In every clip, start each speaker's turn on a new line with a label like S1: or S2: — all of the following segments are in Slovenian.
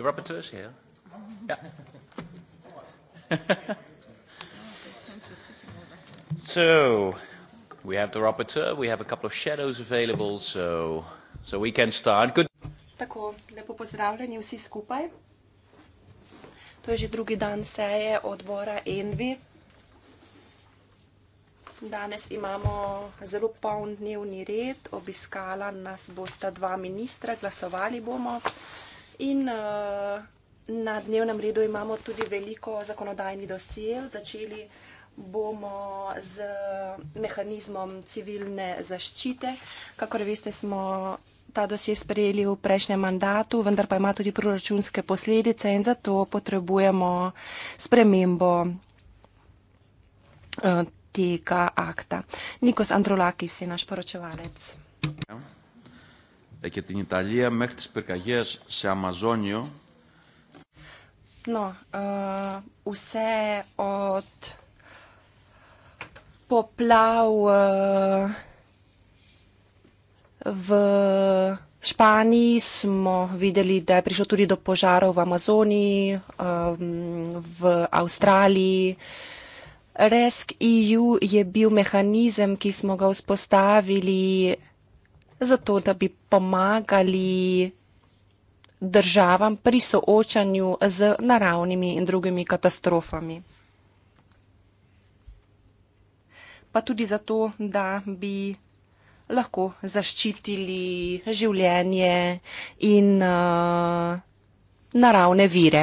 S1: the rapporteurs here. Yeah. so we have the rapporteur, we have a couple of shadows available, so so we can start. Good.
S2: Tako, lepo pozdravljeni vsi skupaj. To je že drugi dan seje odbora Envi. Danes imamo zelo poln dnevni red, obiskala nas bosta dva ministra, glasovali bomo. In uh, na dnevnem redu imamo tudi veliko zakonodajnih dosijev. Začeli bomo z mehanizmom civilne zaščite. Kakor veste, smo ta dosje sprejeli v prejšnjem mandatu, vendar pa ima tudi proračunske posledice in zato potrebujemo spremembo uh, tega akta. Nikos Androlakis je naš poročevalec.
S3: Yeah.
S1: Ja και την Ιταλία μέχρι τις πυρκαγιές σε Αμαζόνιο.
S2: No, uh, vse od poplav uh, v Španiji smo videli, da je prišlo tudi do požarov v Amazoniji, um, v Avstraliji. Resk EU je bil mehanizem, ki smo ga vzpostavili zato da bi pomagali državam pri soočanju z naravnimi in drugimi katastrofami. Pa tudi zato, da bi lahko zaščitili življenje in uh, naravne vire.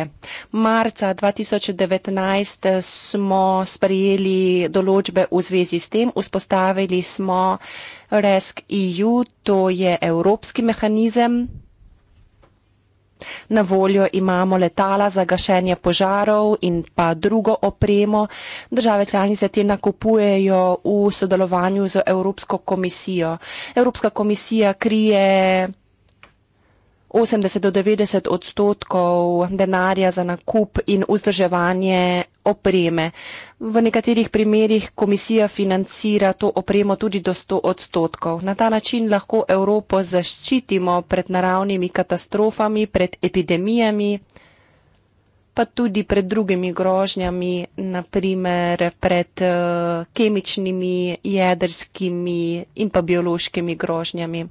S2: Marca 2019 smo sprejeli določbe v zvezi s tem, vzpostavili smo uh, Resk EU, to je evropski mehanizem. Na voljo imamo letala za gašenje požarov in pa drugo opremo. Države članice te nakupujejo v sodelovanju z Evropsko komisijo. Evropska komisija krije 80 do 90 odstotkov denarja za nakup in vzdrževanje opreme. V nekaterih primerjih komisija financira to opremo tudi do 100 odstotkov. Na ta način lahko Evropo zaščitimo pred naravnimi katastrofami, pred epidemijami, pa tudi pred drugimi grožnjami, naprimer pred eh, kemičnimi, jedrskimi in pa biološkimi grožnjami.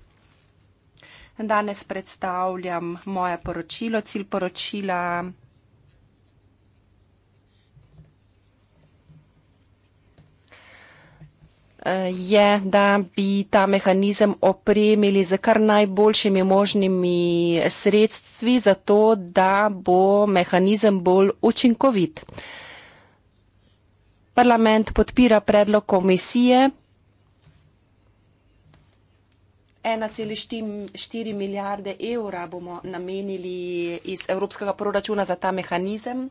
S2: Danes predstavljam moje poročilo, cilj poročila. je, da bi ta mehanizem opremili z kar najboljšimi možnimi sredstvi, zato da bo mehanizem bolj učinkovit. Parlament podpira predlog komisije 1,4 milijarde evra bomo namenili iz evropskega proračuna za ta mehanizem.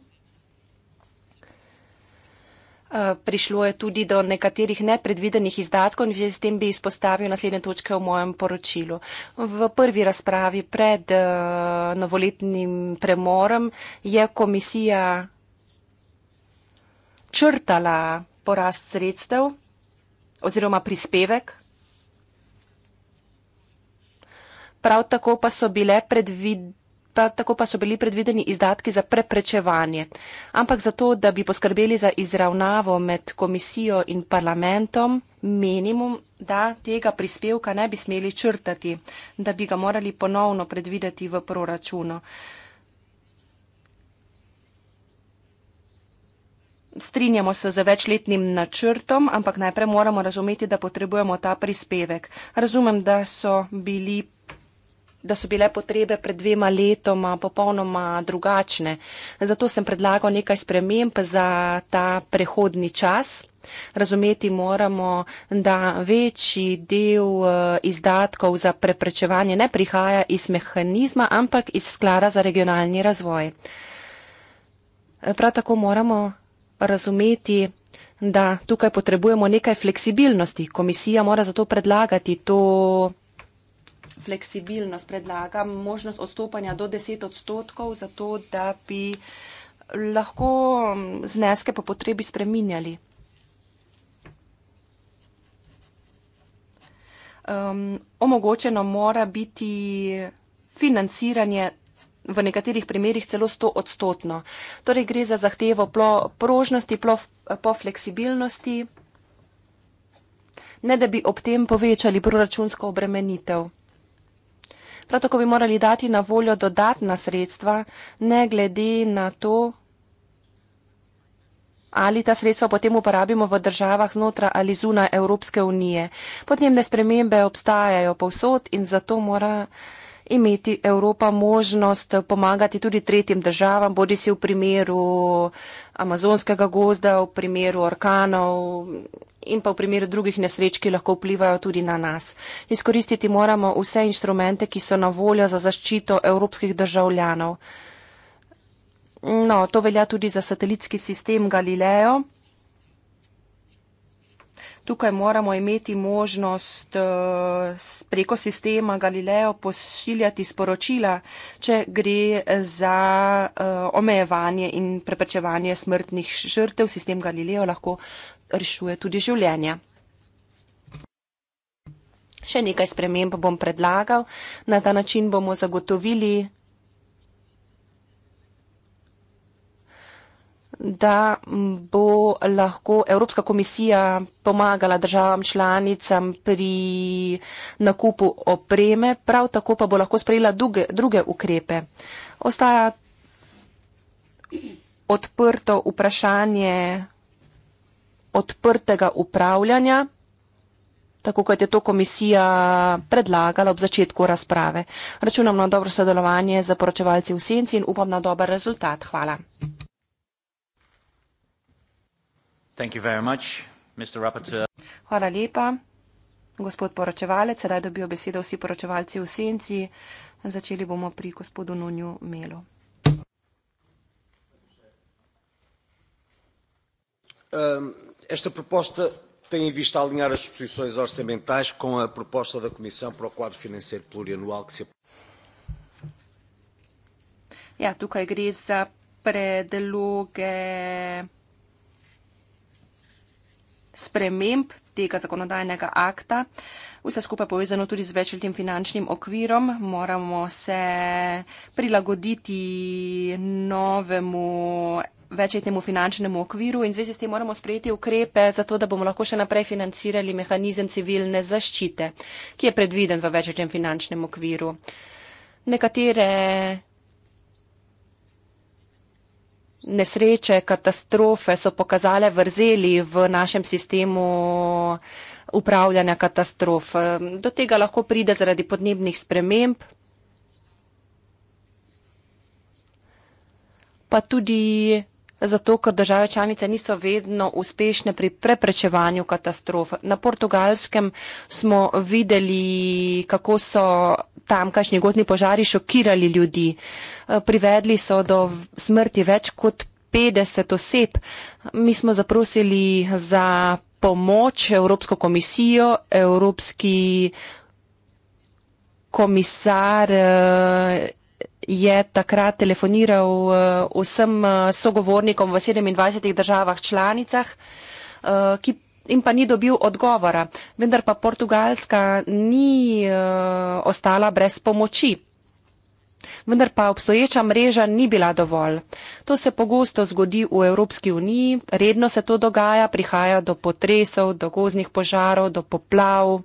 S2: Eh, prišlo je tudi do nekaterih nepredvidenih izdatkov in z tem bi izpostavil naslednje točke v mojem poročilu. V prvi razpravi pred eh, novoletnim premorem je komisija črtala porast sredstev oziroma prispevek. Prav tako pa so bile predvidene ta, tako pa so bili predvideni izdatki za preprečevanje. Ampak zato, da bi poskrbeli za izravnavo med komisijo in parlamentom, menimo, da tega prispevka ne bi smeli črtati, da bi ga morali ponovno predvideti v proračunu. Strinjamo se z večletnim načrtom, ampak najprej moramo razumeti, da potrebujemo ta prispevek. Razumem, da so bili da so bile potrebe pred dvema letoma popolnoma drugačne. Zato sem predlagal nekaj sprememb za ta prehodni čas. Razumeti moramo, da večji del eh, izdatkov za preprečevanje ne prihaja iz mehanizma, ampak iz sklada za regionalni razvoj. Eh, prav tako moramo razumeti, da tukaj potrebujemo nekaj fleksibilnosti. Komisija mora zato predlagati to fleksibilnost, predlagam možnost odstopanja do 10 odstotkov, zato da bi lahko zneske po potrebi spreminjali. Um, omogočeno mora biti financiranje v nekaterih primerjih celo 100 odstotno. Torej gre za zahtevo plo, prožnosti, plo, po fleksibilnosti, ne da bi ob tem povečali proračunsko obremenitev. Prav tako bi morali dati na voljo dodatna sredstva, ne glede na to, ali ta sredstva potem uporabimo v državah znotraj ali zunaj Evropske unije. Podnebne spremembe obstajajo povsod in zato mora imeti Evropa možnost pomagati tudi tretjim državam, bodi si v primeru amazonskega gozda, v primeru orkanov in pa v primeru drugih nesreč, ki lahko vplivajo tudi na nas. Izkoristiti moramo vse inštrumente, ki so na voljo za zaščito evropskih državljanov. No, to velja tudi za satelitski sistem Galileo tukaj moramo imeti možnost eh, preko sistema Galileo pošiljati sporočila, če gre za eh, omejevanje in preprečevanje smrtnih žrtev. Sistem Galileo lahko rešuje tudi življenja. Še nekaj sprememb bom predlagal. Na ta način bomo zagotovili da bo lahko Evropska komisija pomagala državam članicam pri nakupu opreme, prav tako pa bo lahko sprejela druge, druge ukrepe. Ostaja odprto vprašanje odprtega upravljanja, tako kot je to komisija predlagala ob začetku razprave. Računam na dobro sodelovanje za poročevalci v senci in upam na dober rezultat. Hvala. Hvala lepa. Gospod poročevalec, sedaj dobijo besedo vsi poročevalci v senci. Začeli bomo pri gospodu Nunju Melo.
S4: Ehm,
S3: esta proposta tem em vista alinhar as disposições orçamentais com a proposta da
S1: Comissão para o quadro financeiro plurianual que se.
S2: Ja, tukaj gre za predloge sprememb tega zakonodajnega akta. Vse skupaj povezano tudi z večletnim finančnim okvirom, moramo se prilagoditi novemu večletnemu finančnemu okviru in zvezi s tem moramo sprejeti ukrepe za to, da bomo lahko še naprej financirali mehanizem civilne zaščite, ki je predviden v večletnem finančnem okviru. Nekatere nesreče, katastrofe so pokazale vrzeli v našem sistemu upravljanja katastrof. Do tega lahko pride zaradi podnebnih sprememb, pa tudi zato, ker države članice niso vedno uspešne pri preprečevanju katastrof. Na portugalskem smo videli, kako so tamkajšnji gozdni požari šokirali ljudi. E, privedli so do smrti več kot 50 oseb. Mi smo zaprosili za pomoč Evropsko komisijo, Evropski komisar e, je takrat telefoniral e, vsem sogovornikom v 27 državah članicah, ki in pa ni dobil odgovora. Vendar pa Portugalska ni eh, ostala brez pomoči. Vendar pa obstoječa mreža ni bila dovolj. To se pogosto zgodi v Evropski uniji, redno se to dogaja, prihaja do potresov, do gozdnih požarov, do poplav.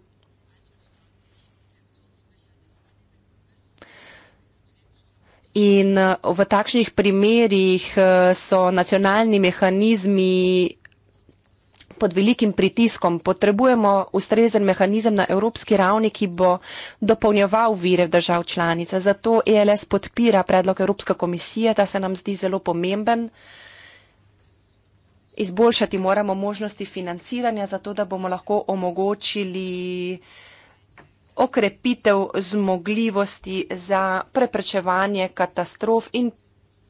S2: In eh, v takšnih primerjih eh, so nacionalni mehanizmi pod velikim pritiskom. Potrebujemo ustrezen mehanizem na evropski ravni, ki bo dopolnjeval vire držav članice. Zato ELS podpira predlog Evropske komisije, ta se nam zdi zelo pomemben. Izboljšati moramo možnosti financiranja, zato da bomo lahko omogočili okrepitev zmogljivosti za preprečevanje katastrof in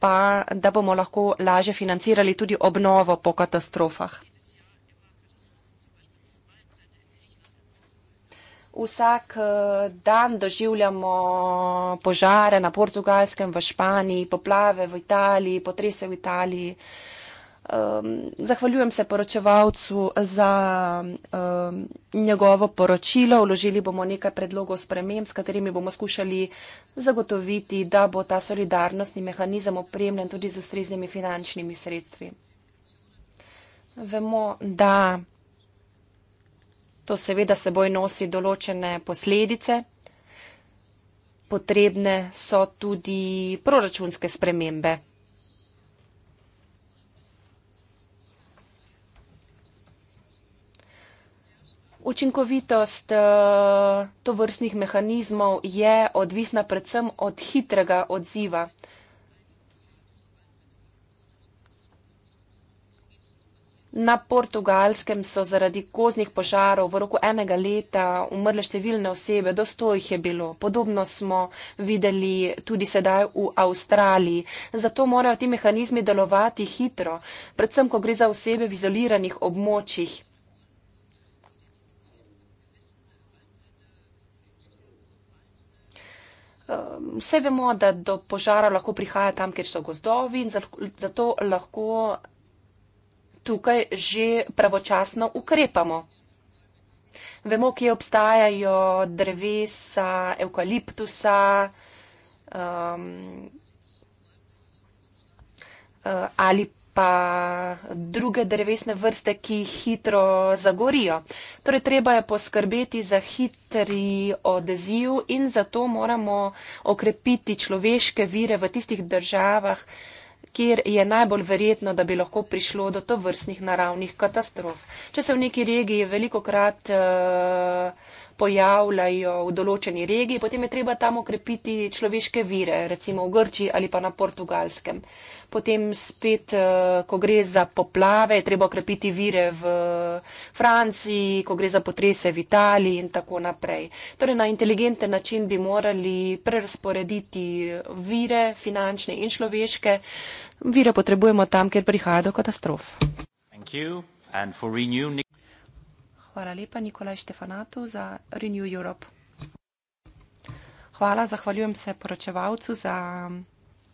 S2: pa da bomo lahko laže financirali tudi obnovo po katastrofah. vsak eh, dan doživljamo požare na portugalskem, v Španiji, poplave v Italiji, potrese v Italiji. Um, zahvaljujem se poročevalcu za um, njegovo poročilo. Vložili bomo nekaj predlogov sprememb, s katerimi bomo skušali zagotoviti, da bo ta solidarnostni mehanizem opremljen tudi z ustreznimi finančnimi sredstvi. Vemo, da To seveda seboj nosi določene posledice. Potrebne so tudi proračunske spremembe. Učinkovitost eh, to vrstnih mehanizmov je odvisna predvsem od hitrega odziva. Na portugalskem so zaradi koznih požarov v roku enega leta umrle številne osebe, do sto jih je bilo. Podobno smo videli tudi sedaj v Avstraliji. Zato morajo ti mehanizmi delovati hitro, predvsem, ko gre za osebe v izoliranih območjih. Vse ehm, vemo, da do požara lahko prihaja tam, kjer so gozdovi in zato lahko tukaj že pravočasno ukrepamo. Vemo, kje obstajajo drevesa, eukaliptusa, um, uh, ali pa druge drevesne vrste, ki hitro zagorijo. Torej, treba je poskrbeti za hitri odziv in zato moramo okrepiti človeške vire v tistih državah, uh, kjer je najbolj verjetno, da bi lahko prišlo do to vrstnih naravnih katastrof. Če se v neki regiji veliko krat uh, eh, pojavljajo v določeni regiji, potem je treba tam okrepiti človeške vire, recimo v Grči ali pa na Portugalskem. Uh, potem spet, eh, ko gre za poplave, treba okrepiti vire v Franciji, ko gre za potrese v Italiji in tako naprej. Torej, na inteligenten način bi morali prerasporediti vire, finančne in človeške. Vire potrebujemo tam, kjer prihaja do katastrof.
S1: Renew...
S2: Hvala lepa, Nikolaj Štefanatu, za Renew Europe. Hvala, zahvaljujem se poročevalcu za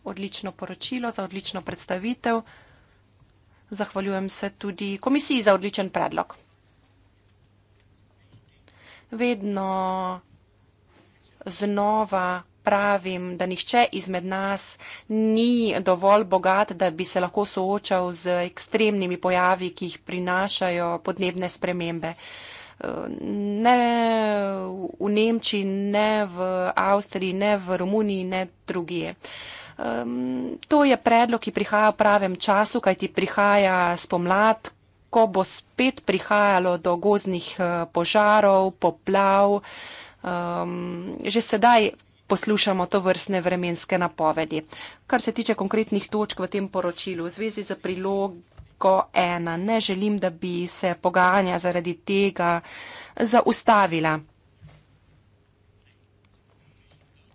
S2: odlično poročilo, za odlično predstavitev. Zahvaljujem se tudi komisiji za odličen predlog. Vedno znova pravim, da nihče izmed nas ni dovolj bogat, da bi se lahko soočal z ekstremnimi pojavi, ki jih prinašajo podnebne spremembe. Ne v Nemčiji, ne v Avstriji, ne v Romuniji, ne drugije. Um, to je predlog, ki prihaja v pravem času, kaj ti prihaja spomlad, ko bo spet prihajalo do goznih eh, požarov, poplav. Um, že sedaj poslušamo to vrstne vremenske napovedi. Kar se tiče konkretnih točk v tem poročilu, v zvezi z prilogo ena, ne želim, da bi se pogajanja zaradi tega zaustavila.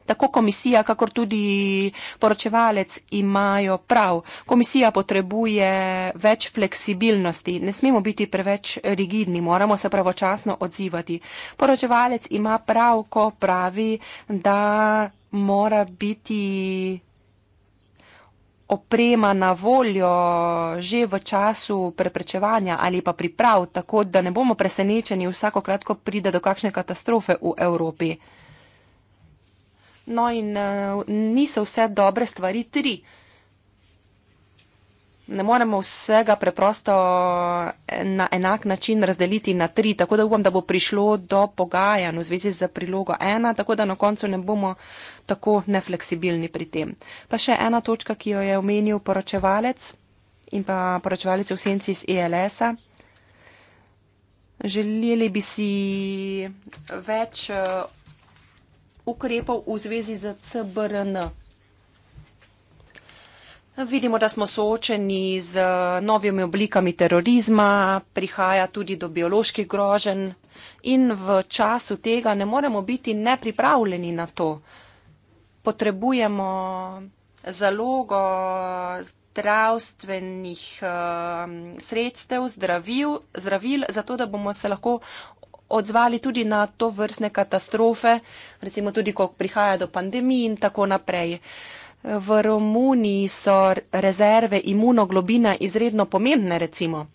S2: Tako komisija, kakor tudi poročevalec imajo prav. Komisija potrebuje več fleksibilnosti, ne smemo biti preveč rigidni, moramo se pravočasno odzivati. Poročevalec ima prav, ko pravi, da mora biti oprema na voljo že v času preprečevanja ali pa priprav, tako da ne bomo presenečeni vsakokrat, ko pride do kakšne katastrofe v Evropi. No in uh, niso vse dobre stvari tri. Ne moremo vsega preprosto eh, na enak način razdeliti na tri, tako da upam, da bo prišlo do pogajanj v zvezi z prilogo ena, tako da na koncu ne bomo tako nefleksibilni pri tem. Pa še ena točka, ki jo je omenil poročevalec in pa poročevalec v senci iz ELS-a. Želeli bi si več. Uh, ukrepov v zvezi z CBRN. Vidimo, da smo soočeni z novimi oblikami terorizma, prihaja tudi do bioloških grožen in v času tega ne moremo biti nepripravljeni na to. Potrebujemo zalogo zdravstvenih eh, sredstev, zdravil, zdravil, zato da bomo se lahko odzvali tudi na to vrstne katastrofe, recimo tudi, ko prihaja do pandemij in tako naprej. V Romuniji so rezerve imunoglobina izredno pomembne, recimo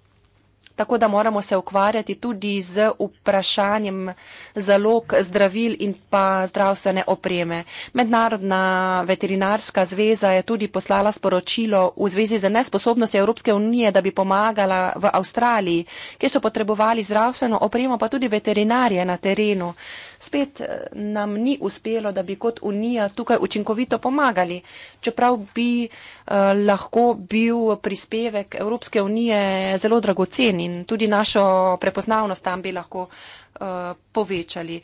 S2: tako da moramo se ukvarjati tudi z vprašanjem zalog zdravil in pa zdravstvene opreme. Mednarodna veterinarska zveza je tudi poslala sporočilo v zvezi z nesposobnostjo Evropske unije, da bi pomagala v Avstraliji, kjer so potrebovali zdravstveno opremo, pa tudi veterinarje na terenu spet eh, nam ni uspelo, da bi kot Unija tukaj učinkovito pomagali. Čeprav bi eh, lahko bil prispevek Evropske unije zelo dragocen in tudi našo prepoznavnost tam bi lahko eh, povečali.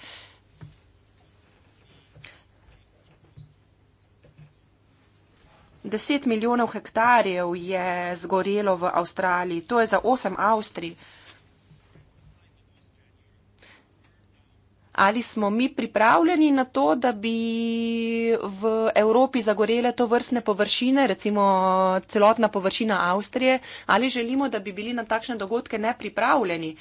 S2: Deset milijonov hektarjev je zgorelo v Avstraliji, to je za osem Avstrij. ali smo mi pripravljeni na to, da bi v Evropi zagorele to vrstne površine, recimo celotna površina Avstrije, ali želimo, da bi bili na takšne dogodke nepripravljeni.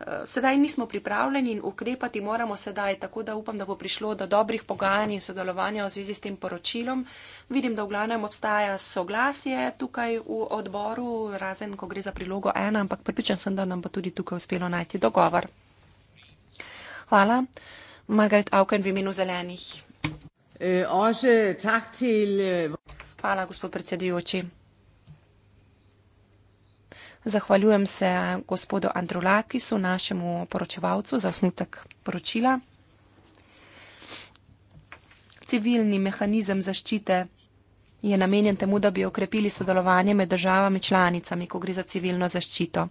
S2: Eh, sedaj nismo pripravljeni in ukrepati moramo sedaj, tako da upam, da bo prišlo do dobrih pogajanj in sodelovanja v zvezi s tem poročilom. Vidim, da v glavnem obstaja soglasje tukaj v odboru, razen ko gre za prilogo ena, ampak pripričan sem, da nam bo tudi tukaj uspelo najti dogovor. Hvala. Margaret Auken v imenu zelenih.
S5: Øh, Ože, tak til... Øh, Hvala, gospod
S2: predsedujoči. Zahvaljujem se gospodu Andrulakisu, našemu poročevalcu, za osnutek poročila. Civilni mehanizem zaščite je namenjen temu, da bi okrepili sodelovanje med državami članicami, ko gre za civilno zaščito.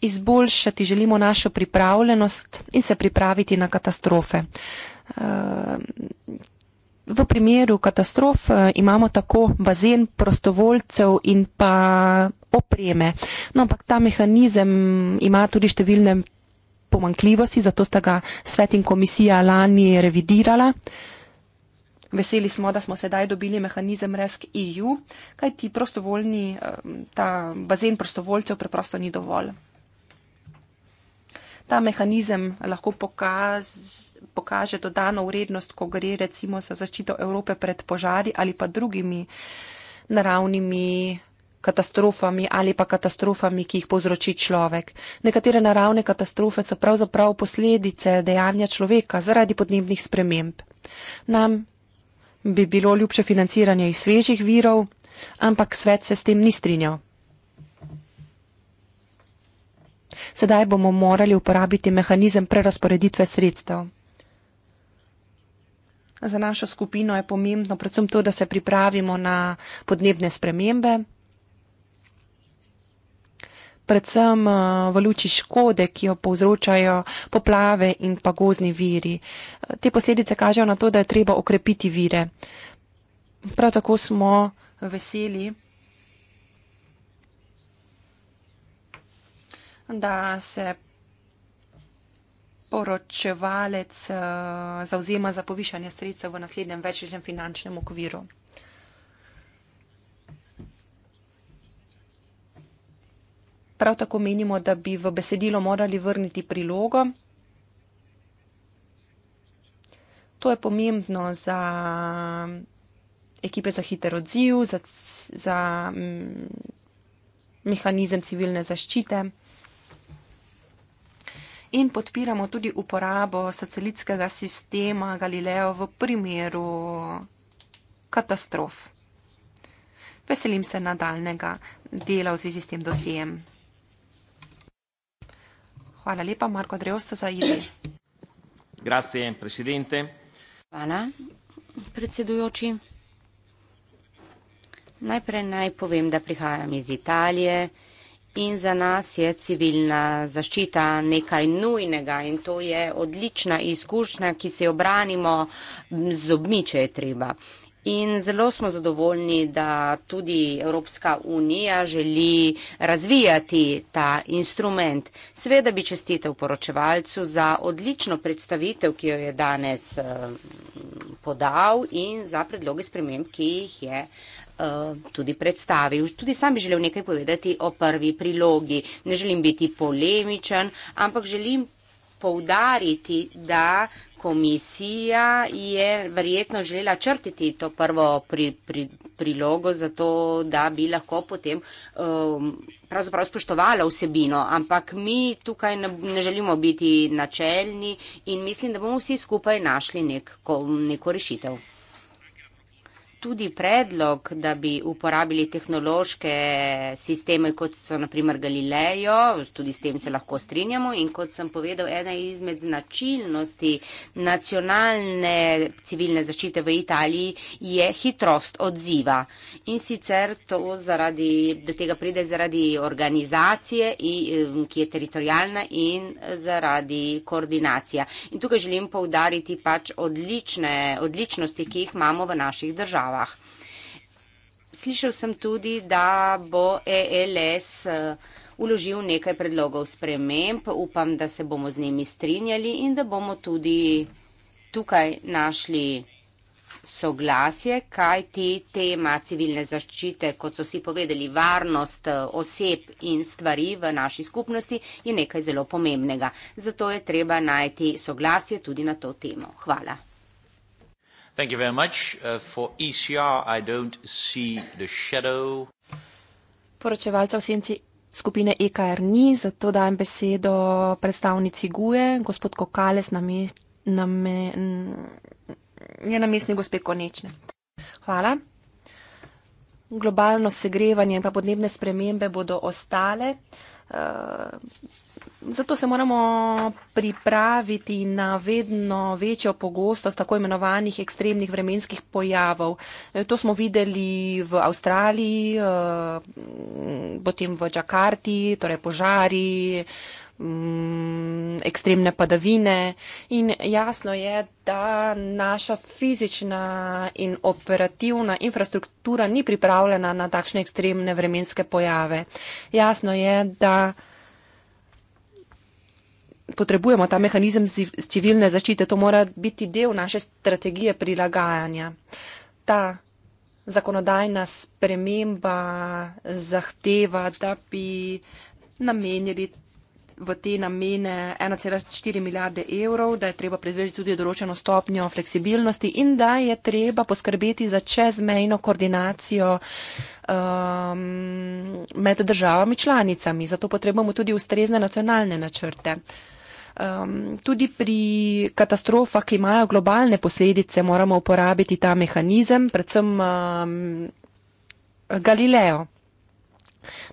S2: izboljšati želimo našo pripravljenost in se pripraviti na katastrofe. Eh, v primeru katastrof eh, imamo tako bazen prostovoljcev in pa opreme. No, ampak ta mehanizem ima tudi številne pomankljivosti, zato sta ga svet in komisija lani revidirala. Veseli smo, da smo sedaj dobili mehanizem Resk EU, kaj ti prostovoljni, eh, ta bazen prostovoljcev preprosto ni dovolj ta mehanizem lahko pokaz, pokaže dodano vrednost, ko gre recimo za zaščito Evrope pred požari ali pa drugimi naravnimi katastrofami ali pa katastrofami, ki jih povzroči človek. Nekatere naravne katastrofe so pravzaprav posledice dejanja človeka zaradi podnebnih sprememb. Nam bi bilo ljubše financiranje iz svežih virov, ampak svet se s tem ni strinjal. sedaj bomo morali uporabiti mehanizem prerasporeditve sredstev. Za našo skupino je pomembno predvsem to, da se pripravimo na podnebne spremembe, predvsem eh, v luči škode, ki jo povzročajo poplave in pa gozni viri. Te posledice kažejo na to, da je treba okrepiti vire. Prav tako smo veseli, da se poročevalec uh, eh, zauzema za povišanje sredstev v naslednjem večjem finančnem okviru. Prav tako menimo, da bi v besedilo morali vrniti prilogo. To je pomembno za mm, ekipe za hiter odziv, za, za mm, mehanizem civilne zaščite in podpiramo tudi uporabo satelitskega sistema Galileo v primeru katastrof. Veselim se nadaljnega dela v zvezi s tem dosijem. Hvala lepa,
S5: Marko Drevsto, za izjavo.
S4: Grazie, presidente.
S5: Hvala, predsedujoči. Najprej naj povem, da prihajam iz Italije, in za nas je civilna zaščita nekaj nujnega in to je odlična izkušnja, ki se jo branimo z obmi, če je treba. In zelo smo zadovoljni, da tudi Evropska unija želi razvijati ta instrument. Sveda bi čestitev poročevalcu za odlično predstavitev, ki jo je danes eh, podal in za predloge sprememb, ki jih je Eh, tudi predstavil. Tudi sam bi želel nekaj povedati o prvi prilogi. Ne želim biti polemičen, ampak želim poudariti, da komisija je verjetno želela črtiti to prvo pri, pri, prilogo, zato da bi lahko potem um, pravzaprav spoštovala vsebino. Ampak mi tukaj ne, ne želimo biti načeljni in mislim, da bomo vsi skupaj našli nek, ko, neko rešitev tudi predlog, da bi uporabili tehnološke sisteme, kot so naprimer Galilejo, tudi s tem se lahko strinjamo in kot sem povedal, ena izmed značilnosti nacionalne civilne zaščite v Italiji je hitrost odziva. In sicer to zaradi, do tega pride zaradi organizacije, um, ki je teritorijalna in zaradi koordinacija. In tukaj želim poudariti pač odlične, odličnosti, ki jih imamo v naših državah državah. Slišal sem tudi, da bo ELS eh, uložil nekaj predlogov sprememb. Upam, da se bomo z njimi strinjali in da bomo tudi tukaj našli soglasje, kaj ti tema civilne zaščite, kot so vsi povedali, varnost eh, oseb in stvari v naši skupnosti je nekaj zelo pomembnega. Zato je treba najti soglasje tudi na to temo. Hvala.
S1: Thank you very much. Uh, for ECR, I don't see the shadow.
S2: Poročevalcev senci skupine EKR ni, zato dajem besedo predstavnici GUE, gospod Kokales, na me, na me, je namestni gospe Konečne. Hvala. Globalno segrevanje in pa podnebne spremembe bodo ostale. Uh, zato se moramo pripraviti na vedno večjo pogostost tako imenovanih ekstremnih vremenskih pojavov. E, to smo videli v Avstraliji, e, potem v Džakarti, torej požari, ekstremne padavine in jasno je, da naša fizična in operativna infrastruktura ni pripravljena na takšne ekstremne vremenske pojave. Jasno je, da potrebujemo ta mehanizem civilne zaščite, to mora biti del naše strategije prilagajanja. Ta zakonodajna sprememba zahteva, da bi namenili v te namene 1,4 milijarde evrov, da je treba predvideti tudi določeno stopnjo fleksibilnosti in da je treba poskrbeti za čezmejno koordinacijo um, med državami članicami. Zato potrebujemo tudi ustrezne nacionalne načrte. Uh, um, tudi pri katastrofah, ki imajo globalne posledice, moramo uporabiti ta mehanizem, predvsem um, Galileo.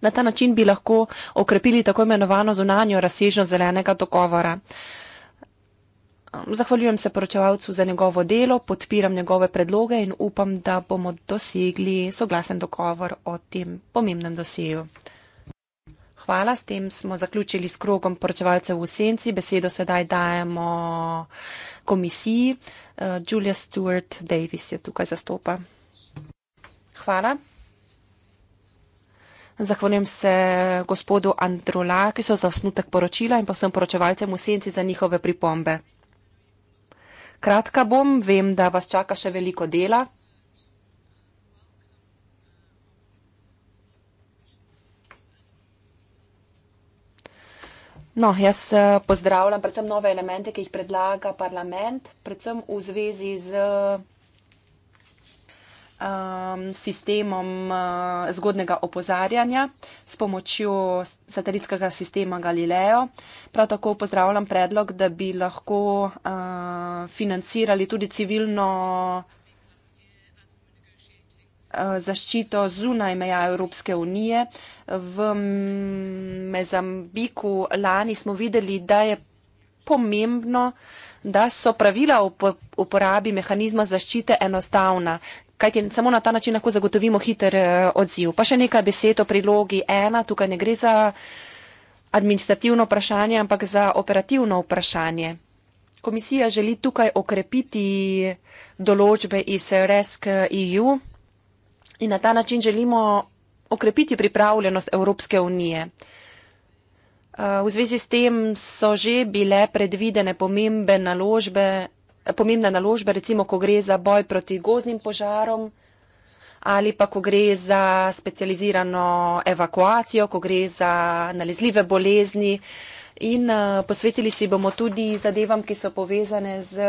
S2: Na ta način bi lahko okrepili tako imenovano zunanjo razsežnost zelenega dogovora. Ehm, zahvaljujem se poročevalcu za njegovo delo, podpiram njegove predloge in upam, da bomo dosegli soglasen dogovor o tem pomembnem dosegu. Hvala, s tem smo zaključili s krogom poročevalcev v senci. Besedo sedaj dajemo komisiji. Uh, Julia Stewart Davis je tukaj zastopa. Hvala. Zahvaljujem se gospodu Androla, ki so zasnutek poročila in pa vsem poročevalcem v senci za njihove pripombe. Kratka bom, vem, da vas čaka še veliko dela. No, jaz eh, pozdravljam predvsem nove elemente, ki jih predlaga parlament, predvsem v zvezi z um, sistemom uh, zgodnega opozarjanja s pomočjo satelitskega sistema Galileo. Prav tako pozdravljam predlog, da bi lahko uh, financirali tudi civilno Eh, zaščito zunaj meja Evropske unije. V Mezambiku lani smo videli, da je pomembno, da so pravila o uporabi mehanizma zaščite enostavna. Kajti samo na ta način lahko zagotovimo hiter eh, odziv. Pa še nekaj besed o prilogi ena. Tukaj ne gre za administrativno vprašanje, ampak za operativno vprašanje. Komisija želi tukaj okrepiti določbe iz RESC EU, in na ta način želimo okrepiti pripravljenost Evropske unije. Eh, v zvezi s tem so že bile predvidene pomembne naložbe, pomembne naložbe, recimo, ko gre za boj proti gozdnim požarom ali pa ko gre za specializirano evakuacijo, ko gre za nalezljive bolezni. In eh, posvetili si bomo tudi zadevam, ki so povezane z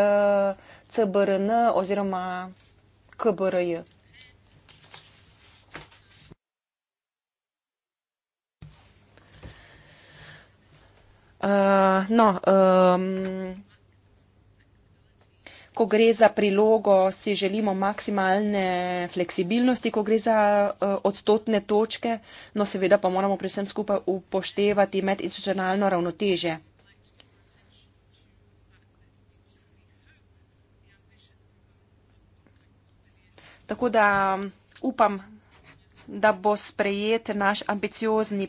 S2: CBRN oziroma KBRJ. Uh, no, um, ko gre za prilogo, si želimo maksimalne fleksibilnosti, ko gre za uh, odstotne točke, no seveda pa moramo pri vsem skupaj upoštevati medinstitucionalno ravnoteže. Tako da upam, da bo sprejet naš ambiciozni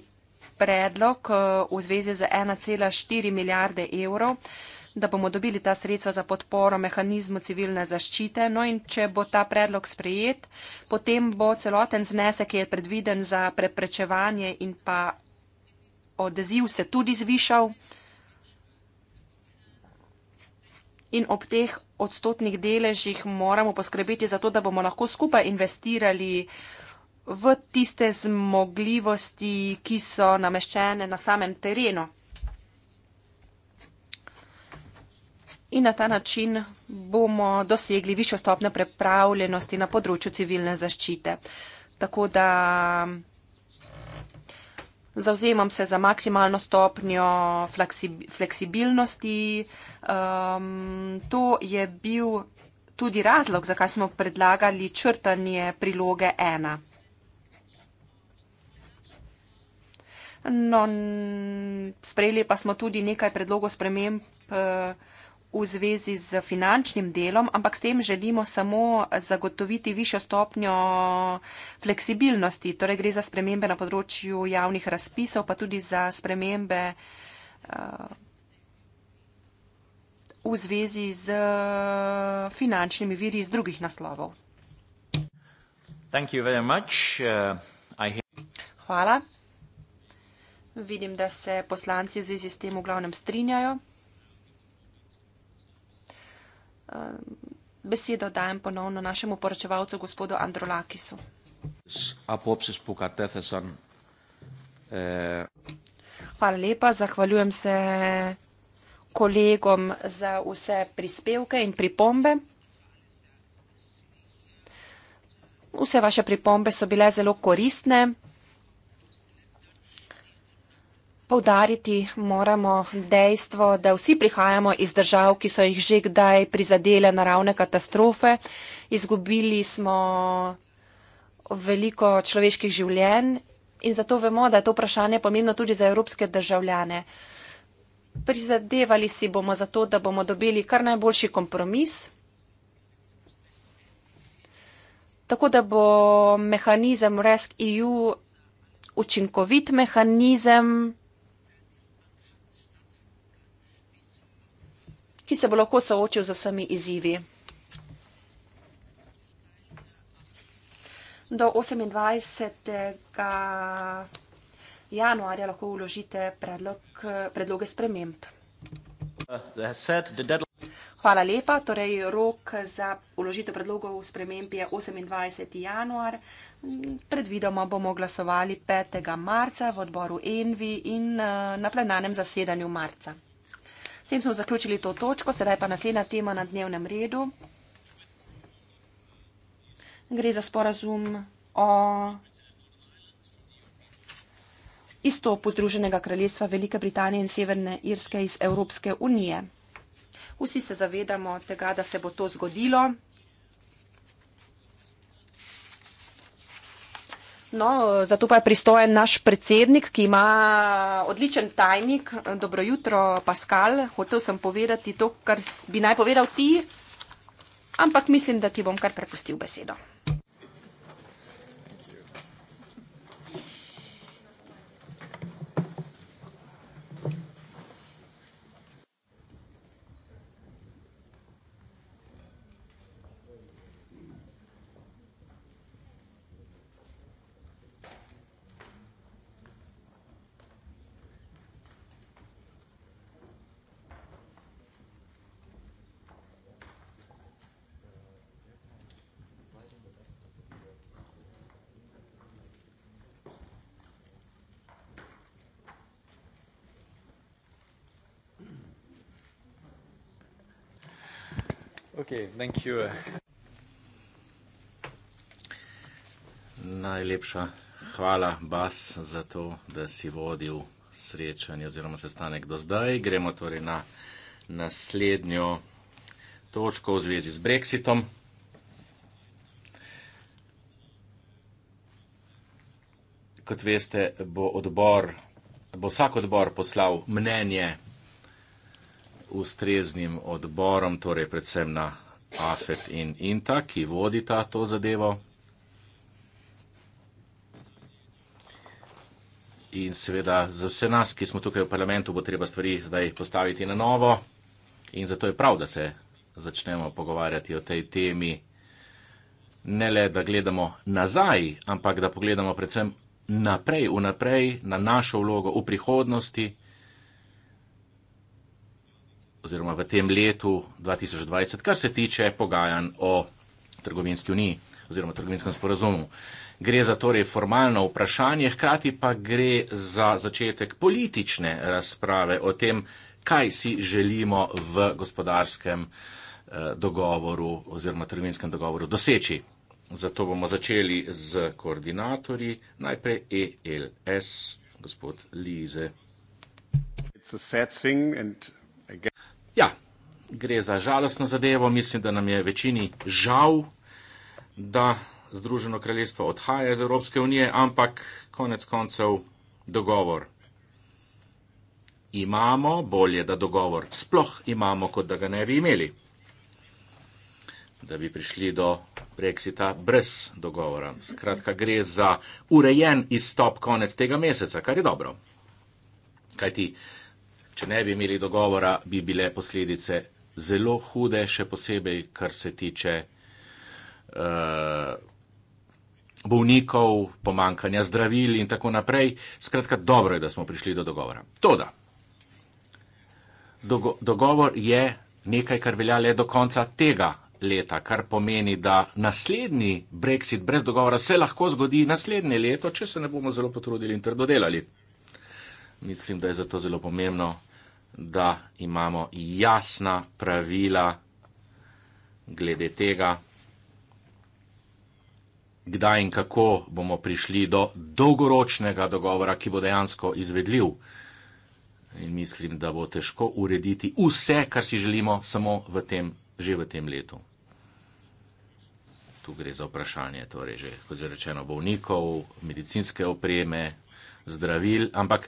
S2: predlog eh, v zvezi z 1,4 milijarde evrov, da bomo dobili ta sredstva za podporo mehanizmu civilne zaščite. No in če bo ta predlog sprejet, potem bo celoten znesek, ki je predviden za preprečevanje in pa odziv se tudi zvišal. In ob teh odstotnih deležih moramo poskrbeti za to, da bomo lahko skupaj investirali uh, v tiste zmogljivosti, ki so nameščene na samem terenu. In na ta način bomo dosegli višjo stopnjo prepravljenosti na področju civilne zaščite. Tako da zauzemam se za maksimalno stopnjo fleksibilnosti. Um, to je bil tudi razlog, zakaj smo predlagali črtanje priloge 1. No, sprejeli pa smo tudi nekaj predlogov sprememb eh, v zvezi z finančnim delom, ampak s tem želimo samo zagotoviti višjo stopnjo fleksibilnosti. Torej gre za spremembe na področju javnih razpisov, pa tudi za spremembe eh, v zvezi z eh, finančnimi viri iz drugih naslovov.
S1: Uh,
S2: Hvala. Vidim, da se poslanci v zvezi s tem v glavnem strinjajo. Eh, besedo dajem ponovno našemu poročevalcu, gospodu Androlakisu. Eh. Hvala lepa, zahvaljujem se kolegom za vse prispevke in pripombe. Vse vaše pripombe so bile zelo koristne. Povdariti moramo dejstvo, da vsi prihajamo iz držav, ki so jih že kdaj prizadele naravne katastrofe. Izgubili smo veliko človeških življenj in zato vemo, da je to vprašanje pomembno tudi za evropske državljane. Prizadevali si bomo za to, da bomo dobili kar najboljši kompromis, tako da bo mehanizem RESC EU učinkovit mehanizem, ki se bo lahko soočil z vsemi izzivi. Do 28. januarja lahko uložite predlog, predloge sprememb. Hvala lepa. Torej, rok za uložitev predlogov sprememb je 28. januar. Predvidoma bomo glasovali 5. marca v odboru Envi in eh, na plenarnem zasedanju marca. S tem smo zaključili to točko, sedaj pa naslednja tema na dnevnem redu. Gre za sporazum o izstopu Združenega kraljestva Velike Britanije in Severne Irske iz Evropske unije. Vsi se zavedamo tega, da se bo to zgodilo. No, zato pa je pristojen naš predsednik, ki ima odličen tajnik. Dobro jutro, Pascal. Hotev sem povedati to, kar bi naj povedal ti, ampak mislim, da ti bom kar prepustil besedo.
S3: Okay, thank you.
S1: Najlepša hvala, Bas, za to, da si vodil srečanje oziroma sestanek do zdaj. Gremo torej na naslednjo točko v zvezi z Brexitom. Kot veste, bo, odbor, bo vsak odbor poslal mnenje ustreznim odborom, torej predvsem na AFET in INTA, ki vodita to zadevo. In seveda za vse nas, ki smo tukaj v parlamentu, bo treba stvari zdaj postaviti na novo. In zato je prav, da se začnemo pogovarjati o tej temi. Ne le, da gledamo nazaj, ampak da pogledamo predvsem naprej, vnaprej, na našo vlogo v prihodnosti oziroma v tem letu 2020, kar se tiče pogajanj o trgovinski uniji oziroma trgovinskem sporazumu. Gre za torej formalno vprašanje, hkrati pa gre za začetek politične razprave o tem, kaj si želimo v gospodarskem eh, dogovoru oziroma trgovinskem dogovoru doseči. Zato bomo začeli z koordinatorji. Najprej ELS, gospod Lize. Ja, gre za žalostno zadevo. Mislim, da nam je večini žal, da Združeno kraljestvo odhaja iz Evropske unije, ampak konec koncev dogovor imamo, bolje, da dogovor sploh imamo, kot da ga ne bi imeli, da bi prišli do Brexita brez dogovora. Skratka, gre za urejen izstop konec tega meseca, kar je dobro. Kaj ti? Če ne bi imeli dogovora, bi bile posledice zelo hude, še posebej, kar se tiče uh, bolnikov, pomankanja zdravil in tako naprej. Skratka, dobro je, da smo prišli do dogovora. Toda, dogo dogovor je nekaj, kar velja le do konca tega leta, kar pomeni, da naslednji brexit brez dogovora se lahko zgodi naslednje leto, če se ne bomo zelo potrudili in trdo delali. Mislim, da je zato zelo pomembno, da imamo jasna pravila glede tega, kdaj in kako bomo prišli do dolgoročnega dogovora, ki bo dejansko izvedljiv. In mislim, da bo težko urediti vse, kar si želimo, samo v tem, že v tem letu. Tu gre za vprašanje, torej že, kot že rečeno, bolnikov, medicinske opreme, zdravil, ampak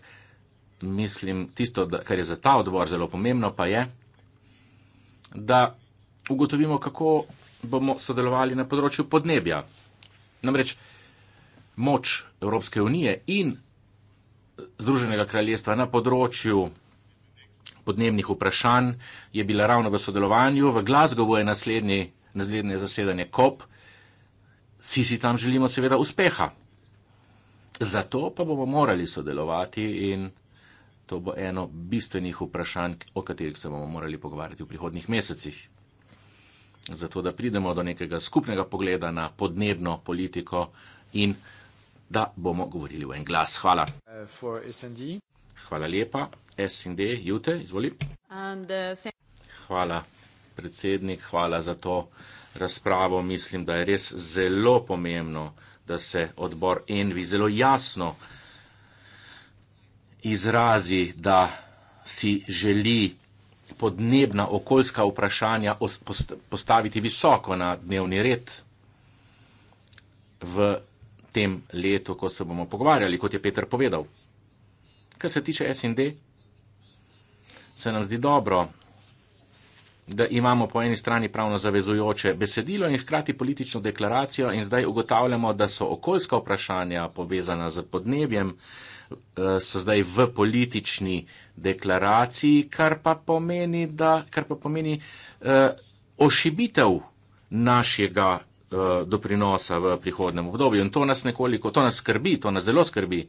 S1: mislim, tisto, kar je za ta odbor zelo pomembno, pa je, da ugotovimo, kako bomo sodelovali na področju podnebja. Namreč moč Evropske unije in Združenega kraljestva na področju podnebnih vprašanj je bila ravno v sodelovanju. V Glasgowu je naslednje, naslednje zasedanje COP. Vsi si tam želimo seveda uspeha. Zato pa bomo morali sodelovati in To bo eno bistvenih vprašanj, o katerih se bomo morali pogovarjati v prihodnih mesecih. Zato, da pridemo do nekega skupnega pogleda na podnebno politiko in da bomo govorili v en glas. Hvala. Hvala lepa. S&D, Jute, izvoli.
S3: Uh,
S1: hvala, predsednik, hvala za to razpravo. Mislim, da je res zelo pomembno, da se odbor Envi zelo jasno izrazi, da si želi podnebna okoljska vprašanja postaviti visoko na dnevni red v tem letu, ko se bomo pogovarjali, kot je Peter povedal. Kar se tiče SND, se nam zdi dobro, da imamo po eni strani pravno zavezujoče besedilo in hkrati politično deklaracijo in zdaj ugotavljamo, da so okoljska vprašanja povezana z podnebjem, Eh, so zdaj v politični deklaraciji, kar pa pomeni, da, kar pa pomeni uh, ošibitev našega uh, doprinosa v prihodnem obdobju. In to nas nekoliko, to nas skrbi, to nas zelo skrbi.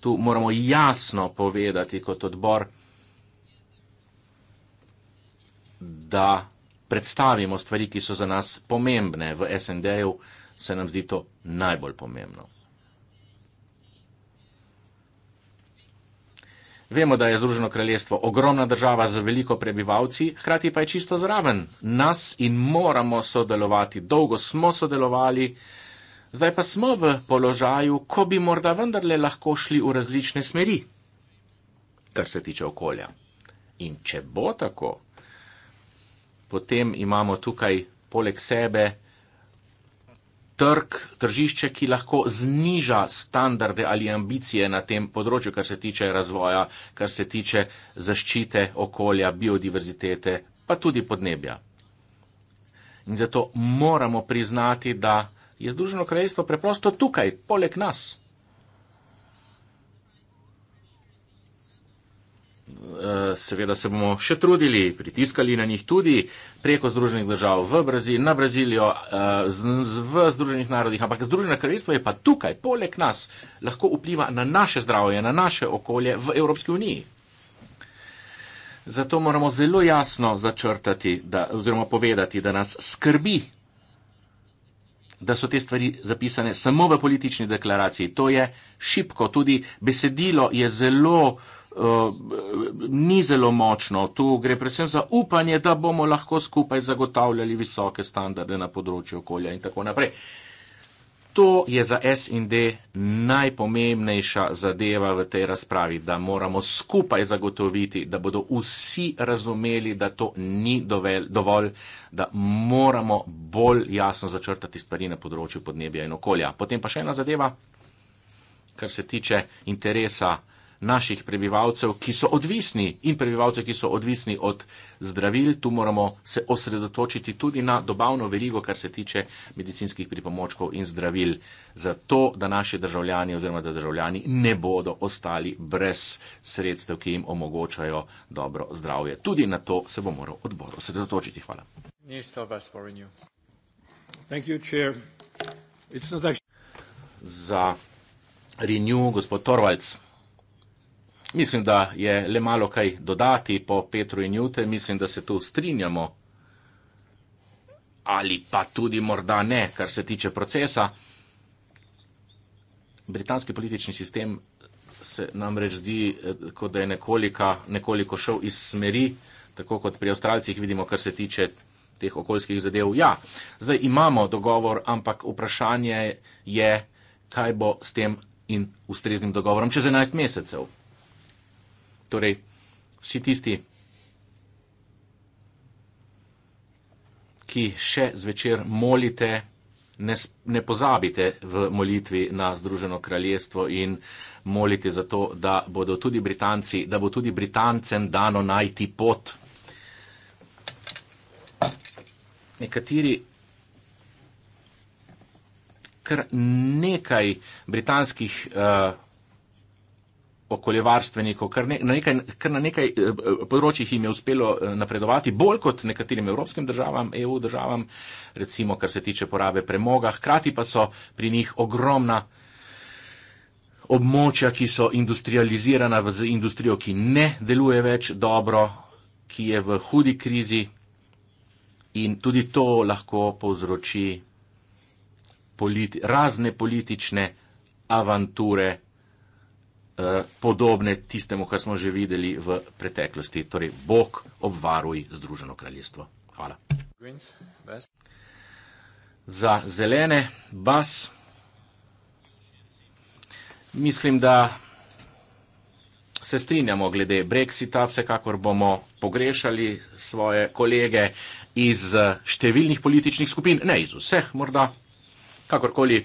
S1: Tu moramo jasno povedati kot odbor, da predstavimo stvari, ki so za nas pomembne. V SND-ju se nam zdi to najbolj pomembno. Vemo, da je Združeno kraljestvo ogromna država z veliko prebivalci, hkrati pa je čisto zraven nas in moramo sodelovati. Dolgo smo sodelovali, zdaj pa smo v položaju, ko bi morda vendarle lahko šli v različne smeri, kar se tiče okolja. In če bo tako, potem imamo tukaj poleg sebe trg, tržišče, ki lahko zniža standarde ali ambicije na tem področju, kar se tiče razvoja, kar se tiče zaščite okolja, biodiverzitete, pa tudi podnebja. In zato moramo priznati, da je Združeno kraljestvo preprosto tukaj, poleg nas. Eh, seveda se bomo še trudili, pritiskali na njih tudi preko Združenih držav v Brazil, na Brazilijo, eh, v Združenih narodih, ampak Združeno kraljestvo je pa tukaj, poleg nas, lahko vpliva na naše zdravje, na naše okolje v Evropski uniji. Zato moramo zelo jasno začrtati da, oziroma povedati, da nas skrbi, da so te stvari zapisane samo v politični deklaraciji. To je šipko, tudi besedilo je zelo uh, Eh, ni zelo močno. Tu gre predvsem za upanje, da bomo lahko skupaj zagotavljali visoke standarde na področju okolja in tako naprej. To je za SND najpomembnejša zadeva v tej razpravi, da moramo skupaj zagotoviti, da bodo vsi razumeli, da to ni dovel, dovolj, da moramo bolj jasno začrtati stvari na področju podnebja in okolja. Potem pa še ena zadeva, kar se tiče interesa uh, naših prebivalcev, ki so odvisni in prebivalcev, ki so odvisni od zdravil. Tu moramo se osredotočiti tudi na dobavno verigo, kar se tiče medicinskih pripomočkov in zdravil, zato da naši državljani oziroma da državljani ne bodo ostali brez sredstev, ki jim omogočajo dobro zdravje. Tudi na to se bo moral odbor osredotočiti. Hvala. Za Renew, gospod Torvalds. Mislim, da je le malo kaj dodati po Petru in Jute, mislim, da se tu strinjamo ali pa tudi morda ne, kar se tiče procesa. Britanski politični sistem se nam reč zdi, eh, kot da je nekolika, nekoliko šel iz smeri, tako kot pri Avstralcih vidimo, kar se tiče teh okoljskih zadev. Ja, zdaj imamo dogovor, ampak vprašanje je, kaj bo s tem in ustreznim dogovorom čez 11 mesecev torej vsi tisti, ki še zvečer molite, ne, ne pozabite v molitvi na Združeno kraljestvo in molite za to, da bodo tudi Britanci, da bo tudi Britancem dano najti pot. Nekateri Ker nekaj britanskih uh, okoljevarstvenikov, kar, ne, na nekaj, kar na nekaj eh, eh, področjih jim je uspelo eh, napredovati, bolj kot nekaterim evropskim državam, EU državam, recimo kar se tiče porabe premoga, hkrati pa so pri njih ogromna območja, ki so industrializirana z industrijo, ki ne deluje več dobro, ki je v hudi krizi in tudi to lahko povzroči politi razne politične avanture. Eh, podobne tistemu, kar smo že videli v preteklosti. Torej, Bog obvaruj Združeno kraljestvo. Hvala. Greens, Za zelene bas mislim, da se strinjamo glede Brexita, vsekakor bomo pogrešali svoje kolege iz eh, številnih političnih skupin, ne iz vseh morda, kakorkoli.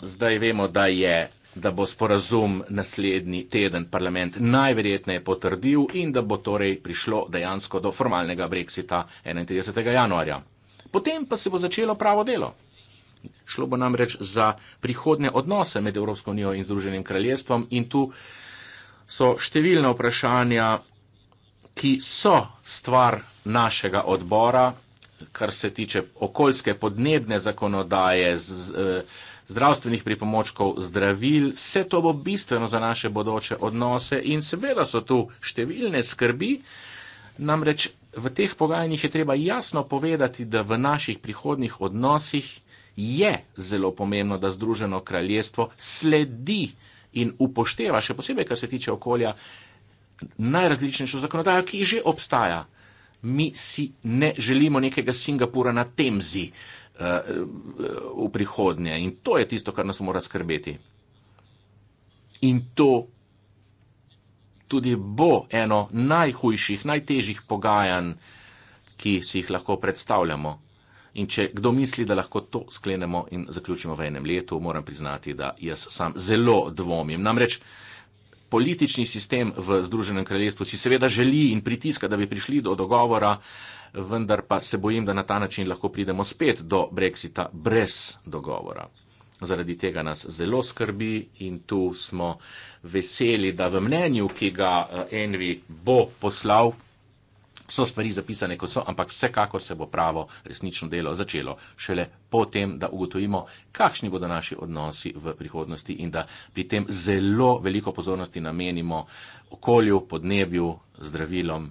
S1: Zdaj vemo, da je da bo sporazum naslednji teden parlament najverjetneje potrdil in da bo torej prišlo dejansko do formalnega brexita 31. januarja. Potem pa se bo začelo pravo delo. Šlo bo namreč za prihodne odnose med Evropsko unijo in Združenim kraljestvom in tu so številna vprašanja, ki so stvar našega odbora, kar se tiče okoljske podnebne zakonodaje. Z, eh, zdravstvenih pripomočkov, zdravil, vse to bo bistveno za naše bodoče odnose in seveda so tu številne skrbi, namreč v teh pogajanjih je treba jasno povedati, da v naših prihodnih odnosih je zelo pomembno, da Združeno kraljestvo sledi in upošteva, še posebej, kar se tiče okolja, najrazličnejšo zakonodajo, ki že obstaja. Mi si ne želimo nekega Singapura na temzi v prihodnje. In to je tisto, kar nas mora skrbeti. In to tudi bo eno najhujših, najtežjih pogajanj, ki si jih lahko predstavljamo. In če kdo misli, da lahko to sklenemo in zaključimo v enem letu, moram priznati, da jaz sam zelo dvomim. Namreč politični sistem v Združenem kraljestvu si seveda želi in pritiska, da bi prišli do dogovora, vendar pa se bojim, da na ta način lahko pridemo spet do brexita brez dogovora. Zaradi tega nas zelo skrbi in tu smo veseli, da v mnenju, ki ga eh, Envi bo poslal, so stvari zapisane kot so, ampak vsekakor se bo pravo resnično delo začelo šele potem, da ugotovimo, kakšni bodo naši odnosi v prihodnosti in da pri tem zelo veliko pozornosti namenimo okolju, podnebju, zdravilom,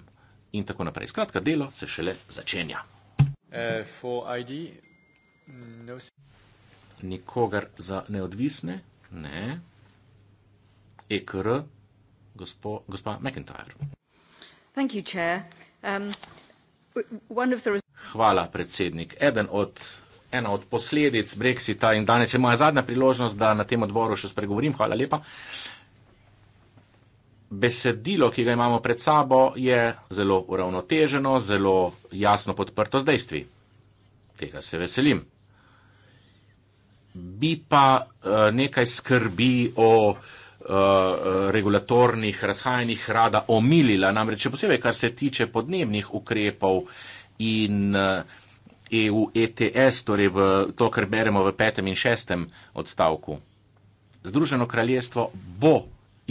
S1: in tako naprej. Skratka, delo se šele začenja.
S3: Uh, eh, ID, mm, no...
S1: Nikogar za neodvisne, ne. EKR, gospo, gospa McIntyre.
S5: Thank you, chair. Um...
S1: Hvala, predsednik. Eden od, ena od posledic Brexita in danes je moja zadnja priložnost, da na tem odboru še spregovorim. Hvala lepa. Uh, besedilo, ki ga imamo pred sabo, je zelo uravnoteženo, zelo jasno podprto z dejstvi. Tega se veselim. Bi pa eh, nekaj skrbi o eh, regulatornih razhajanjih rada omilila, namreč posebej, kar se tiče podnebnih ukrepov in EU eh, e ETS, torej v to, kar beremo v petem in šestem odstavku. Združeno kraljestvo bo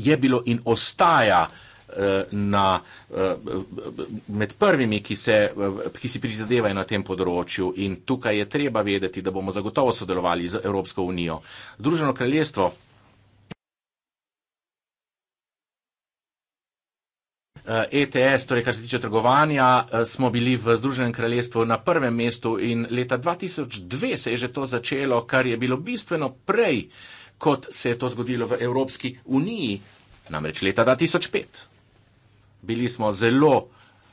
S1: je bilo in ostaja eh, na, eh, med prvimi, ki, se, eh, ki si prizadevajo na tem področju. In tukaj je treba vedeti, da bomo zagotovo sodelovali z Evropsko unijo. Združeno kraljestvo. ETS, e torej kar se tiče trgovanja, smo bili v Združenem kraljestvu na prvem mestu in leta 2002 se je že to začelo, kar je bilo bistveno prej, kot se je to zgodilo v Evropski uniji, namreč leta 2005. Bili smo zelo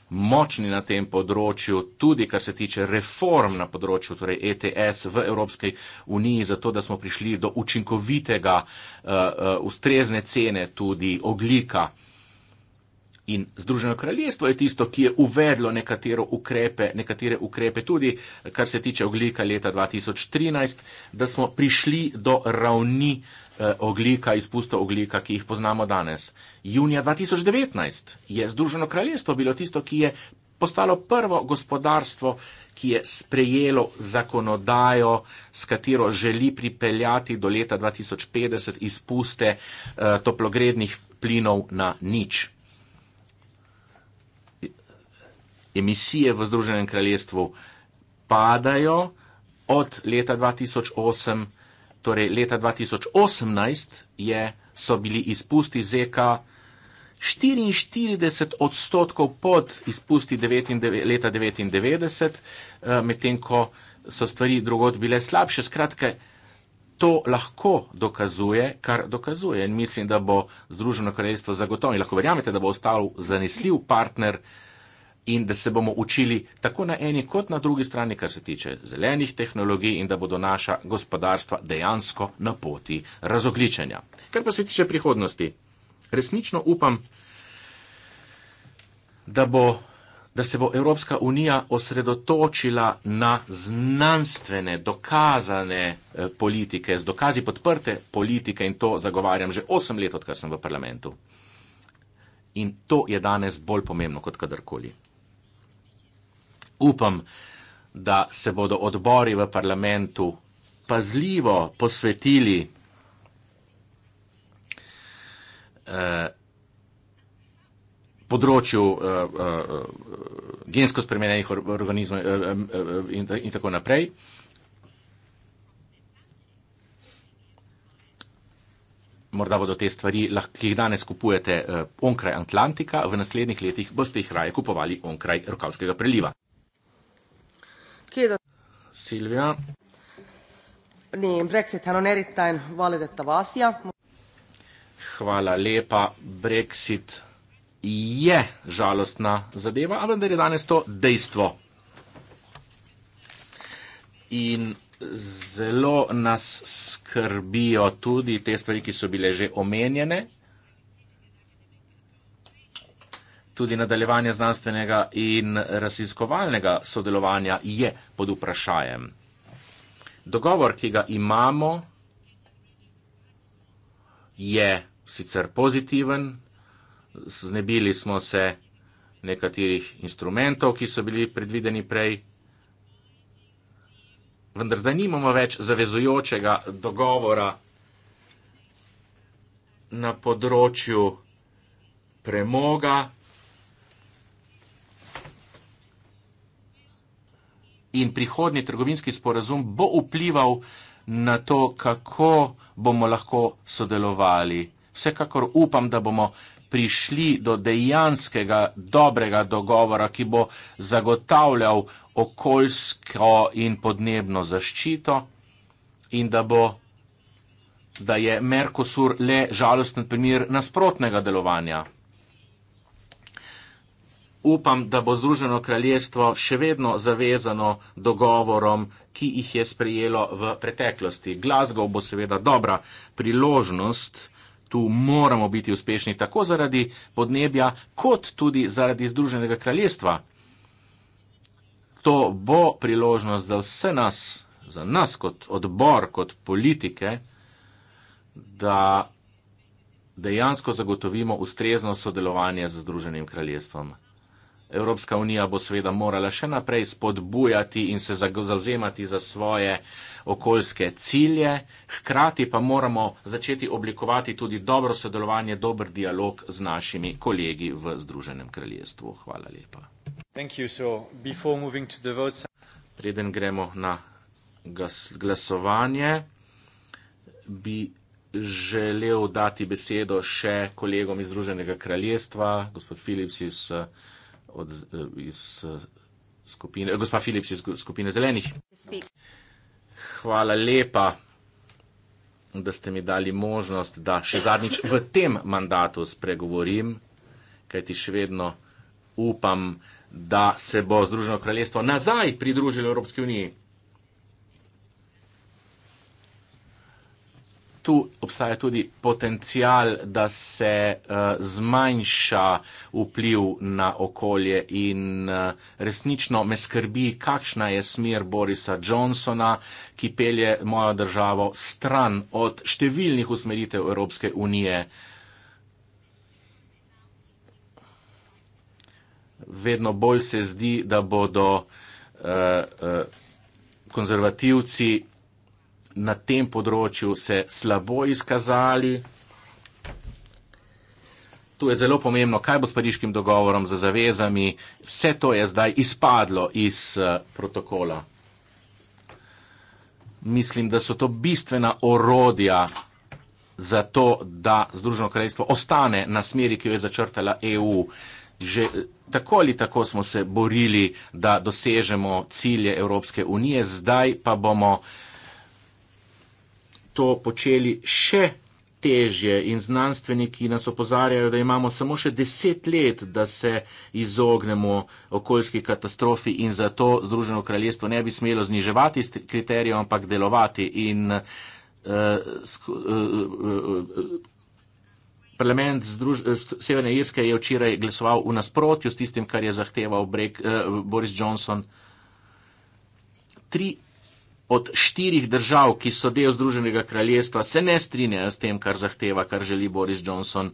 S1: močni na tem področju, tudi kar se tiče reform na področju torej ETS v Evropski uniji, zato da smo prišli do učinkovitega, uh, uh, ustrezne cene tudi oglika. In Združeno kraljestvo je tisto, ki je uvedlo ukrepe, nekatere ukrepe, tudi kar se tiče oglika leta 2013, da smo prišli do ravni eh, oglika, izpusta oglika, ki jih poznamo danes. Junija 2019 je Združeno kraljestvo bilo tisto, ki je postalo prvo gospodarstvo, ki je sprejelo zakonodajo, s katero želi pripeljati do leta 2050 izpuste eh, toplogrednih plinov na nič. emisije v Združenem kraljestvu padajo od leta 2008. Torej, leta 2018 je, so bili izpusti ZEKA 44 odstotkov pod izpusti 99, leta 1999, eh, medtem ko so stvari drugod bile slabše. Skratke, to lahko dokazuje, kar dokazuje. In mislim, da bo Združeno kraljestvo zagotovo in lahko verjamete, da bo ostal zanesljiv partner in da se bomo učili tako na eni kot na drugi strani, kar se tiče zelenih tehnologij in da bodo naša gospodarstva dejansko na poti razogličenja. Kar pa se tiče prihodnosti, resnično upam, da, bo, da se bo Evropska unija osredotočila na znanstvene, dokazane eh, politike, z dokazi podprte politike in to zagovarjam že 8 let, odkar sem v parlamentu. In to je danes bolj pomembno kot kadarkoli upam, da se bodo odbori v parlamentu pazljivo posvetili eh, področju eh, eh gensko spremenjenih organizmov eh, eh, eh in, in tako naprej. Morda bodo te stvari, ki jih danes kupujete onkraj Atlantika, v naslednjih letih boste jih raje kupovali onkraj Rokavskega preliva. Kiitos. Silvia.
S4: Niin, Brexit on erittäin valitettava asia.
S1: Hvala lepa, Brexit je žalostna zadeva, a vendar je danes to dejstvo. In zelo nas skrbijo tudi te stvari, ki so bile že omenjene, tudi nadaljevanje znanstvenega in raziskovalnega sodelovanja je pod vprašajem. Dogovor, ki ga imamo, je sicer pozitiven, znebili smo se nekaterih instrumentov, ki so bili predvideni prej, vendar zdaj nimamo več zavezujočega dogovora na področju premoga, in prihodni trgovinski sporazum bo vplival na to, kako bomo lahko sodelovali. Vsekakor upam, da bomo prišli do dejanskega dobrega dogovora, ki bo zagotavljal okoljsko in podnebno zaščito in da bo da je Merkosur le žalosten primer nasprotnega delovanja upam, da bo Združeno kraljestvo še vedno zavezano dogovorom, ki jih je sprejelo v preteklosti. Glasgow bo seveda dobra priložnost, tu moramo biti uspešni tako zaradi podnebja, kot tudi zaradi Združenega kraljestva. To bo priložnost za vse nas, za nas kot odbor, kot politike, da dejansko zagotovimo ustrezno sodelovanje z Združenim kraljestvom. Evropska unija bo seveda morala še naprej spodbujati in se zauzemati za svoje okoljske cilje, hkrati pa moramo začeti oblikovati tudi dobro sodelovanje, dober dialog z našimi kolegi v Združenem kraljestvu. Hvala lepa. Preden gremo na glasovanje, bi želel dati besedo še kolegom iz Združenega kraljestva, gospod Philips iz. Uh, od, eh, iz eh, skupine, eh, gospa Filips iz skupine Zelenih. Hvala lepa, da ste mi dali možnost, da še zadnjič v tem mandatu spregovorim, kajti še vedno upam, da se bo Združeno kraljestvo nazaj pridružilo Evropski uniji. tu obstaja tudi potencial, da se uh, zmanjša vpliv na okolje in uh, resnično me skrbi, kakšna je smer Borisa Johnsona, ki pelje mojo državo stran od številnih usmeritev Evropske unije. Vedno bolj se zdi, da bodo uh, uh, konzervativci na tem področju se slabo izkazali. Tu je zelo pomembno, kaj bo s pariškim dogovorom za zavezami. Vse to je zdaj izpadlo iz eh, protokola. Mislim, da so to bistvena orodja za to, da Združeno kraljestvo ostane na smeri, ki jo je začrtala EU. Že eh, tako ali tako smo se borili, da dosežemo cilje Evropske unije, zdaj pa bomo uh, to počeli še težje in znanstveniki nas opozarjajo, da imamo samo še deset let, da se izognemo okoljski katastrofi in zato Združeno kraljestvo ne bi smelo zniževati kriterijev, ampak delovati in uh, Parlament Združ... Severne Irske je včeraj glasoval v nasprotju s tistim, kar je zahteval Brek... Boris Johnson. Tri od štirih držav, ki so del Združenega kraljestva, se ne strinjajo s tem, kar zahteva, kar želi Boris Johnson.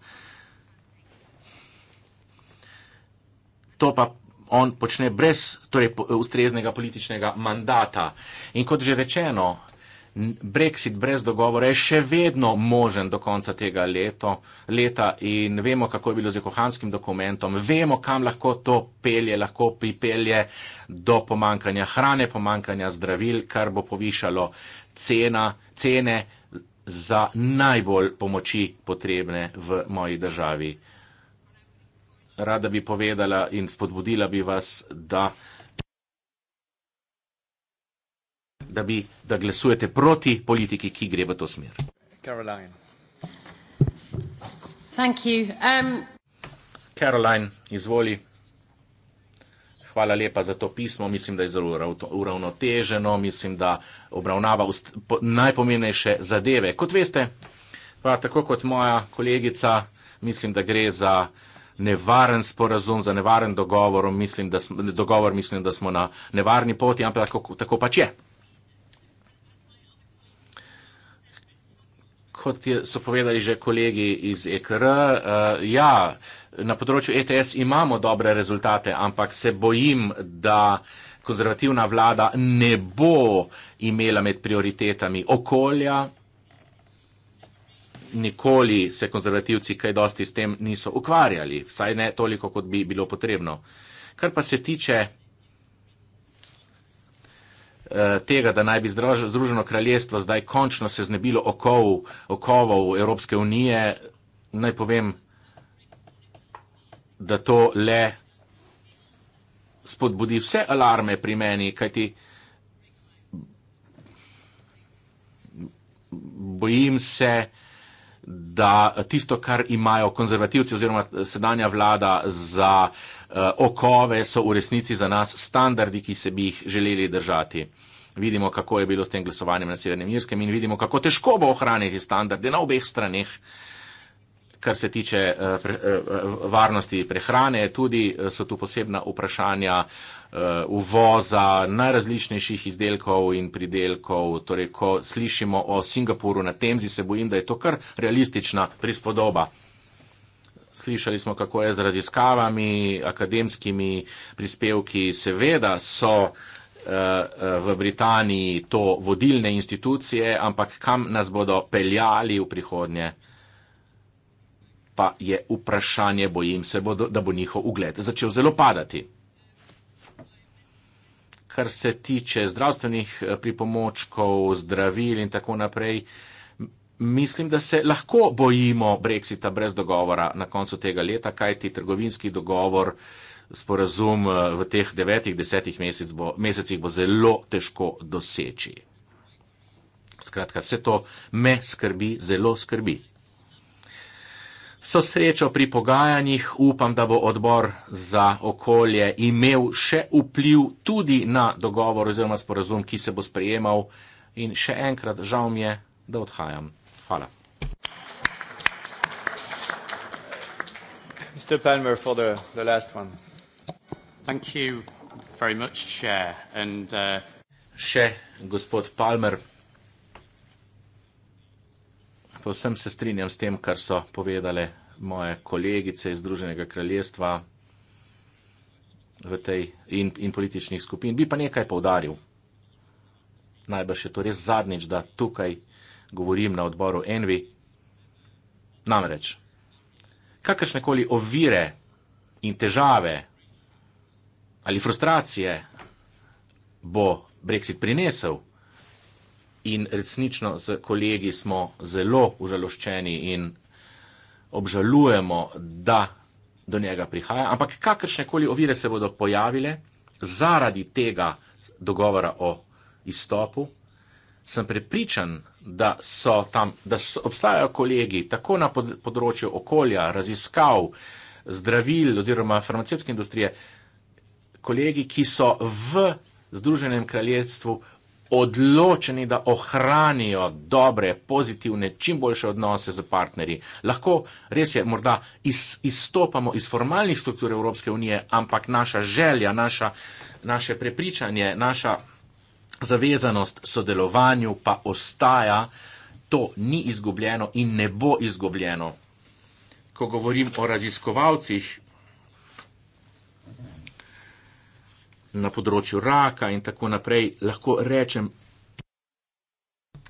S1: To pa on počne brez torej, ustreznega političnega mandata. In kot že rečeno, Brexit brez dogovora je še vedno možen do konca tega leto, leta in vemo, kako je bilo z ekohanskim dokumentom, vemo, kam lahko to pelje, lahko pripelje do pomankanja hrane, pomankanja zdravil, kar bo povišalo cena, cene za najbolj pomoči potrebne v moji državi. Rada bi povedala in spodbudila bi vas, da. da, bi, da glasujete proti politiki, ki gre v to smer.
S3: Caroline.
S6: Thank you. Um...
S1: Caroline, izvoli. Hvala lepa za to pismo. Mislim, da je zelo uravnoteženo, mislim, da obravnava najpomembnejše zadeve. Kot veste, pa tako kot moja kolegica, mislim, da gre za nevaren sporazum, za nevaren dogovor. Mislim, da smo, dogovor, mislim, da smo na nevarni poti, ampak tako, tako pač je. kot je, so povedali že kolegi iz EKR, uh, eh, ja, na področju ETS imamo dobre rezultate, ampak se bojim, da konzervativna vlada ne bo imela med prioritetami okolja. Nikoli se konzervativci kaj dosti s tem niso ukvarjali, vsaj ne toliko, kot bi bilo potrebno. Kar pa se tiče Eh, tega, da naj bi Združeno kraljestvo zdaj končno se znebilo okov, okovov Evropske unije, naj povem, da to le spodbudi vse alarme pri meni, kajti bojim se, da tisto, kar imajo konzervativci oziroma sedanja vlada za uh, uh, okove so v resnici za nas standardi, ki se bi jih želeli držati. Vidimo, kako je bilo s tem glasovanjem na Severnem Irskem in vidimo, kako težko bo ohraniti standarde na obeh straneh, kar se tiče uh, pre, uh, varnosti prehrane. Tudi uh, so tu posebna vprašanja uh, uvoza najrazličnejših izdelkov in pridelkov. Torej, ko slišimo o Singapuru na Temzi, se bojim, da je to kar realistična prispodoba. Slišali smo, kako je z raziskavami, akademskimi prispevki. Seveda so eh, eh, v Britaniji to vodilne institucije, ampak kam nas bodo peljali v prihodnje, pa je vprašanje, bojim se, bodo, da bo njihov ugled začel zelo padati. Kar se tiče zdravstvenih eh, pripomočkov, zdravil in tako naprej, Mislim, da se lahko bojimo brexita brez dogovora na koncu tega leta, kajti trgovinski dogovor, sporazum eh, v teh devetih, desetih mesec bo, mesecih bo zelo težko doseči. Skratka, vse to me skrbi, zelo skrbi. So srečo pri pogajanjih, upam, da bo odbor za okolje imel še vpliv tudi na dogovor oziroma sporazum, ki se bo sprejemal. In še enkrat, žal mi je, da odhajam. Hvala.
S3: Mr. Penmer for the, the last one.
S1: Thank you very much, Chair. And uh... še gospod Palmer, povsem se strinjam s tem, kar so povedale moje kolegice iz Združenega kraljestva v tej in, in političnih skupin. Bi pa nekaj povdaril. Najbrž je to res zadnjič, da tukaj govorim na odboru Envi. Namreč, kakršnekoli ovire in težave ali frustracije bo Brexit prinesel in resnično z kolegi smo zelo užaloščeni in obžalujemo, da do njega prihaja, ampak kakršnekoli ovire se bodo pojavile zaradi tega dogovora o izstopu, sem prepričan, da, tam, da so, obstajajo kolegi tako na pod, področju okolja, raziskav, zdravil oziroma farmacevtske industrije, kolegi, ki so v Združenem kraljestvu odločeni, da ohranijo dobre, pozitivne, čim boljše odnose z partnerji. Lahko res je, morda iz, izstopamo iz formalnih struktur Evropske unije, ampak naša želja, naša, naše prepričanje, naša zavezanost sodelovanju pa ostaja, to ni izgubljeno in ne bo izgubljeno. Ko govorim o raziskovalcih na področju raka in tako naprej, lahko rečem,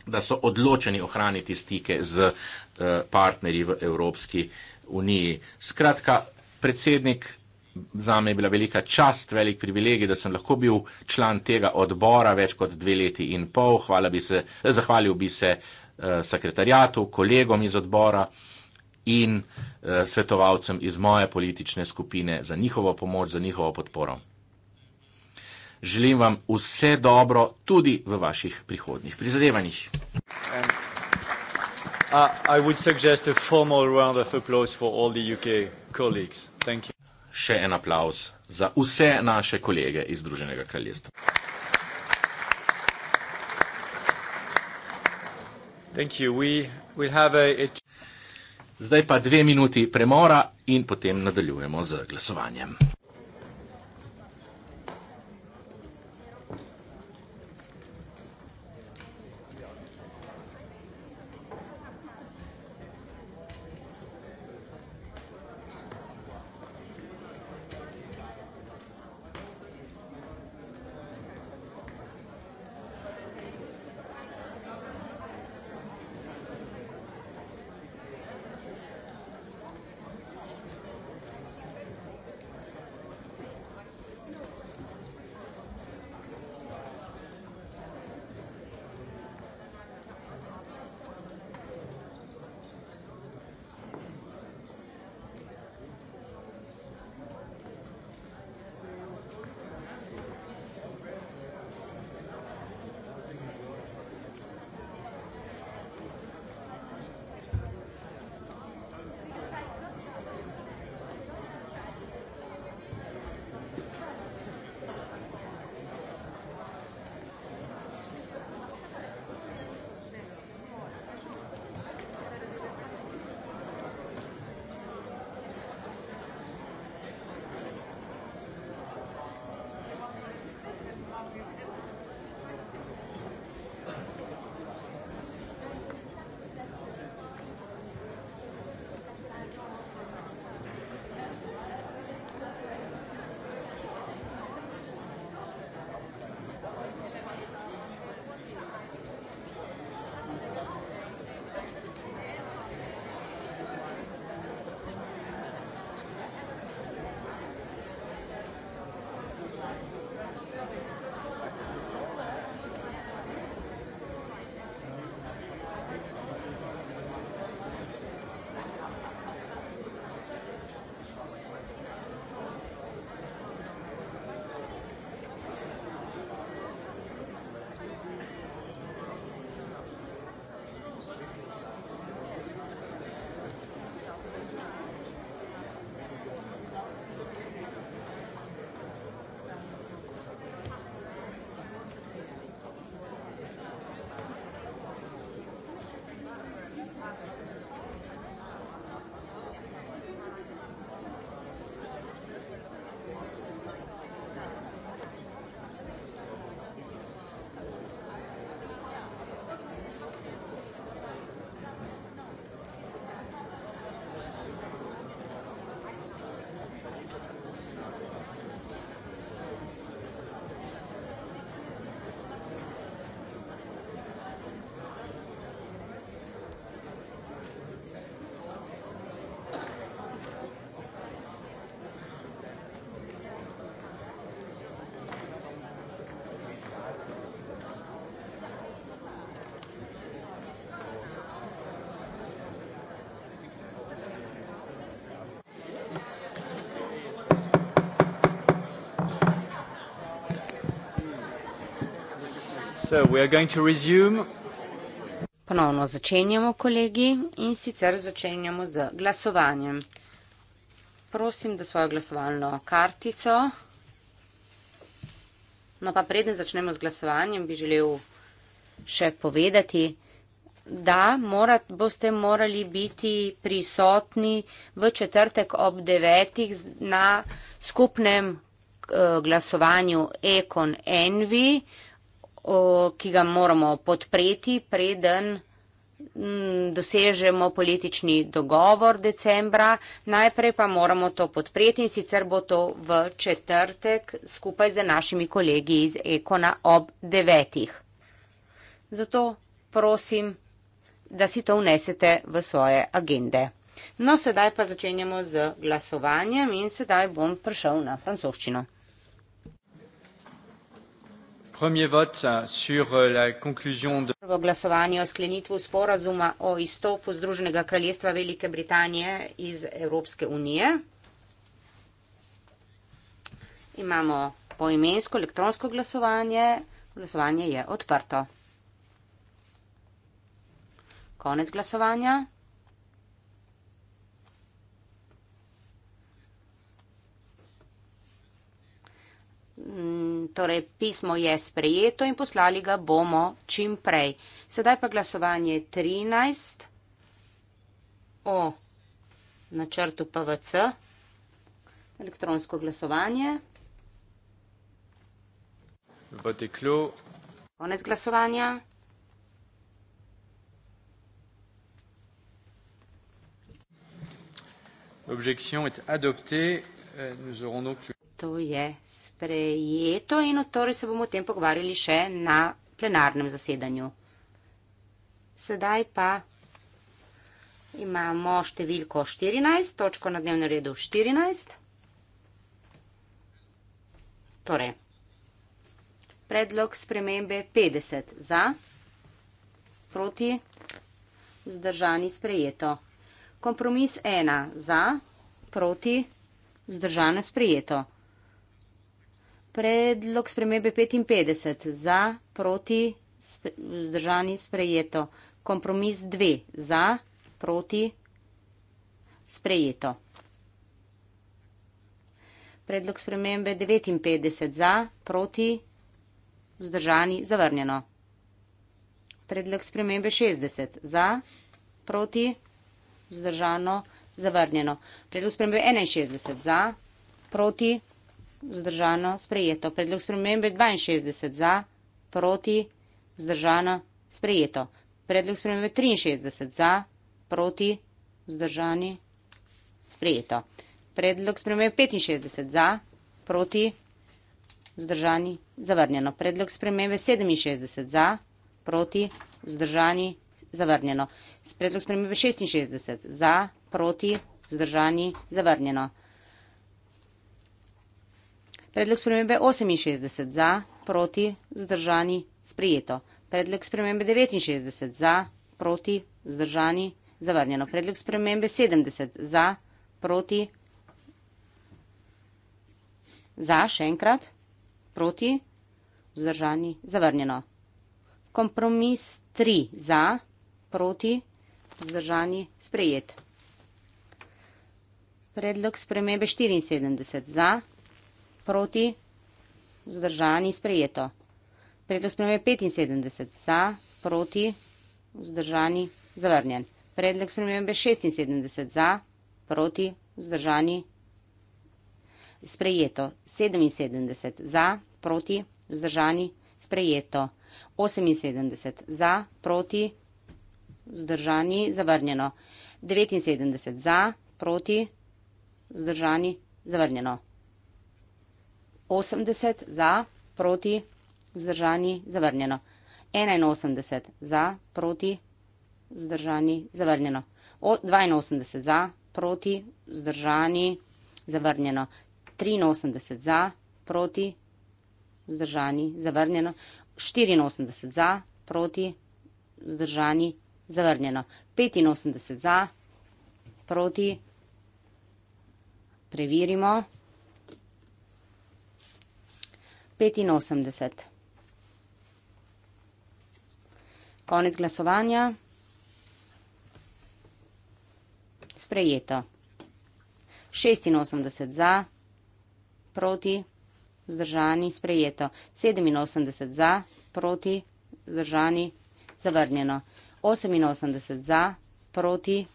S1: da so odločeni ohraniti stike z eh, partnerji v Evropski uniji. Skratka, predsednik za me je bila velika čast, velik privilegij, da sem lahko bil član tega odbora več kot dve leti in pol. Bi se, zahvalil bi se eh, sekretarjatu, kolegom iz odbora in eh, svetovalcem iz moje politične skupine za njihovo pomoč, za njihovo podporo. Želim vam vse dobro tudi v vaših prihodnih prizadevanjih.
S3: Uh, I would suggest a
S1: formal round of applause for all the UK colleagues. Thank you še en aplaus za vse naše kolege iz Združenega kraljestva. Zdaj pa dve minuti premora in potem nadaljujemo z glasovanjem.
S5: Ponovno začenjamo, kolegi, in sicer začenjamo z glasovanjem. Prosim, da svojo glasovalno kartico. No pa predne začnemo z glasovanjem, bi želel še povedati, da morat, boste morali biti prisotni v četrtek ob devetih na skupnem eh, glasovanju Ekon Envi ki ga moramo podpreti, preden mm, dosežemo politični dogovor decembra. Najprej pa moramo to podpreti in sicer bo to v četrtek skupaj z našimi kolegi iz Ekona ob devetih. Zato prosim, da si to vnesete v svoje agende. No, sedaj pa začenjamo z glasovanjem in sedaj bom prišel na francoščino.
S3: Euh, euh,
S5: Prvo glasovanje o sklenitvi sporazuma o izstopu Združenega kraljestva Velike Britanije iz Evropske unije. Imamo poimensko elektronsko glasovanje. Glasovanje je odprto. Konec glasovanja. torej pismo je sprejeto in poslali ga bomo čim prej. Sedaj pa glasovanje 13 o načrtu PVC, elektronsko glasovanje. Konec glasovanja.
S3: Objection est adoptée. Euh, nous aurons donc
S5: to je sprejeto in o torej se bomo o tem pogovarjali še na plenarnem zasedanju. Sedaj pa imamo številko 14, točko na dnevnem redu 14. Torej, predlog spremembe 50 za, proti, vzdržani sprejeto. Kompromis 1 za, proti, vzdržano sprejeto predlog spremembe 55 za, proti, zdržani, sprejeto. Kompromis 2 za, proti, sprejeto. Predlog spremembe 59 za, proti, zdržani, zavrnjeno. Predlog spremembe 60 za, proti, zdržano, zavrnjeno. Predlog spremembe 61 za, proti, zdržano vzdržano, sprejeto. Predlog spremembe 62 za, proti, vzdržano, sprejeto. Predlog spremembe 63 za, proti, vzdržani, sprejeto. Predlog spremembe 65 za, proti, vzdržani, zavrnjeno. Predlog spremembe 67 za, proti, vzdržani, zavrnjeno. Predlog spremembe 66 za, proti, vzdržani, zavrnjeno. Predlog spremembe 68 za, proti, zdržani, sprijeto. Predlog spremembe 69 za, proti, zdržani, zavrnjeno. Predlog spremembe 70 za, proti, za, še enkrat, proti, vzdržani, zavrnjeno. Kompromis 3 za, proti, vzdržani, sprejet. Predlog spremembe 74 za, proti, vzdržani, sprijeto proti, vzdržani, sprejeto. Predlog spremembe 75 za, proti, vzdržani, zavrnjen. Predlog spremembe 76 za, proti, vzdržani, sprejeto. 77 za, proti, vzdržani, sprejeto. 78 za, proti, vzdržani, zavrnjeno. 79 za, proti, vzdržani, zavrnjeno. 80 za, proti, vzdržani, zavrnjeno. 81 za, proti, vzdržani, zavrnjeno. O, 82 za, proti, vzdržani, zavrnjeno. 83 za, proti, vzdržani, zavrnjeno. 84 za, proti, vzdržani, zavrnjeno. 85 za, proti, preverimo. 85. Konec glasovanja. Sprejeto. 86 za, proti, vzdržani, sprejeto. 87 za, proti, vzdržani, zavrnjeno. 88 za, proti,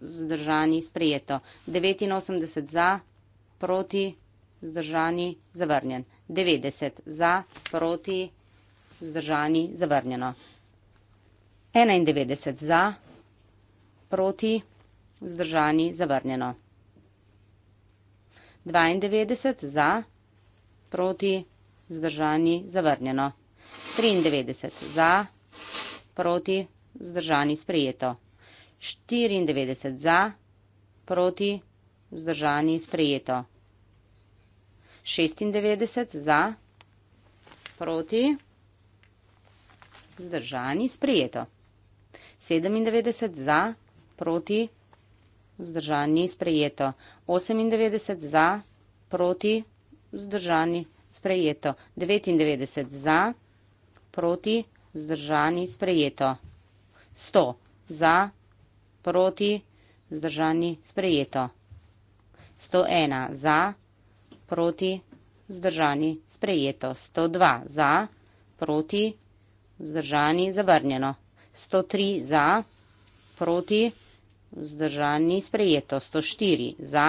S5: vzdržani, sprejeto. 89 za, proti, vzdržani vzdržani, zavrnjen. 90 za, proti, vzdržani, zavrnjeno. 91 za, proti, vzdržani, zavrnjeno. 92 za, proti, vzdržani, zavrnjeno. 93 za, proti, vzdržani, sprejeto. 94 za, proti, vzdržani, sprejeto. 95 za, proti, vzdržani, sprejeto. 96 za, proti, vzdržani, sprijeto. 97 za, proti, vzdržani, sprijeto. 98 za, proti, vzdržani, sprijeto. 99 za, proti, vzdržani, sprijeto. 100 za, proti, vzdržani, sprijeto. 101 za, proti, vzdržani, sprijeto proti, vzdržani, sprejeto. 102 za, proti, vzdržani, zavrnjeno. 103 za, proti, vzdržani, sprejeto. 104 za,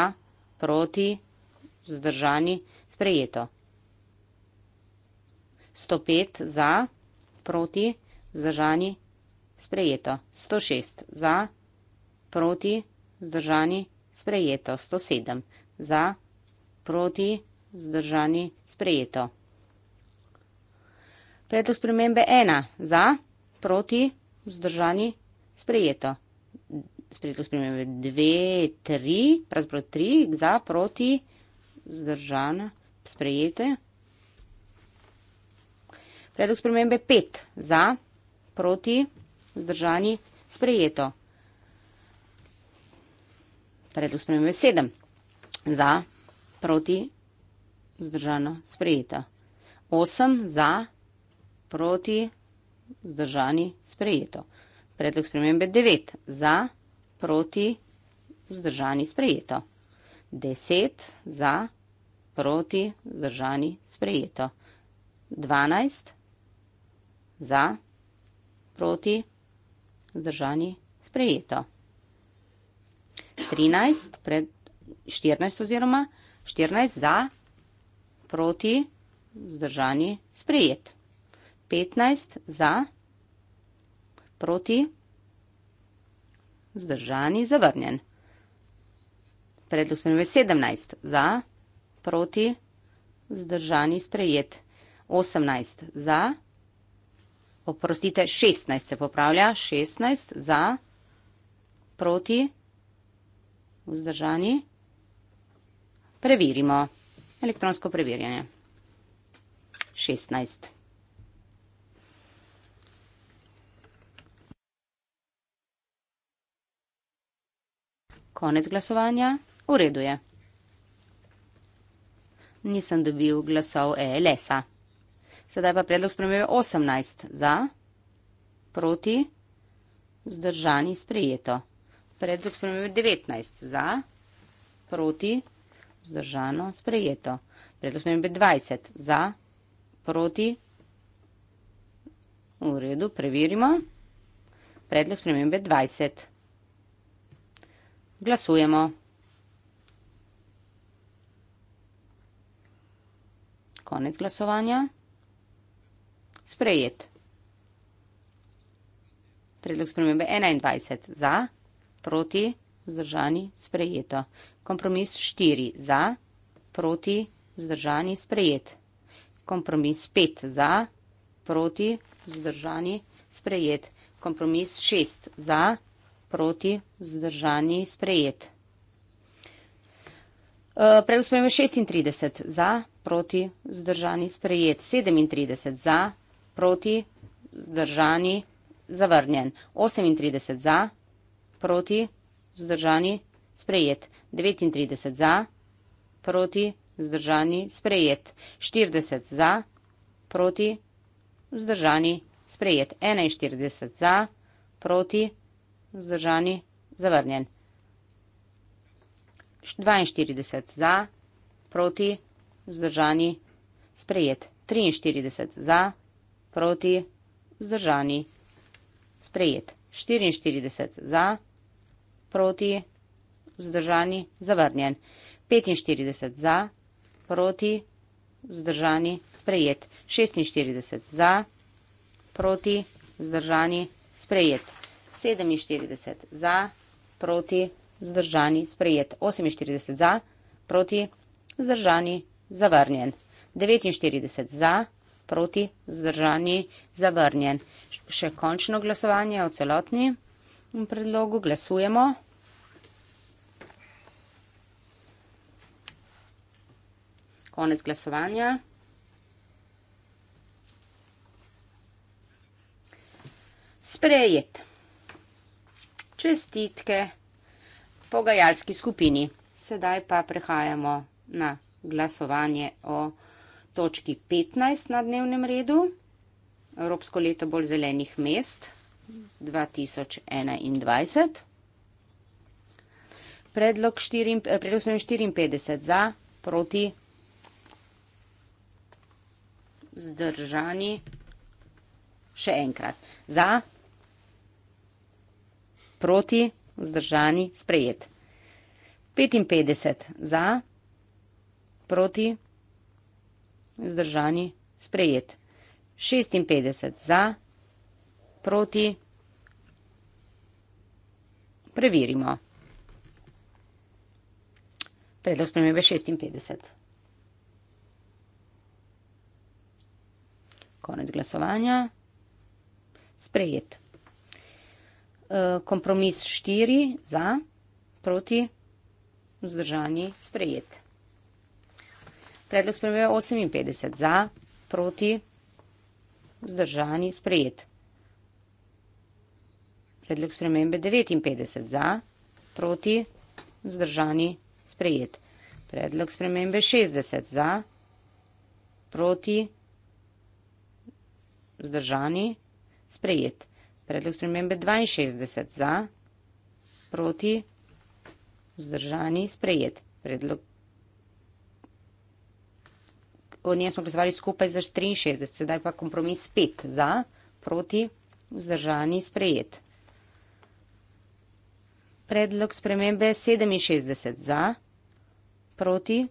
S5: proti, vzdržani, sprejeto. 105 za, proti, vzdržani, sprejeto. 106 za, proti, vzdržani, sprejeto. 107 za, proti, vzdržani, sprejeto proti, vzdržani, sprejeto. Predlog spremembe ena, za, proti, vzdržani, sprejeto. Predlog spremembe dve, tri, pravzaprav tri, za, proti, vzdržana, sprejete. Predlog spremembe pet, za, proti, vzdržani, sprejeto. Predlog spremembe sedem, za, proti, vzdržani, sprejeto proti, vzdržano, sprejeta. 8 za, proti, vzdržani, sprejeto. Predlog spremembe 9 za, proti, vzdržani, sprejeto. 10 za, proti, vzdržani, sprejeto. 12 za, proti, vzdržani, sprejeto. 13, pred, 14 oziroma 14. 14 za, proti, vzdržani, sprejet. 15 za, proti, vzdržani, zavrnjen. Predlog spremembe 17 za, proti, vzdržani, sprejet. 18 za, oprostite, 16 se popravlja, 16 za, proti, vzdržani, sprejet. Preverimo. Elektronsko preverjanje. 16. Konec glasovanja. V redu je. Nisem dobil glasov ELS-a. Sedaj pa predlog spremljajo 18 za, proti, vzdržani, sprejeto. Predlog spremljajo 19 za, proti, vzdržani vzdržano, sprejeto. Predlog smem biti 20, za, proti, v redu, preverimo. Predlog smem biti 20. Glasujemo. Konec glasovanja. Sprejet. Predlog spremembe 21. Za, proti, vzdržani, sprejeto. Kompromis 4 za, proti, vzdržani, sprejet. Kompromis 5 za, proti, vzdržani, sprejet. Kompromis 6 za, proti, vzdržani, sprejet. E, predlog sprejme 36 za, proti, vzdržani, sprejet. 37 za, proti, vzdržani, zavrnjen. 38 za, proti, vzdržani, sprejet sprejet. 39 za, proti, vzdržani, sprejet. 40 za, proti, vzdržani, sprejet. 41 za, proti, vzdržani, zavrnjen. 42 za, proti, vzdržani, sprejet. 43 za, proti, vzdržani, sprejet. 44 za, proti, vzdržani, sprejet vzdržani, zavrnjen. 45 za, proti, vzdržani, sprejet. 46 za, proti, vzdržani, sprejet. 47 za, proti, vzdržani, sprejet. 48 za, proti, vzdržani, zavrnjen. 49 za, proti, vzdržani, zavrnjen. Še končno glasovanje o celotni predlogu. Glasujemo. konec glasovanja. Sprejet. Čestitke pogajalski skupini. Sedaj pa prehajamo na glasovanje o točki 15 na dnevnem redu. Evropsko leto bolj zelenih mest 2021. Predlog 54 eh, za, proti vzdržani. Še enkrat. Za, proti, vzdržani, sprejet. 55 za, proti, vzdržani, sprejet. 56 za, proti, preverimo. Predlog spremembe 56. Konec glasovanja. Sprejet. E, kompromis štiri za, proti, vzdržani, sprejet. Predlog spremembe 58 za, proti, vzdržani, sprejet. Predlog spremembe 59 za, proti, vzdržani, sprejet. Predlog spremembe 60 za, proti, vzdržani, sprejet. Vzdržani? Sprejet. Predlog spremembe 62 za, proti, vzdržani, sprejet. Predlog. O njem smo glasovali skupaj za 63, sedaj pa kompromis 5 za, proti, vzdržani, sprejet. Predlog spremembe 67 za, proti,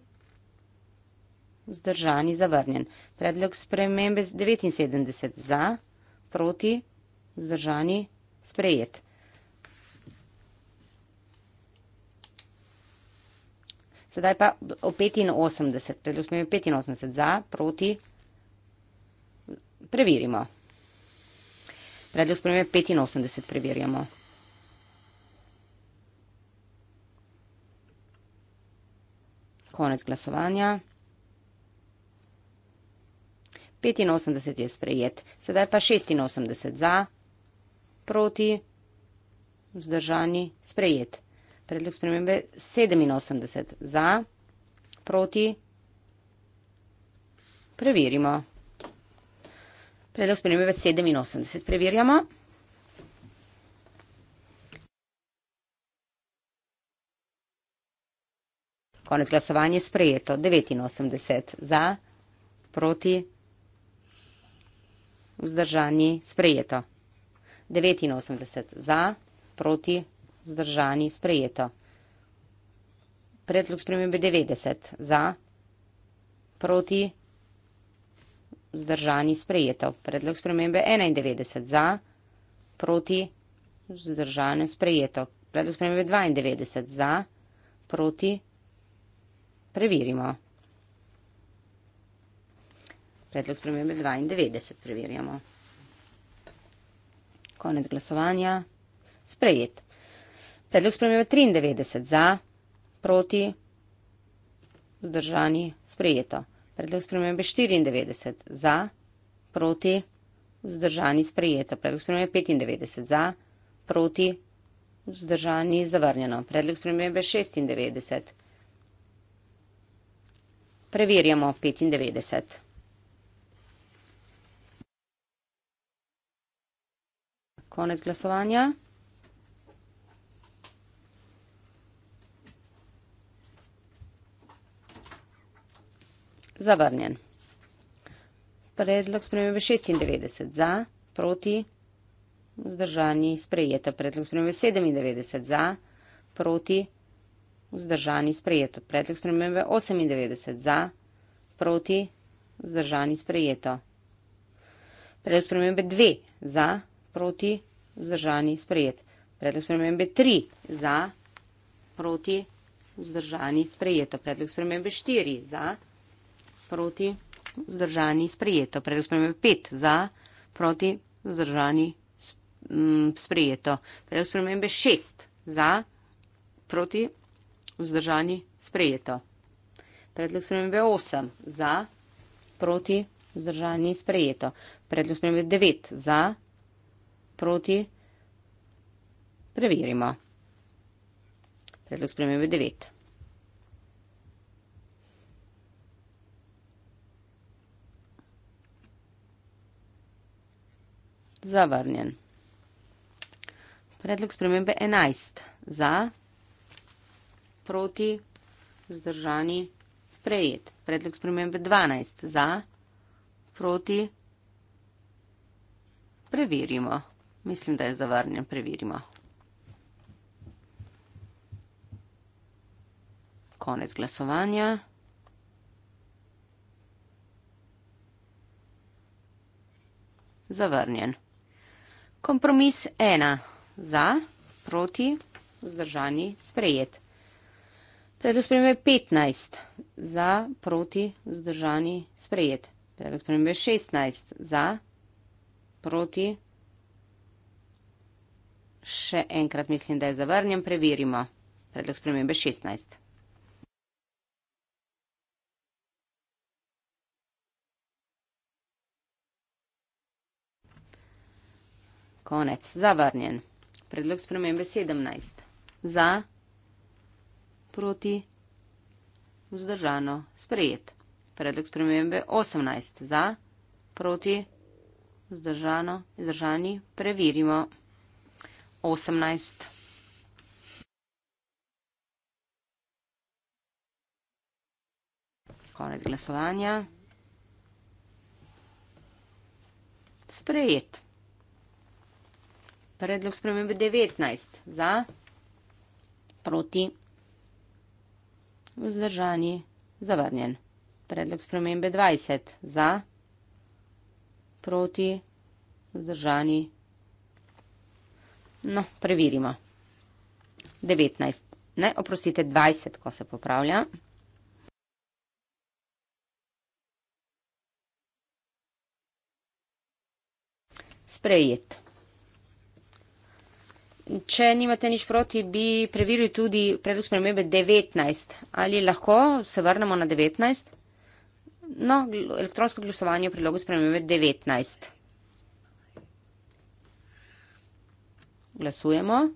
S5: vzdržani zavrnjen. Predlog spremembe 79 za, proti, vzdržani sprejet. Sedaj pa o 85, predlog spremembe 85 za, proti, preverimo. Predlog spremembe 85 preverjamo. Konec glasovanja. 85 je sprejet, sedaj pa 86 za, proti, vzdržani, sprejet. Predlog spremembe 87 za, proti, preverimo. Predlog spremembe 87 preverjamo. Konec glasovanja je sprejeto. 89 za, proti, preverimo vzdržani, sprejeto. 89 za, proti, vzdržani, sprejeto. Predlog spremembe 90 za, proti, vzdržani, sprejeto. Predlog spremembe 91 za, proti, vzdržani, sprejeto. Predlog spremembe 92 za, proti, preverimo. Predlog spremembe 92 preverjamo. Konec glasovanja. Sprejet. Predlog spremembe 93 za, proti, vzdržani, sprejeto. Predlog spremembe 94 za, proti, vzdržani, sprejeto. Predlog spremembe 95 za, proti, vzdržani, zavrnjeno. Predlog spremembe 96. Preverjamo 95. Konec glasovanja. Zavrnjen. Predlog spremembe 96 za, proti, vzdržani, sprejeto. Predlog spremembe 97 za, proti, vzdržani, sprejeto. Predlog spremembe 98 za, proti, vzdržani, sprejeto. Predlog spremembe 2 za, proti proti, vzdržani, sprejet. Predlog spremembe 3 za, proti, vzdržani, sprejeto. Predlog spremembe 4 za, proti, vzdržani, sprejeto. Predlog spremembe 5 mm, za, proti, vzdržani, sprejeto. Predlog spremembe 6 za, proti, vzdržani, sprejeto. Predlog spremembe 8 za, proti, vzdržani, sprejeto. Predlog spremembe 9 za, proti, vzdržani, sprejeto proti? Preverimo. Predlog spremembe 9. Zavrnjen. Predlog spremembe 11. Za, proti, vzdržani, sprejet. Predlog spremembe 12. Za, proti, preverimo. Mislim, da je zavrnjen. Preverimo. Konec glasovanja. Zavrnjen. Kompromis ena. Za, proti, vzdržani, sprejet. Predlog spremembe 15. Za, proti, vzdržani, sprejet. Predlog spremembe 16. Za, proti, vzdržani, sprejet še enkrat mislim, da je zavrnjen, preverimo. Predlog spremembe 16. Konec. Zavrnjen. Predlog spremembe 17. Za, proti, vzdržano, sprejet. Predlog spremembe 18. Za, proti, vzdržano, izdržani, preverimo. 18. Konec glasovanja. Sprejet. Predlog spremembe 19. Za, proti, vzdržani, zavrnjen. Predlog spremembe 20. Za, proti, vzdržani, zavrnjen. No, preverimo. 19, ne, oprostite, 20, ko se popravlja. Sprejet. Če nimate nič proti, bi preverili tudi predlog spremembe 19. Ali lahko se vrnemo na 19? No, elektronsko glasovanje v predlogu spremembe 19. 19. Glasujemo.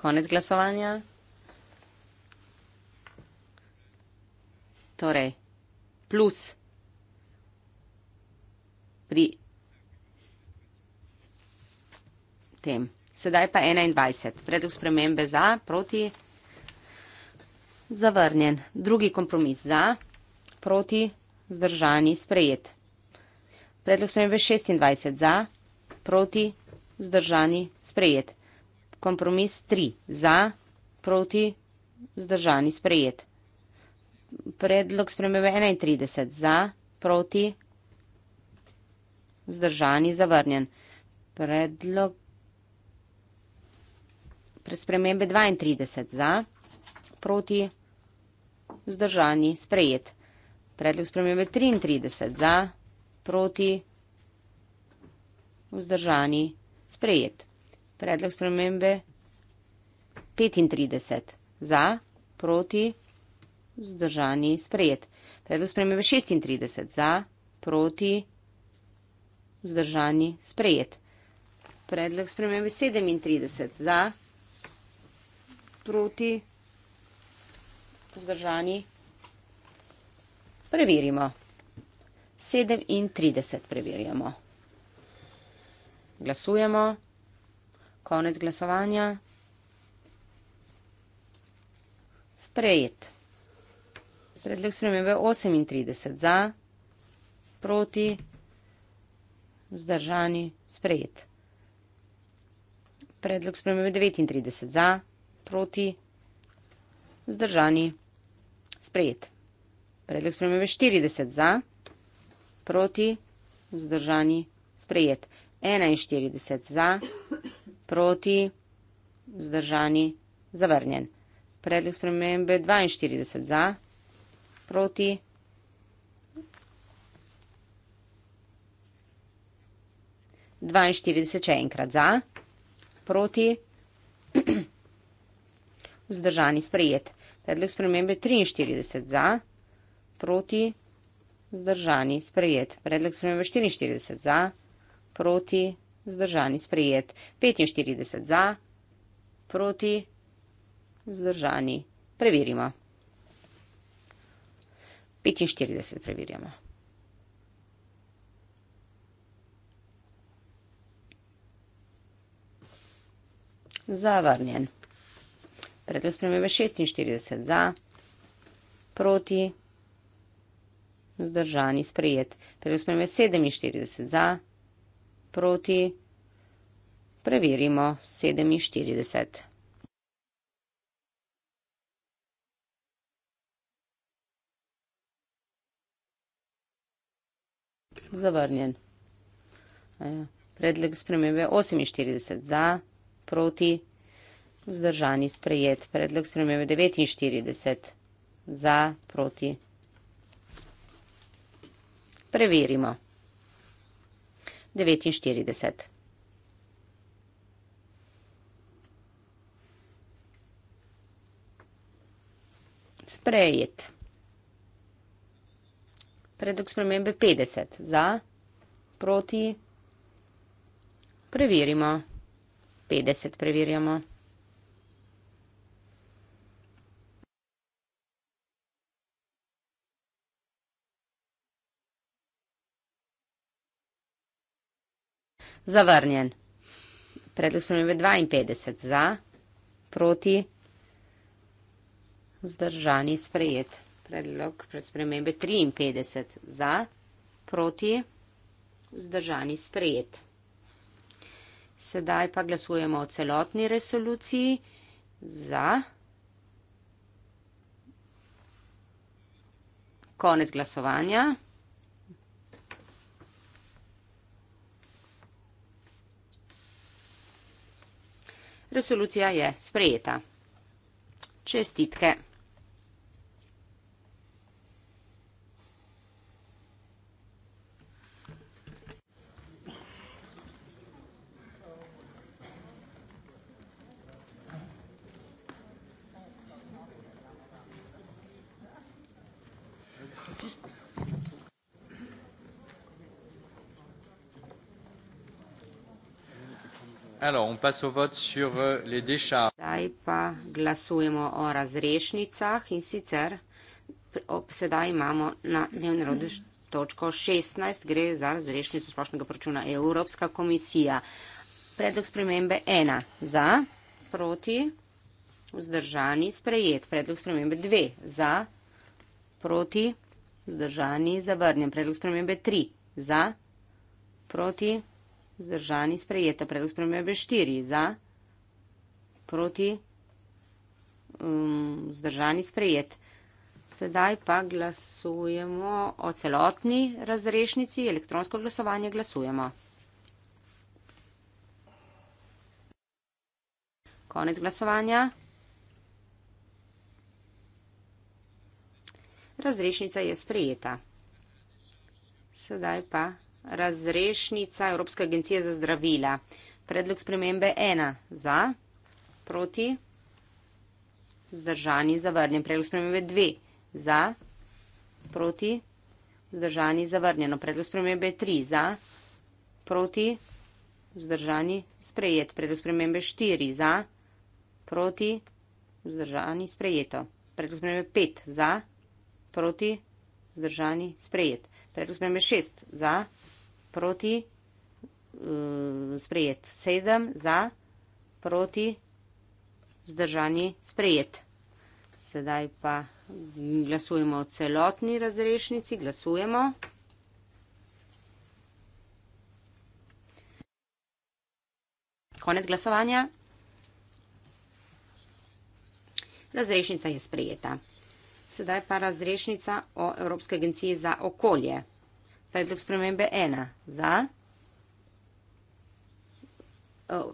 S5: Konec glasovanja. Torej, plus pri tem. Sedaj pa 21. Predlog spremembe za, proti, zavrnjen. Drugi kompromis za, proti, zdržani, sprejet. Predlog spremembe 26 za, proti, vzdržani, sprejet. Kompromis 3 za, proti, vzdržani, sprejet. Predlog spremembe 31 za, proti, vzdržani, zavrnjen. Predlog spremembe 32 za, proti, vzdržani, sprejet. Predlog spremembe 33 za, proti, vzdržani, sprejet proti, vzdržani, sprejet. Predlog spremembe 35 za, proti, vzdržani, sprejet. Predlog spremembe 36 za, proti, vzdržani, sprejet. Predlog spremembe 37 za, proti, vzdržani, preverimo. 37 preverjamo. Glasujemo. Konec glasovanja. Sprejet. Predlog spremembe 38 za, proti, vzdržani, sprejet. Predlog spremembe 39 za, proti, vzdržani, sprejet. Predlog spremembe 40 za proti, vzdržani, sprejet. 41 za, proti, vzdržani, zavrnjen. Predlog spremembe 42 za, proti, dvainštirideset še enkrat za, proti, vzdržani, sprejet. Predlog spremembe 43 za, proti, vzdržani, sprejet vzdržani, sprejet. Predlog spremembe 44 za, proti, vzdržani, sprejet. 45 za, proti, vzdržani. Preverimo. 45 preverjamo. Zavrnjen. Predlog spremembe 46 za, proti, vzdržani vzdržani sprejet. Predlog sprejme 47 za, proti preverimo 47. Zavrnjen. Ja. Predlog spremembe 48 za, proti, vzdržani sprejet. Predlog spremembe 49 za, proti, Preverimo. 49. Sprejet. Predlog spremembe 50. Za, proti. Preverimo. 50 preverjamo. Zavrnjen. Predlog spremembe 52 za, proti, vzdržani, sprejet. Predlog spremembe 53 za, proti, vzdržani, sprejet. Sedaj pa glasujemo o celotni resoluciji za. Konec glasovanja. Resolucija je sprejeta. Čestitke. Alors, on passe au vote sur euh, les décharges. Zdaj pa glasujemo o razrešnicah in sicer ob sedaj imamo na dnevni rodi točko 16, gre za razrešnico splošnega proračuna Evropska komisija. Predlog spremembe 1 za, proti, vzdržani, sprejet. Predlog spremembe 2 za, proti, vzdržani, zavrnjen. Predlog spremembe 3 za, proti, vzdržani. Vzdržani sprejeta. Predlog spremembe štiri za, proti, um, vzdržani sprejet. Sedaj pa glasujemo o celotni razrešnici. Elektronsko glasovanje glasujemo. Konec glasovanja. Razrešnica je sprejeta. Sedaj pa razrešnica Evropske agencije za zdravila. Predlog spremembe ena za, proti, zdržani, zavrnjen. Predlog spremembe dve za, proti, zdržani, zavrnjeno. Predlog spremembe tri za, proti, zdržani, sprejet. Predlog spremembe štiri za, proti, zdržani, sprejeto. Predlog spremembe pet za, proti, zdržani, sprejet. Predlog spremembe šest za, proti, zdržani, sprejet proti, uh, sprejet. Sedem za, proti, zdržani, sprejet. Sedaj pa glasujemo o celotni razrešnici. Glasujemo. Konec glasovanja. Razrešnica je sprejeta. Sedaj pa razrešnica o Evropske agenciji za okolje predlog spremembe ena. Za?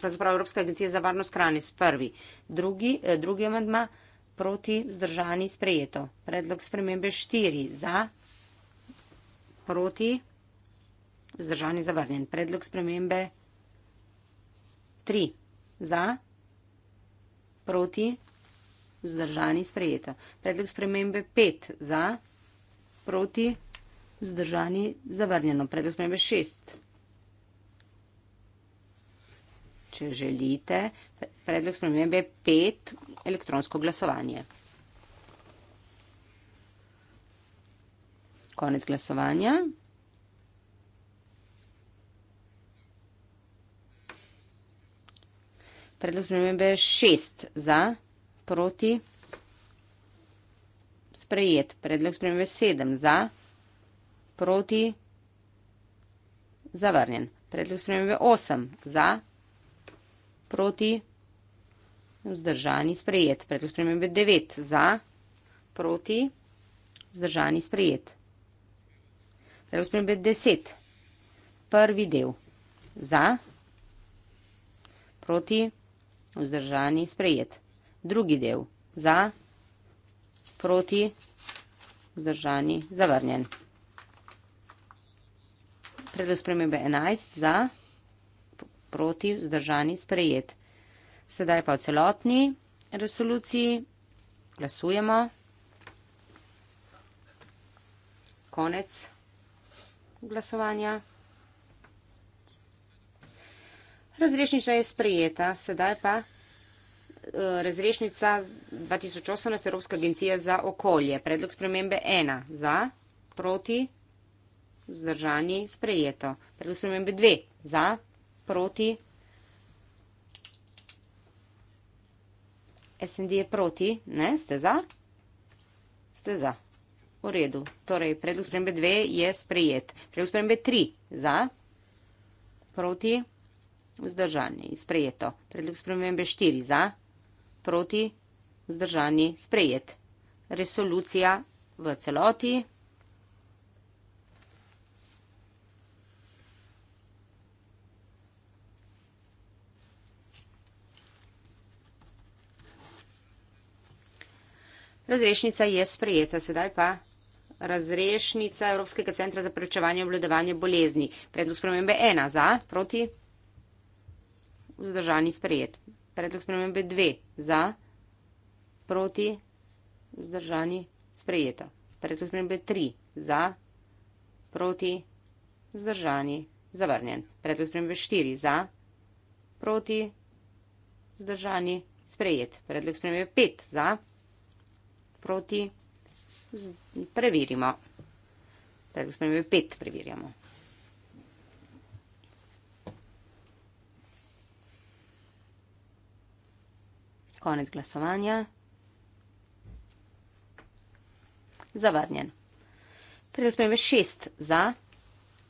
S5: Pravzaprav Evropska agencija za varnost hrane s prvi. Drugi, e, drugi amandma proti zdržani sprejeto. Predlog spremembe štiri. Za? Proti? Zdržani zavrnjen. Predlog spremembe tri. Za? Proti? Vzdržani sprejeta. Predlog spremembe 5 za, proti vzdržani, zavrnjeno. Predlog spremembe šest. Če želite, predlog spremembe pet, elektronsko glasovanje. Konec glasovanja. Predlog spremembe šest za, proti, sprejet. Predlog spremembe sedem za, proti proti, zavrnjen. Predlog spremembe 8 za, proti, vzdržani, sprejet. Predlog spremembe 9 za, proti, vzdržani, sprejet. Predlog spremembe 10, prvi del, za, proti, vzdržani, sprejet. Drugi del, za, proti, vzdržani, zavrnjen predlog spremembe 11 za, proti, zdržani, sprejet. Sedaj pa v celotni resoluciji glasujemo. Konec glasovanja. Razrešnica je sprejeta, sedaj pa e, razrešnica 2018 Evropska agencija za okolje. Predlog spremembe 1 za, proti, zdržani, sprejet vzdržani, sprejeto. Predlog spremembe dve. Za, proti. SND je proti, ne, ste za? Ste za. V redu. Torej, predlog spremembe dve je sprejet. Predlog spremembe tri. Za, proti, vzdržani, sprejeto. Predlog spremembe štiri. Za, proti, vzdržani, sprejet. Resolucija v celoti. Razrešnica je sprejeta, sedaj pa razrešnica Evropskega centra za prečevanje in obledovanje bolezni. Predlog spremembe 1 za, proti, vzdržani sprejet. Predlog spremembe 2 za, proti, vzdržani sprejeta. Predlog spremembe 3 za, proti, vzdržani zavrnjen. Predlog spremembe 4 za, proti, vzdržani sprejet. Predlog spremembe 5 za, proti, vzdržani sprejet proti, preverimo. Predlog spremembe 5 preverjamo. Konec glasovanja. Zavrnjen. Predlog spremembe 6 za,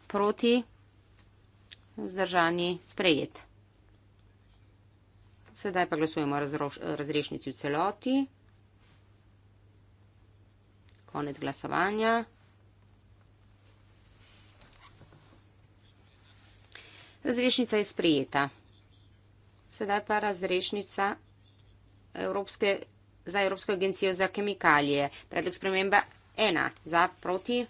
S5: proti, vzdržani, sprejet. Sedaj pa glasujemo o razrešnici v celoti konec glasovanja. Razrešnica je sprijeta. Sedaj pa razrešnica Evropske, za Evropsko agencijo za kemikalije. Predlog sprememba 1. Za proti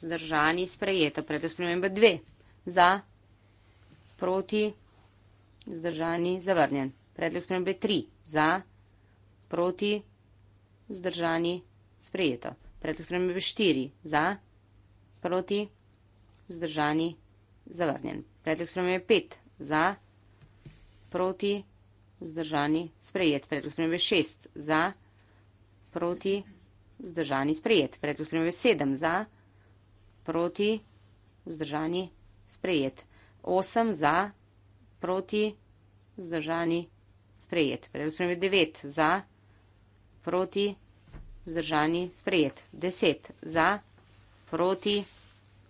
S5: zdržani sprejeto. Predlog sprememba 2. Za proti zdržani zavrnjen. Predlog sprememba 3. Za proti zdržani zavrnjen sprejeto. Predlog spremembe 4 za, proti, vzdržani, zavrnjen. Predlog spremembe 5 za, proti, vzdržani, sprejet. Predlog spremembe 6 za, proti, vzdržani, sprejet. Predlog spremembe 7 za, proti, vzdržani, sprejet. 8 za, proti, vzdržani, sprejet. Predlog spremembe 9 za, proti, vzdržani, sprejet vzdržani, sprejet. 10 za, proti,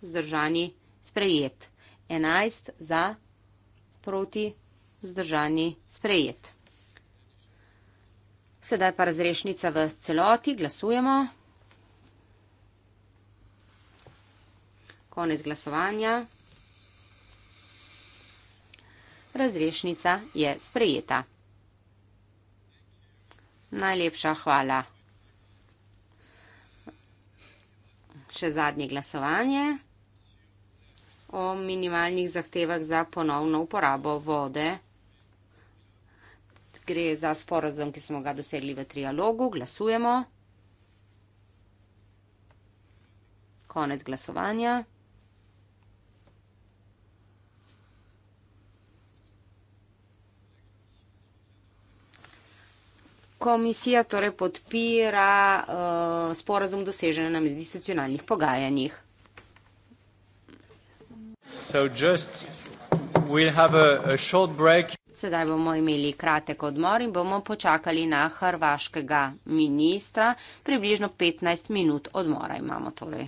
S5: vzdržani, sprejet. 11 za, proti, vzdržani, sprejet. Sedaj pa razrešnica v celoti, glasujemo. Konec glasovanja. Razrešnica je sprejeta. Najlepša hvala. še zadnje glasovanje o minimalnih zahtevah za ponovno uporabo vode. Gre za sporozum, ki smo ga dosegli v trialogu. Glasujemo. Konec glasovanja. komisija torej podpira uh, sporazum dosežen na medinstitucionalnih pogajanjih. Sedaj bomo imeli kratek odmor in bomo počakali na hrvaškega ministra. Približno 15 minut odmora imamo torej.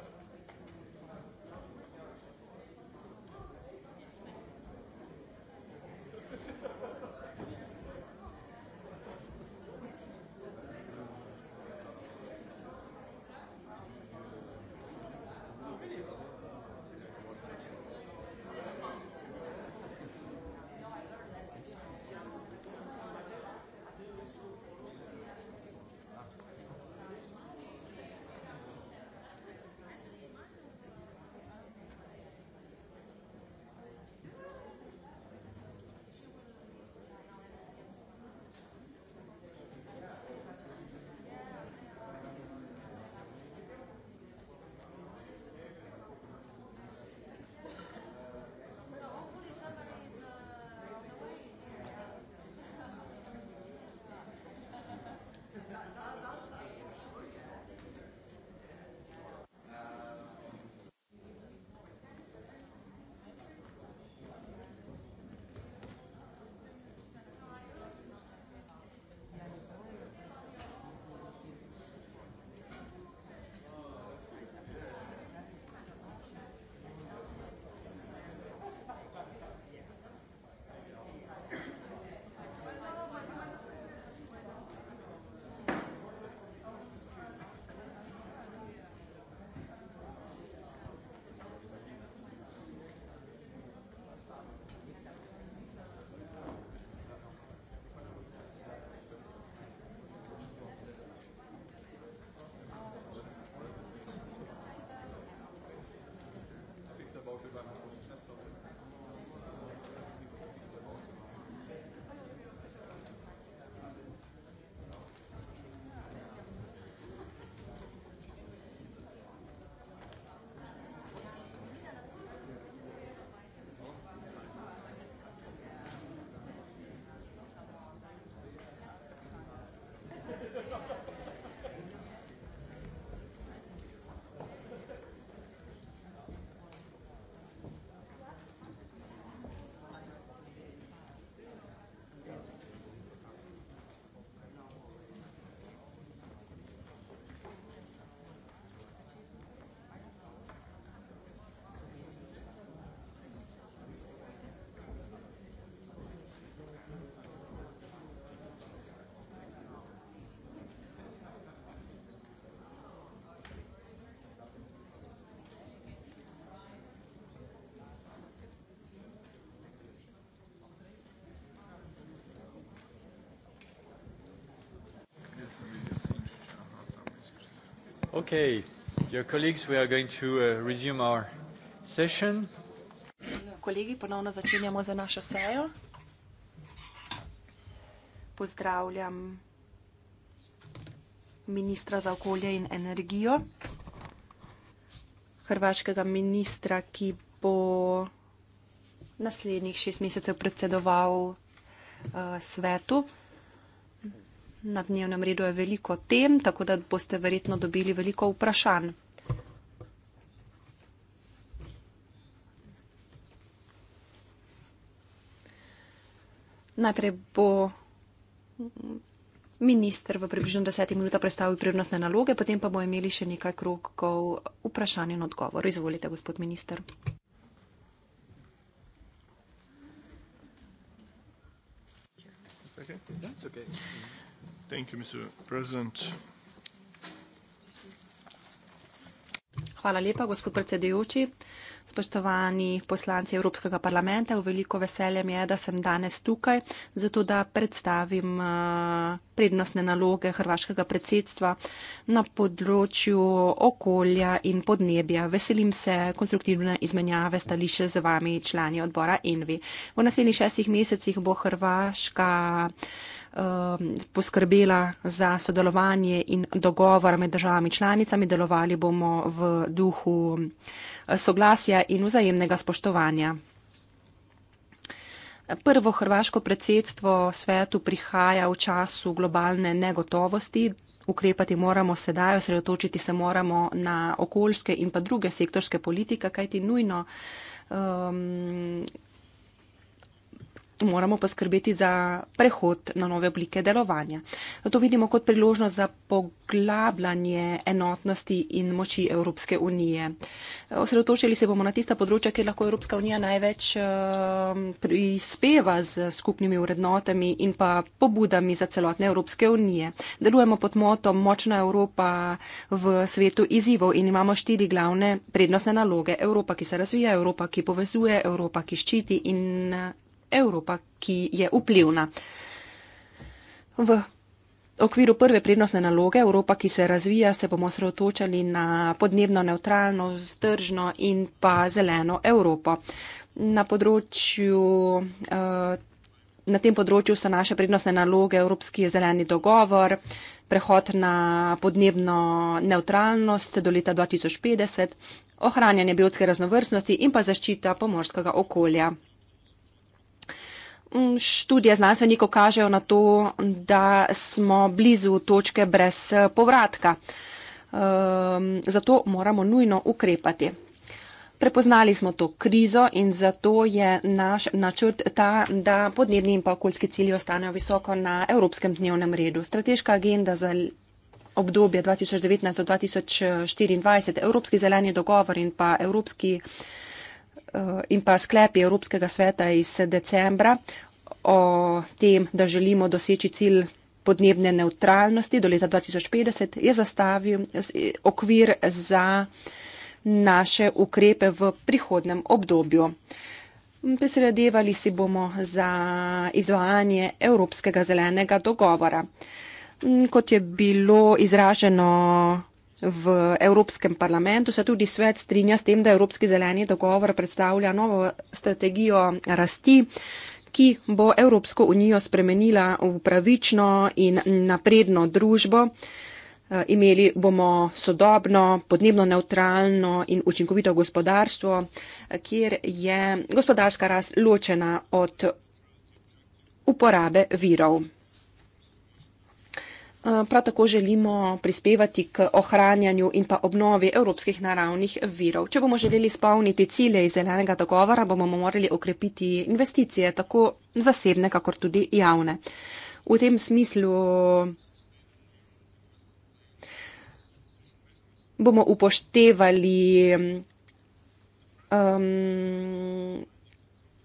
S3: Okay, dear colleagues, we are going to uh, resume our session.
S2: Kolegi, ponovno začenjamo za našo sejo. Pozdravljam ministra za okolje in energijo, hrvaškega ministra, ki bo naslednjih šest mesecev predsedoval uh, svetu. Na dnevnem redu je veliko tem, tako da boste verjetno dobili veliko vprašanj. Najprej bo minister v približno desetih minutah predstavil prednostne naloge, potem pa bo imeli še nekaj krokov vprašanj in odgovor. Izvolite, gospod minister.
S3: Okay.
S4: Thank you, Mr. President.
S2: Hvala lepa, gospod predsedujoči. Spoštovani poslanci Evropskega parlamenta, v veliko veselje mi je, da sem danes tukaj, zato da predstavim eh, prednostne naloge hrvaškega predsedstva na področju okolja in podnebja. Veselim se konstruktivne izmenjave stališče z vami, člani odbora Envi. V naslednjih šestih mesecih bo Hrvaška Um, poskrbela za sodelovanje in dogovor med državami članicami. Delovali bomo v duhu eh, soglasja in vzajemnega spoštovanja. Prvo hrvaško predsedstvo svetu prihaja v času globalne negotovosti. Ukrepati moramo sedaj, osredotočiti se moramo na okoljske in pa druge sektorske politike, kajti nujno um, moramo poskrbeti za prehod na nove oblike delovanja. To vidimo kot priložnost za poglabljanje enotnosti in moči Evropske unije. Osredotočili se bomo na tista področja, kjer lahko Evropska unija največ eh, prispeva z skupnimi urednotami in pa pobudami za celotne Evropske unije. Delujemo pod motom Močna Evropa v svetu izzivov in imamo štiri glavne prednostne naloge. Evropa, ki se razvija, Evropa, ki povezuje, Evropa, ki ščiti in Evropa, ki je vplivna. V okviru prve prednostne naloge Evropa, ki se razvija, se bomo sreotočali na podnebno neutralno, zdržno in pa zeleno Evropo. Na, področju, eh, na tem področju so naše prednostne naloge Evropski zeleni dogovor, prehod na podnebno neutralnost do leta 2050, ohranjanje biotske raznovrstnosti in pa zaščita pomorskega okolja. Mm, študije znanstvenikov kažejo na to, da smo blizu točke brez eh, povratka. Ehm, zato moramo nujno ukrepati. Prepoznali smo to krizo in zato je naš načrt ta, da podnebni in pa okoljski cilji ostanejo visoko na evropskem dnevnem redu. Strateška agenda za obdobje 2019-2024, Evropski zeleni dogovor in pa Evropski. Eh, in pa sklepi Evropskega sveta iz decembra o tem, da želimo doseči cilj podnebne neutralnosti do leta 2050, je zastavil okvir za naše ukrepe v prihodnem obdobju. Prisredevali si bomo za izvajanje Evropskega zelenega dogovora. Kot je bilo izraženo v Evropskem parlamentu. Se tudi svet strinja s tem, da Evropski zeleni dogovor predstavlja novo strategijo rasti ki bo Evropsko unijo spremenila v pravično in napredno družbo. Eh, imeli bomo sodobno, podnebno neutralno in učinkovito gospodarstvo, eh, kjer je gospodarska rast ločena od uporabe virov. Eh, prav tako želimo prispevati k ohranjanju in pa obnovi evropskih naravnih virov. Če bomo želeli spolniti cilje iz zelenega dogovora, bomo morali okrepiti investicije, tako zasebne, kakor tudi javne. V tem smislu bomo upoštevali um,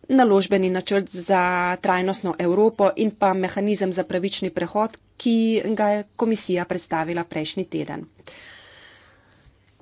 S2: naložbeni načrt za trajnostno Evropo in pa mehanizem za pravični prehod, ki ga je komisija predstavila prejšnji teden.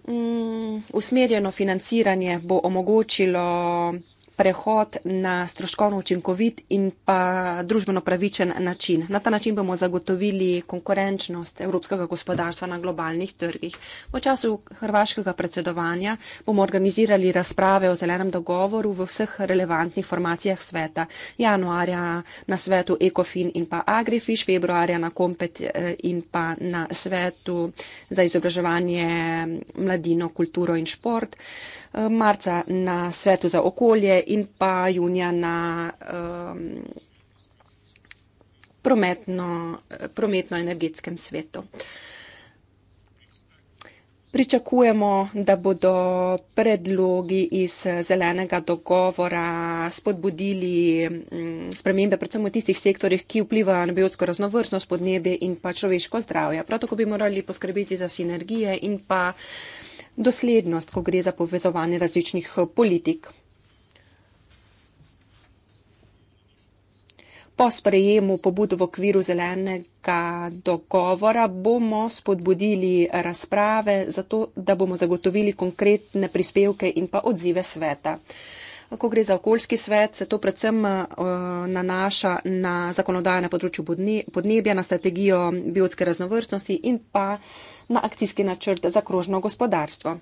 S2: Mm, usmerjeno financiranje bo omogočilo prehod na stroškovno učinkovit in pa družbeno pravičen način. Na ta način bomo zagotovili konkurenčnost evropskega gospodarstva na globalnih trgih. V času hrvaškega predsedovanja bomo organizirali razprave o zelenem dogovoru v vseh relevantnih formacijah sveta. Januarja na svetu Ecofin in pa Agrifiš, februarja na Kompet eh, in pa na svetu za izobraževanje mladino, kulturo in šport marca na svetu za okolje in pa junija na um, prometno-energetskem prometno svetu. Pričakujemo, da bodo predlogi iz zelenega dogovora spodbudili mm, spremembe predvsem v tistih sektorjih, ki vplivajo na biotsko raznovrstnost, podnebje in pa človeško zdravje. Prav tako bi morali poskrbeti za sinergije in pa uh, doslednost, ko gre za povezovanje različnih eh, politik. Po sprejemu pobud v okviru zelenega dogovora bomo spodbudili razprave, zato da bomo zagotovili konkretne prispevke in pa odzive sveta. Ko gre za okoljski svet, se to predvsem eh, nanaša na zakonodaje na področju podnebja, na strategijo biotske raznovrstnosti in pa na akcijski načrt za krožno gospodarstvo.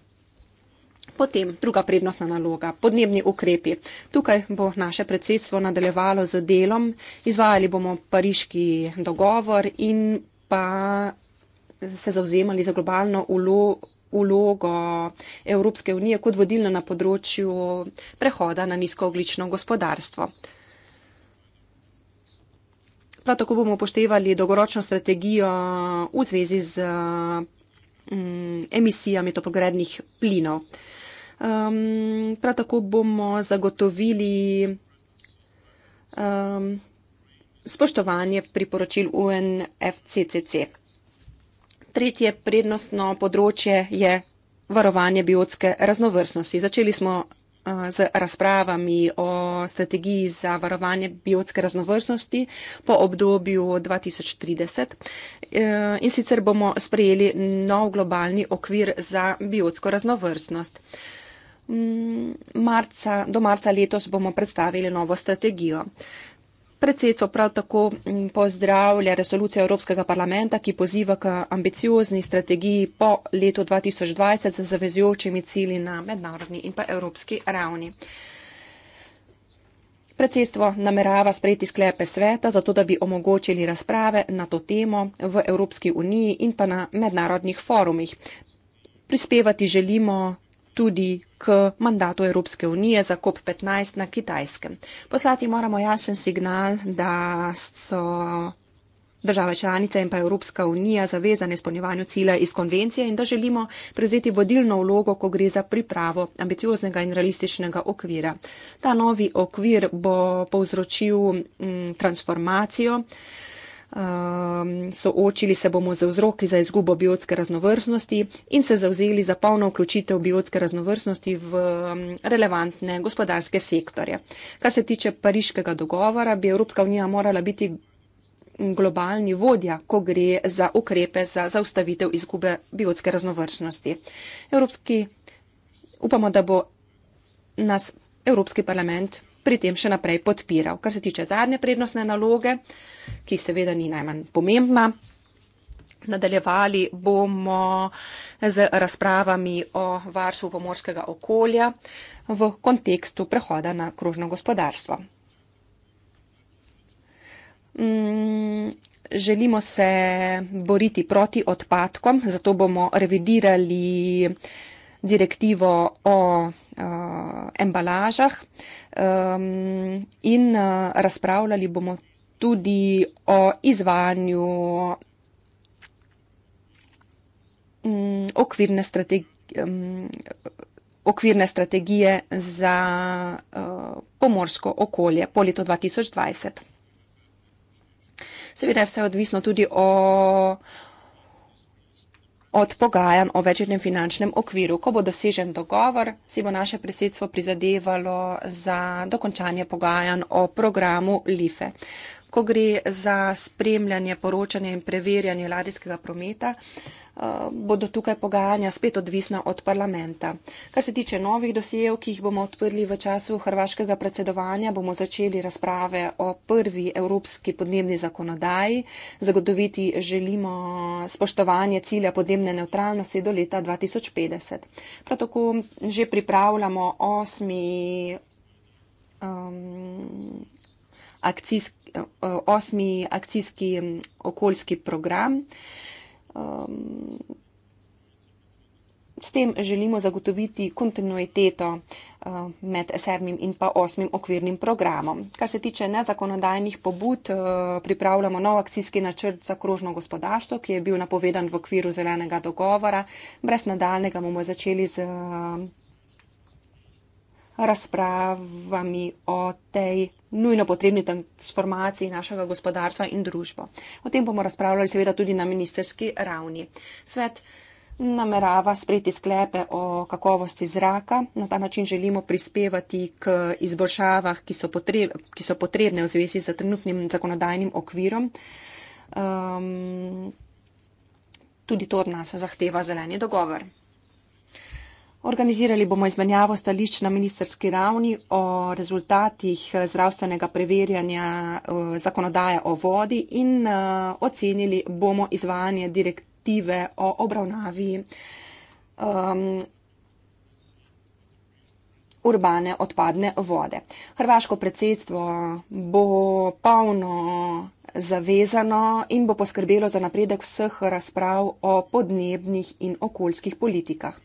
S2: Potem druga prednostna naloga - podnebni ukrepi. Tukaj bo naše predsedstvo nadaljevalo z delom, izvajali bomo pariški dogovor in pa se zauzemali za globalno ulo ulogo Evropske unije kot vodilna na področju prehoda na nizkooglično gospodarstvo. Prav tako bomo upoštevali dolgoročno strategijo v zvezi z mm, emisijami toplogrednih plinov. Um, prav tako bomo zagotovili um, spoštovanje priporočil UNFCCC. Tretje prednostno področje je varovanje biotske raznovrstnosti. Začeli smo Eh, z razpravami o strategiji za varovanje biotske raznovrstnosti po obdobju 2030. Eh, in sicer bomo sprejeli nov globalni okvir za biotsko raznovrstnost. Mm, marca, do marca letos bomo predstavili novo strategijo. Predsedstvo prav tako mm, pozdravlja resolucijo Evropskega parlamenta, ki poziva k ambiciozni strategiji po letu 2020 z zavezujočimi cilji na mednarodni in pa evropski ravni. Predsedstvo namerava sprejeti sklepe sveta, zato da bi omogočili razprave na to temo v Evropski uniji in pa na mednarodnih forumih. Prispevati želimo tudi k mandatu Evropske unije za COP15 na kitajskem. Poslati moramo jasen signal, da so države članice in pa Evropska unija zavezane izpolnjevanju cilja iz konvencije in da želimo prevzeti vodilno vlogo, ko gre za pripravo ambicioznega in realističnega okvira. Ta novi okvir bo povzročil mm, transformacijo. Uh, Um, soočili se bomo z vzroki za izgubo biotske raznovrstnosti in se zauzeli za polno vključitev biotske raznovrstnosti v um, relevantne gospodarske sektorje. Kar se tiče pariškega dogovora, bi Evropska unija morala biti globalni vodja, ko gre za ukrepe za zaustavitev izgube biotske raznovrstnosti. Evropski, upamo, da bo nas Evropski parlament pri tem še naprej podpiral. Kar se tiče zadnje prednostne naloge, ki seveda ni najmanj pomembna, nadaljevali bomo z razpravami o varstvu pomorskega okolja v kontekstu prehoda na krožno gospodarstvo. Mm, želimo se boriti proti odpadkom, zato bomo revidirali direktivo o uh, embalažah um, in uh, razpravljali bomo tudi o izvajanju um, okvirne strategije. Um, okvirne strategije za uh, pomorsko okolje po letu 2020. Seveda je vse odvisno tudi o od pogajanj o večjem finančnem okviru. Ko bo dosežen dogovor, si bo naše predsedstvo prizadevalo za dokončanje pogajanj o programu LIFE. Ko gre za spremljanje, poročanje in preverjanje ladijskega prometa, Eh, bodo tukaj pogajanja spet odvisna od parlamenta. Kar se tiče novih dosijev, ki jih bomo odprli v času hrvaškega predsedovanja, bomo začeli razprave o prvi evropski podnebni zakonodaji. Zagotoviti želimo spoštovanje cilja podnebne neutralnosti do leta 2050. Prav tako že pripravljamo osmi. Um, Akcijski, osmi akcijski okoljski program um, s tem želimo zagotoviti kontinuiteto uh, med sedmim in pa osmim okvirnim programom. Kar se tiče nezakonodajnih pobud, uh, pripravljamo nov akcijski načrt za krožno gospodarstvo, ki je bil napovedan v okviru zelenega dogovora. Brez nadaljnega bomo začeli z uh, razpravami o tej nujno potrebni transformaciji našega gospodarstva in družbo. O tem bomo razpravljali seveda tudi na ministerski ravni. Svet namerava sprejeti sklepe o kakovosti zraka. Na ta način želimo prispevati k izboljšavah, ki so, potreb, ki so potrebne v zvezi z trenutnim zakonodajnim okvirom. Um, tudi to od nas zahteva zeleni dogovor. Organizirali bomo izmenjavo stališč na ministerski ravni o rezultatih eh, zdravstvenega preverjanja eh, zakonodaje o vodi in eh, ocenili bomo izvajanje direktive o obravnavi um, urbane odpadne vode. Hrvaško predsedstvo bo polno zavezano in bo poskrbelo za napredek vseh razprav o podnebnih in okoljskih politikah.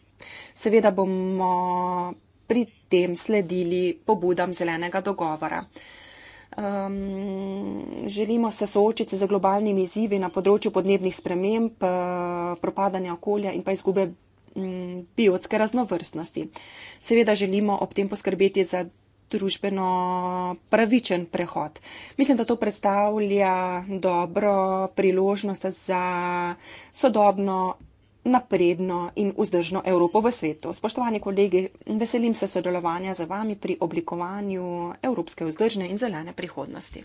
S2: Seveda bomo pri tem sledili pobudam zelenega dogovora. Um, želimo se soočiti z globalnimi izzivi na področju podnebnih sprememb, eh, propadanja okolja in pa izgube mm, biotske raznovrstnosti. Seveda želimo ob tem poskrbeti za družbeno pravičen prehod. Mislim, da to predstavlja dobro priložnost za sodobno napredno in vzdržno Evropo v svetu. Spoštovani kolegi, veselim se sodelovanja z vami pri oblikovanju evropske vzdržne in zelene prihodnosti.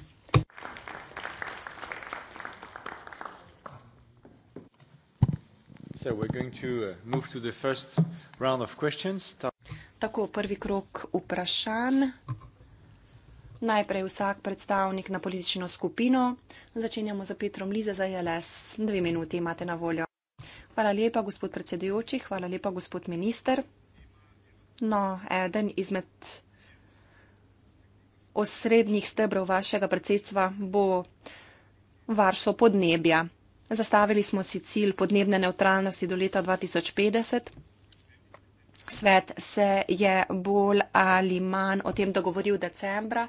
S3: Uh, Tako, prvi krok vprašanj.
S2: Najprej vsak predstavnik na politično skupino. Začenjamo za Petrom Lize za JLS. Dve minuti imate na voljo. Hvala lepa, gospod predsedujoči, hvala lepa, gospod minister. No, eden izmed osrednjih stebrov vašega predsedstva bo varstvo podnebja. Zastavili smo si cilj podnebne neutralnosti do leta 2050. Svet se je bolj ali manj o tem dogovoril decembra,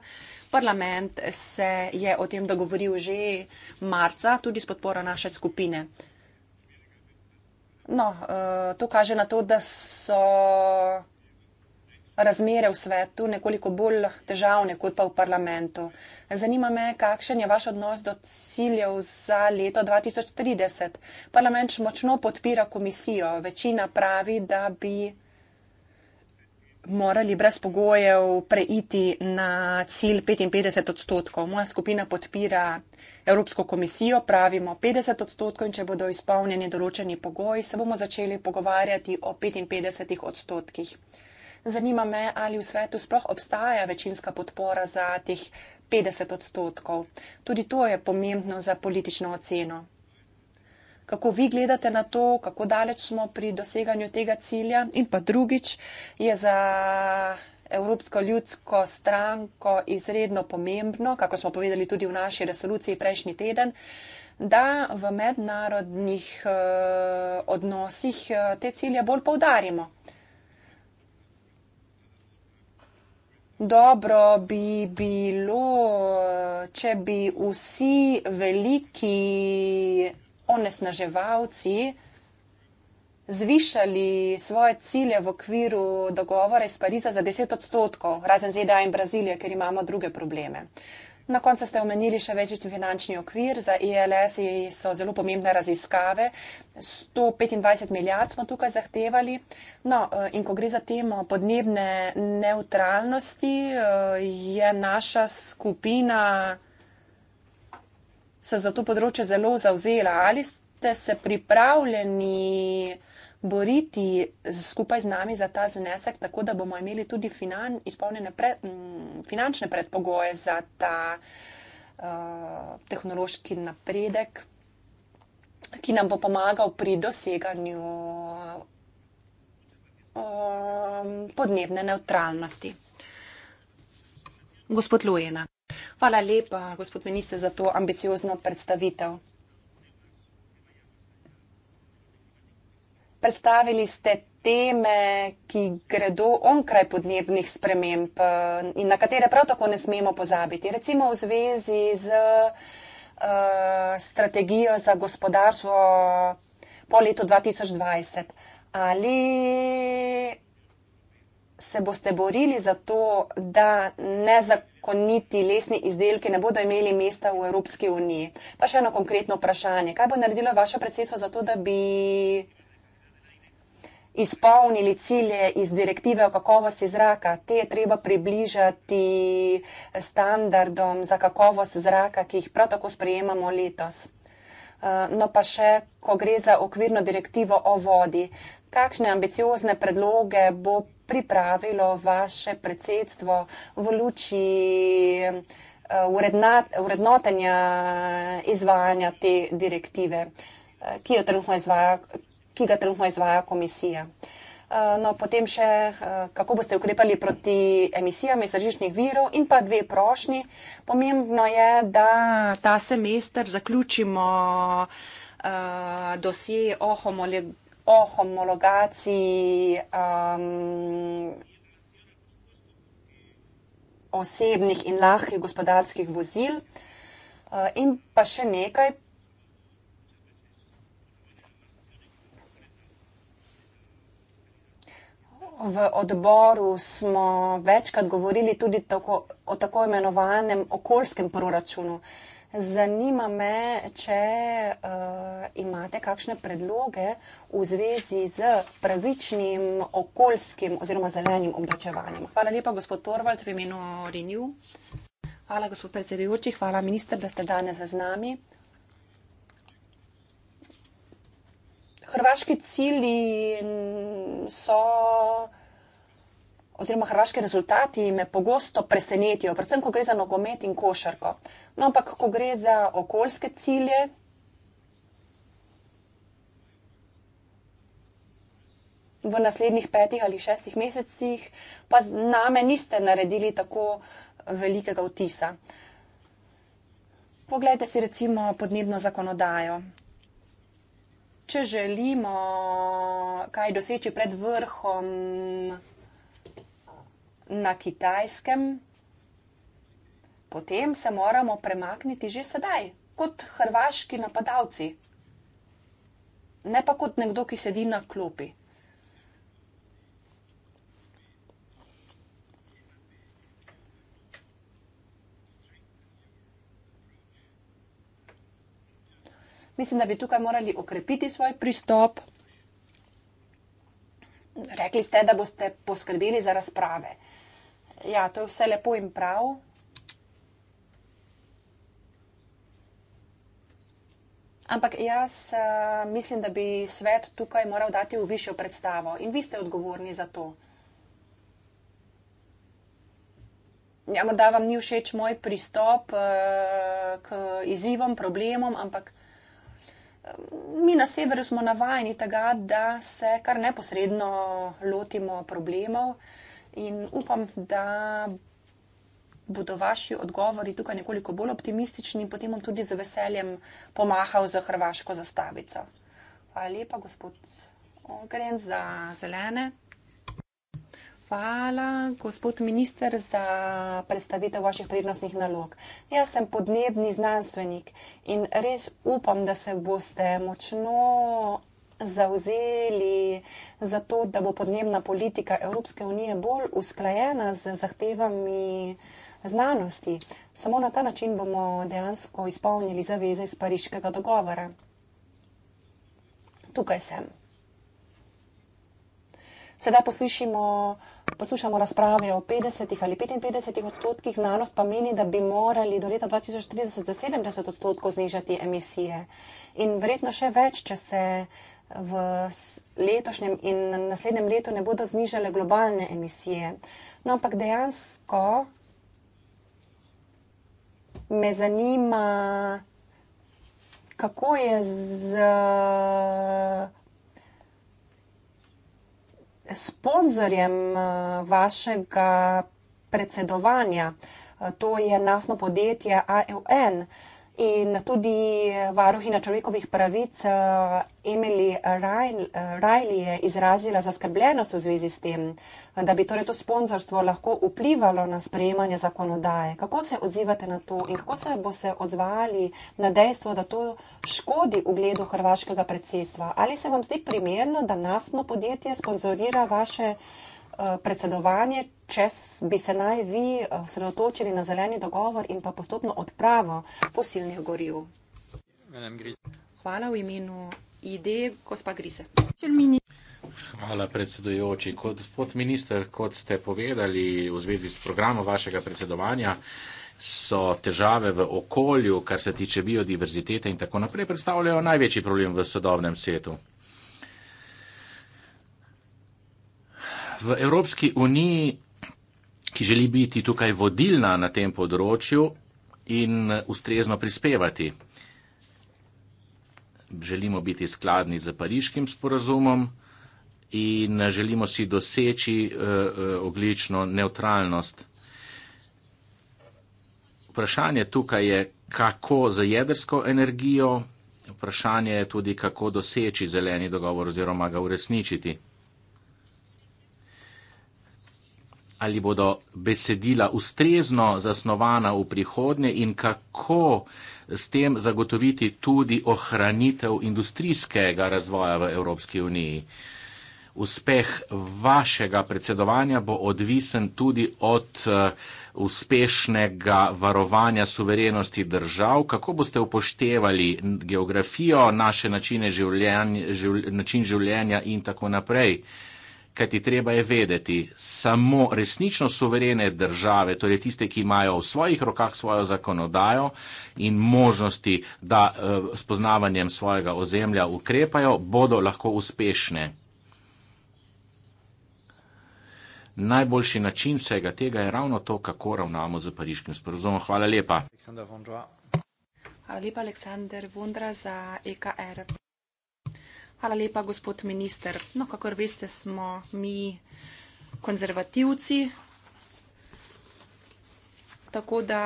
S2: parlament se je o tem dogovoril že marca, tudi s podporo naše skupine. No, eh, to kaže na to, da so razmere v svetu nekoliko bolj težavne kot pa v parlamentu. Zanima me, kakšen je vaš odnos do ciljev za leto 2030. Parlament močno podpira komisijo. Večina pravi, da bi morali brez pogojev preiti na cilj 55 odstotkov. Moja skupina podpira Evropsko komisijo pravimo 50 odstotkov in če bodo izpolnjeni določeni pogoji, se bomo začeli pogovarjati o 55 odstotkih. Zanima me, ali v svetu sploh obstaja večinska podpora za teh 50 odstotkov. Tudi to je pomembno za politično oceno. Kako vi gledate na to, kako daleč smo pri doseganju tega cilja? In pa drugič, je za Evropsko ljudsko stranko izredno pomembno, kako smo povedali tudi v naši resoluciji prejšnji teden, da v mednarodnih eh, odnosih eh, te cilje bolj poudarimo. Dobro bi bilo, eh, če bi vsi veliki onesnaževalci, zvišali svoje cilje v okviru dogovora iz Pariza za 10 odstotkov, razen ZDA in Brazilije, ker imamo druge probleme. Na koncu ste omenili še večji finančni okvir. Za ELS so zelo pomembne raziskave. 125 milijard smo tukaj zahtevali. No, eh, in ko gre za temo podnebne neutralnosti, eh, je naša skupina se za to področje zelo zauzela. Ali ste se pripravljeni boriti skupaj z nami za ta znesek, tako da bomo imeli tudi finan, izpolnjene pred, m, finančne predpogoje za ta uh, tehnološki napredek, ki nam bo pomagal pri doseganju um, podnebne neutralnosti. Gospod Lujena. Hvala lepa, gospod minister, za to ambiciozno predstavitev. predstavili ste teme, ki gredo onkraj podnebnih sprememb eh, in na katere prav tako ne smemo pozabiti. Recimo v zvezi z uh, strategijo za gospodarstvo po letu 2020. Ali se boste borili za to, da nezakoniti lesni izdelki ne bodo imeli mesta v Evropski uniji? Pa še eno konkretno vprašanje. Kaj bo naredilo vaše predsedstvo za to, da bi izpolnili cilje iz direktive o kakovosti zraka. Te je treba približati standardom za kakovost zraka, ki jih prav tako sprejemamo letos. Eh, no pa še, ko gre za okvirno direktivo o vodi. Kakšne ambiciozne predloge bo pripravilo vaše predsedstvo v luči eh, urednotenja izvajanja te direktive, eh, ki jo trenutno izvaja, ki ga trenutno izvaja komisija. Eh, no, potem še, eh, kako boste ukrepali proti emisijam iz sržičnih virov in pa dve prošnji. Pomembno je, da ta semester zaključimo uh, dosje o, homole, o homologaciji um, osebnih in lahkih gospodarskih vozil. Uh, in pa še nekaj, v odboru smo večkrat govorili tudi tako, o tako imenovanem okoljskem proračunu. Zanima me, če uh, imate kakšne predloge v zvezi z pravičnim okoljskim oziroma zelenim obdočevanjem. Hvala lepa, gospod Torvald, v imenu Renew. Hvala, gospod predsedujoči, hvala, minister, da ste danes z nami. hrvaški cilji so, oziroma hrvaški rezultati me pogosto presenetijo, predvsem, ko gre za nogomet in košarko. No, ampak, ko gre za okoljske cilje. V naslednjih petih ali šestih mesecih pa z nami niste naredili tako velikega vtisa. Poglejte si recimo podnebno zakonodajo če želimo kaj doseči pred vrhom na kitajskem, potem se moramo premakniti že sedaj, kot hrvaški napadalci. Ne pa kot nekdo, ki sedi na klopi. Mislim, da bi tukaj morali okrepiti svoj pristop. Rekli ste, da boste poskrbeli za razprave. Ja, to je vse lepo in prav. Ampak jaz eh, mislim, da bi svet tukaj moral dati v višjo predstavo in vi ste odgovorni za to. Ja, morda vam ni všeč moj pristop eh, k izzivom, problemom, ampak mi na severu smo navajeni tega, da se kar neposredno lotimo problemov in upam, da bodo vaši odgovori tukaj nekoliko bolj optimistični in potem bom tudi z veseljem pomahal za hrvaško zastavico. Hvala lepa, gospod Ogren, za zelene hvala, gospod minister, za predstavitev vaših prednostnih nalog. Jaz sem podnebni znanstvenik in res upam, da se boste močno zauzeli za to, da bo podnebna politika Evropske unije bolj usklajena z zahtevami znanosti. Samo na ta način bomo dejansko izpolnili zaveze iz Pariškega dogovora. Tukaj sem. Sedaj poslušimo, poslušamo razprave o 50 ali 55 odstotkih, znanost pa meni, da bi morali do leta 2030 za 70 odstotkov znižati emisije. In verjetno še več, če se v letošnjem in naslednjem letu ne bodo znižale globalne emisije. No, ampak dejansko me zanima, kako je z sponzorjem eh, vašega predsedovanja, eh, to je naftno podjetje AEON in tudi varuhina človekovih pravic eh, Emily eh, Riley je izrazila zaskrbljenost v zvezi s tem, da bi torej to sponzorstvo lahko vplivalo na sprejemanje zakonodaje. Kako se odzivate na to in kako se bo se odzvali na dejstvo, da to škodi ugledu hrvaškega predsedstva? Ali se vam zdi primerno, da naftno podjetje sponzorira vaše? Eh, predsedovanje, če bi se naj vi eh, osredotočili na zeleni dogovor in pa postopno odpravo fosilnih goriv. Hvala v imenu ideje, gospa Grise.
S1: Hvala, predsedujoči. Gospod minister, kot ste povedali v zvezi s programom vašega predsedovanja, so težave v okolju, kar se tiče biodiverzitete in tako naprej, predstavljajo največji problem v sodobnem svetu. v Evropski uniji, ki želi biti tukaj vodilna na tem področju in ustrezno prispevati. Želimo biti skladni z pariškim sporazumom in želimo si doseči eh, eh, oglično neutralnost. Vprašanje tukaj je, kako z jedrsko energijo, vprašanje je tudi, kako doseči zeleni dogovor oziroma ga uresničiti. ali bodo besedila ustrezno zasnovana v prihodnje in kako s tem zagotoviti tudi ohranitev industrijskega razvoja v Evropski uniji. Uspeh vašega predsedovanja bo odvisen tudi od eh, uspešnega varovanja suverenosti držav, kako boste upoštevali geografijo, naše načine življenja, življ, način življenja in tako naprej. Kaj ti treba je vedeti, samo resnično suverene države, torej tiste, ki imajo v svojih rokah svojo zakonodajo in možnosti, da eh, s poznavanjem svojega ozemlja ukrepajo, bodo lahko uspešne. Najboljši način vsega tega je ravno to, kako ravnamo z pariškim sporozumom. Hvala lepa.
S3: Hvala
S2: lepa, Aleksandar Vondra za EKR. Hvala lepa, gospod minister. No, kakor veste, smo mi konzervativci. Tako da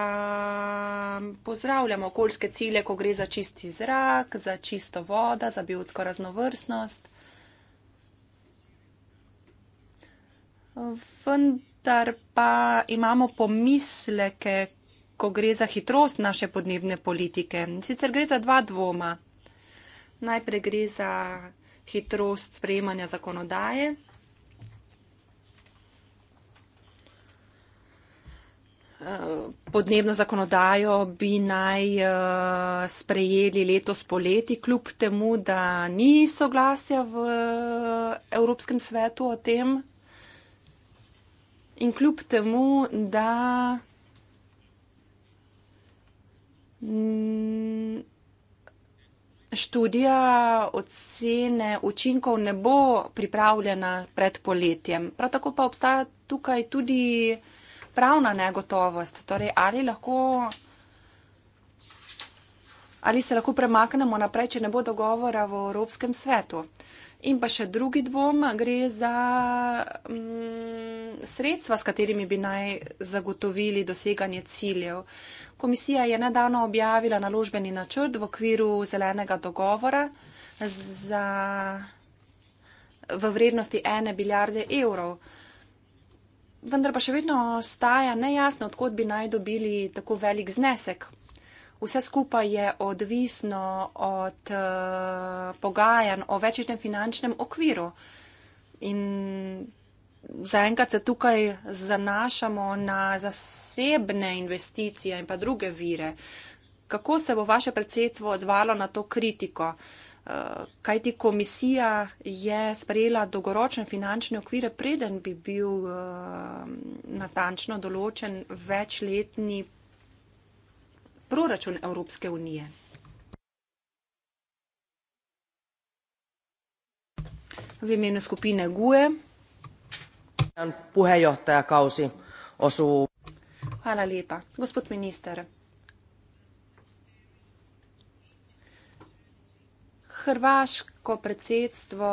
S2: pozdravljamo okoljske cilje, ko gre za čisti zrak, za čisto voda, za biotsko raznovrstnost. Vendar pa imamo pomisleke, ko gre za hitrost naše podnebne politike. Sicer gre za dva dvoma. Najprej gre za hitrost sprejemanja zakonodaje. Eh, podnebno zakonodajo bi naj eh, sprejeli letos poleti, kljub temu, da ni soglasja v eh, Evropskem svetu o tem in kljub temu, da študija ocene učinkov ne bo pripravljena pred poletjem. Prav tako pa obstaja tukaj tudi pravna negotovost. Torej, ali, lahko, ali se lahko premaknemo naprej, če ne bo dogovora v Evropskem svetu. In pa še drugi dvom gre za mm, sredstva, s katerimi bi naj zagotovili doseganje ciljev. Komisija je nedavno objavila naložbeni načrt v okviru zelenega dogovora za, v vrednosti ene biljarde evrov. Vendar pa še vedno ostaja nejasno, odkot bi naj dobili tako velik znesek. Vse skupaj je odvisno od uh, pogajanj o večjem finančnem okviru. In zaenkrat se tukaj zanašamo na zasebne investicije in pa druge vire. Kako se bo vaše predsedstvo odzvalo na to kritiko? Eh, Kaj ti komisija je sprejela dolgoročne finančne okvire, preden bi bil uh, natančno določen večletni proračun Evropske unije? V imenu skupine GUE.
S4: Slovenian puheenjohtajakausi osuu.
S2: Hvala lepa. Gospod minister. Hrvaško predsedstvo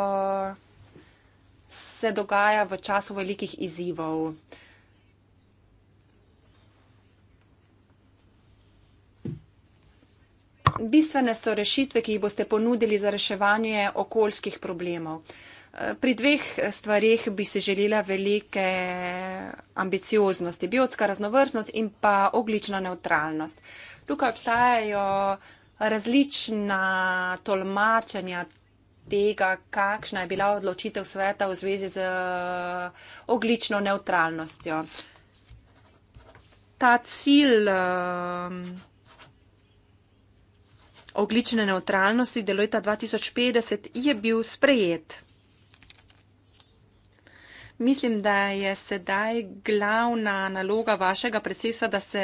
S2: se dogaja v času velikih izzivov. Bistvene so rešitve, ki jih boste ponudili za reševanje okoljskih problemov. Pri dveh eh, stvarih bi si želela velike eh, ambicioznosti, biotska raznovrstnost in pa oglična neutralnost. Tukaj obstajajo različna tolmačanja tega, kakšna je bila odločitev sveta v zvezi z eh, oglično neutralnostjo. Ta cilj um, oglične neutralnosti do leta 2050 je bil sprejet. Mislim, da je sedaj glavna naloga vašega predsedstva, da se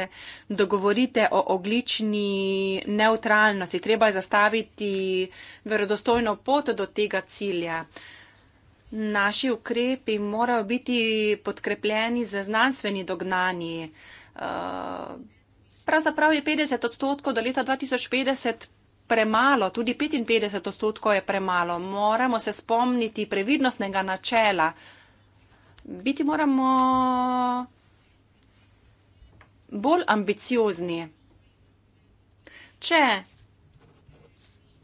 S2: dogovorite o oglični neutralnosti. Treba je zastaviti verodostojno pot do tega cilja. Naši ukrepi morajo biti podkrepljeni z znanstveni dognani. Eh, pravzaprav je 50 odstotkov do leta 2050 premalo, tudi 55 odstotkov je premalo. Moramo se spomniti previdnostnega načela biti moramo bolj ambiciozni. Če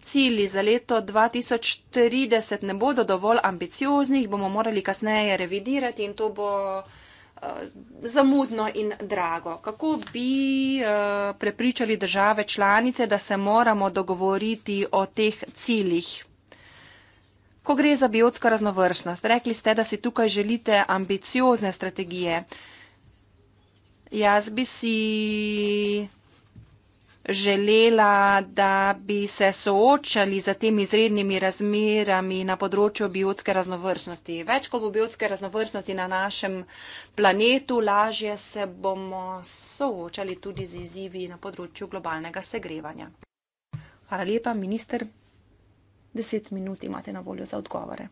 S2: cilji za leto 2030 ne bodo dovolj ambiciozni, jih bomo morali kasneje revidirati in to bo uh, zamudno in drago. Kako bi uh, prepričali države članice, da se moramo dogovoriti o teh ciljih? Ko gre za biotsko raznovršnost, rekli ste, da si tukaj želite ambiciozne strategije. Jaz bi si želela, da bi se soočali za temi izrednimi razmerami na področju biotske raznovršnosti. Več kot bo biotske raznovršnosti na našem planetu, lažje se bomo soočali tudi z izzivi na področju globalnega segrevanja. Hvala lepa, minister. 10 minut imate na voljo za odgovore.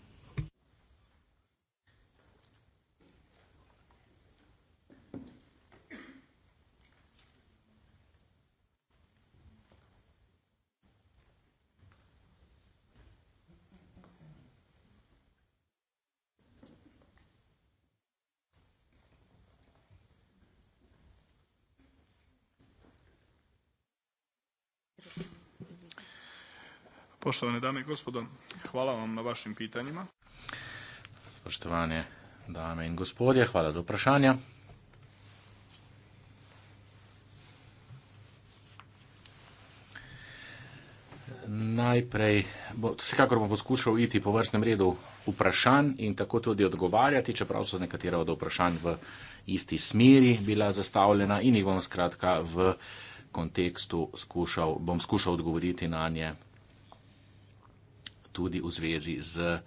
S4: Poštovane dame i gospodo, hvala vam na vašim pitanjima.
S1: Spoštovane dame in gospodje, hvala za vprašanja. Najprej, bo, vsekakor bom poskušal iti po vrstnem redu vprašanj in tako tudi odgovarjati, čeprav so nekatera od vprašanj v isti smeri bila zastavljena in jih bom skratka v kontekstu skušal, bom skušal odgovoriti na nje tudi v zvezi z eh,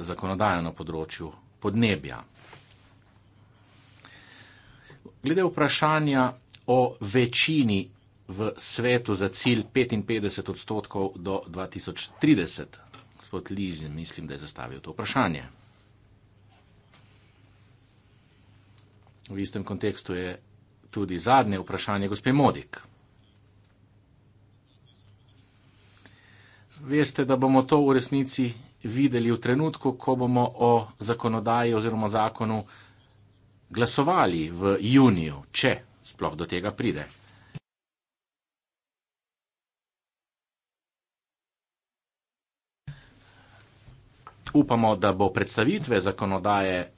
S1: zakonodajno področju podnebja. Glede vprašanja o večini v svetu za cilj 55 odstotkov do 2030, gospod Lizin, mislim, da je zastavil to vprašanje. V istem kontekstu je tudi zadnje vprašanje gospe Modik. veste, da bomo to v resnici videli v trenutku, ko bomo o zakonodaji oziroma zakonu glasovali v juniju, če sploh do tega pride. Upamo, da bo predstavitve zakonodaje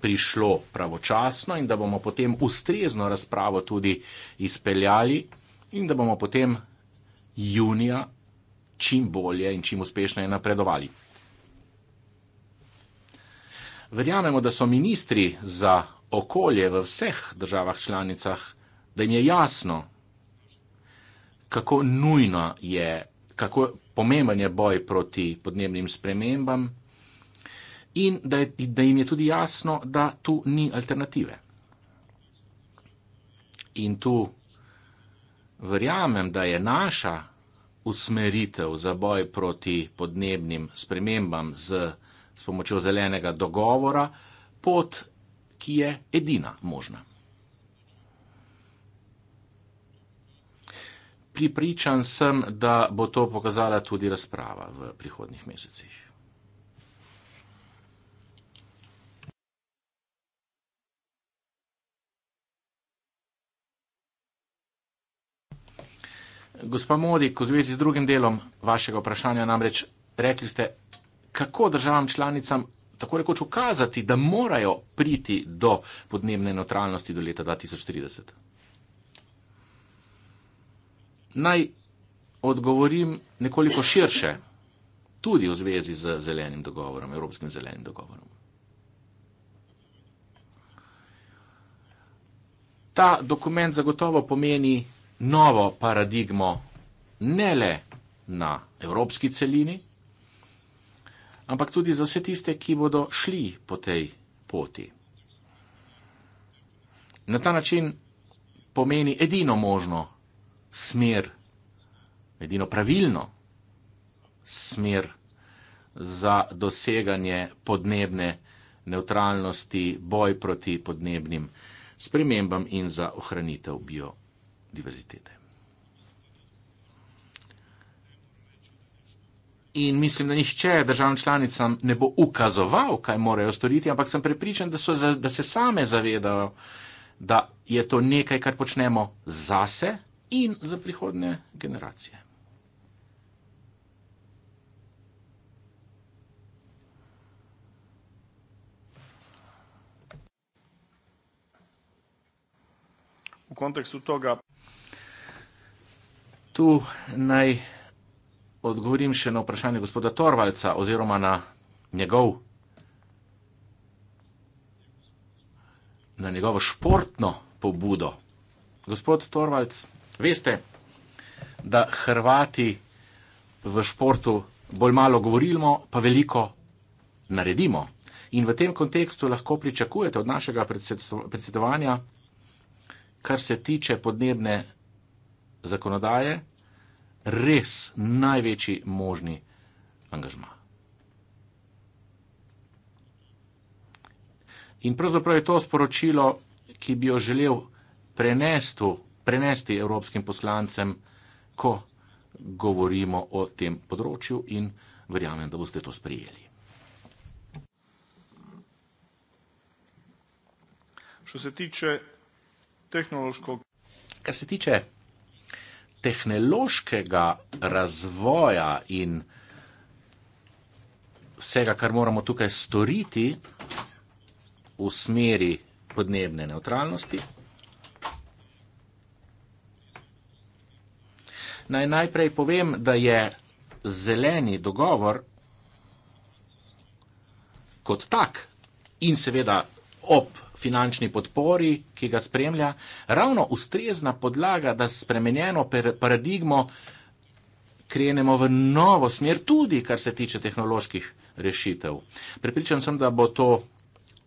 S1: prišlo pravočasno in da bomo potem ustrezno razpravo tudi izpeljali in da bomo potem junija čim bolje in čim uspešneje napredovali. Verjamemo, da so ministri za okolje v vseh državah članicah, da jim je jasno, kako nujno je, kako pomemben je boj proti podnebnim spremembam in da, je, da jim je tudi jasno, da tu ni alternative. In tu verjamem, da je naša usmeritev za boj proti podnebnim spremembam z, s pomočjo zelenega dogovora, pot, ki je edina možna. Pripričan sem, da bo to pokazala tudi razprava v prihodnjih mesecih. Gospa Modi, ko zvezi z drugim delom vašega vprašanja, namreč rekli ste, kako državam članicam tako rekoč ukazati, da morajo priti do podnebne neutralnosti do leta 2030. Naj odgovorim nekoliko širše, tudi v zvezi z zelenim dogovorom, evropskim zelenim dogovorom. Ta dokument zagotovo pomeni novo paradigmo ne le na evropski celini, ampak tudi za vse tiste, ki bodo šli po tej poti. Na ta način pomeni edino možno smer, edino pravilno smer za doseganje podnebne neutralnosti, boj proti podnebnim spremembam in za ohranitev biodiverzitete diverzitete. In mislim, da nihče državam članicam ne bo ukazoval, kaj morajo storiti, ampak sem prepričan, da, za, da se same zavedajo, da je to nekaj, kar počnemo zase in za prihodne generacije.
S4: V kontekstu toga
S1: tu naj odgovorim še na vprašanje gospoda Torvalca oziroma na njegov, na njegovo športno pobudo. Gospod Torvalc, veste, da Hrvati v športu bolj malo govorimo, pa veliko naredimo. In v tem kontekstu lahko pričakujete od našega predsedovanja, kar se tiče podnebne zakonodaje, res največji možni angažma. In pravzaprav je to sporočilo, ki bi jo želel prenestu, prenesti evropskim poslancem, ko govorimo o tem področju in verjamem, da boste to sprejeli.
S4: Što se tiče tehnološkog...
S1: Kar se tiče tehnološkega razvoja in vsega, kar moramo tukaj storiti v smeri podnebne neutralnosti. Naj najprej povem, da je zeleni dogovor kot tak in seveda ob finančni podpori, ki ga spremlja, ravno ustrezna podlaga, da s spremenjeno paradigmo krenemo v novo smer, tudi kar se tiče tehnoloških rešitev. Pripričan sem, da bo to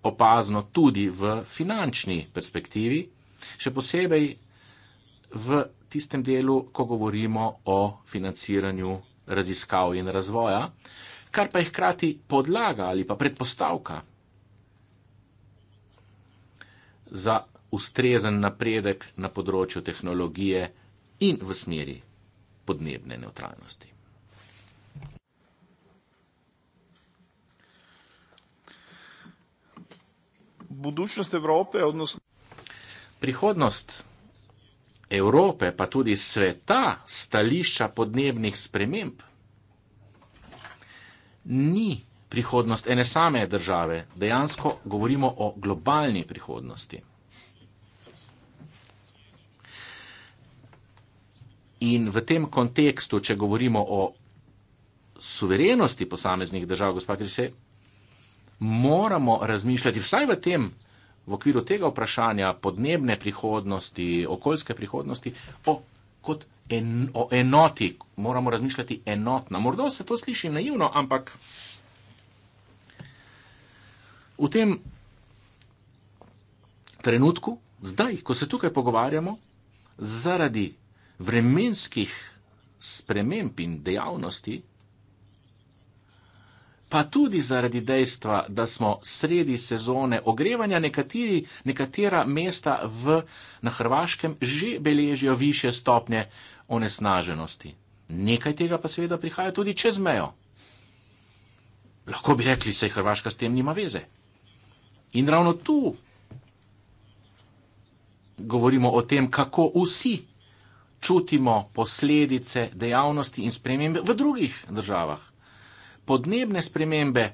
S1: opazno tudi v finančni perspektivi, še posebej v tistem delu, ko govorimo o financiranju raziskav in razvoja, kar pa je hkrati podlaga ali pa predpostavka za ustrezen napredek na področju tehnologije in v smeri podnebne neutralnosti.
S4: Budučnost Evrope, odnosno.
S1: Prihodnost Evrope, pa tudi sveta, stališča podnebnih sprememb, ni prihodnost ene same države. Dejansko govorimo o globalni prihodnosti. In v tem kontekstu, če govorimo o suverenosti posameznih držav, gospod Krise, moramo razmišljati vsaj v tem, v okviru tega vprašanja podnebne prihodnosti, okoljske prihodnosti, o, kot en, o enoti. Moramo razmišljati enotno. Morda se to sliši naivno, ampak v tem trenutku, zdaj, ko se tukaj pogovarjamo, zaradi vremenskih sprememb in dejavnosti, pa tudi zaradi dejstva, da smo sredi sezone ogrevanja, nekateri, nekatera mesta v, na Hrvaškem že beležijo više stopnje onesnaženosti. Nekaj tega pa seveda prihaja tudi čez mejo. Lahko bi rekli, se Hrvaška s tem nima veze. In ravno tu govorimo o tem, kako vsi čutimo posledice dejavnosti in spremembe v drugih državah. Podnebne spremembe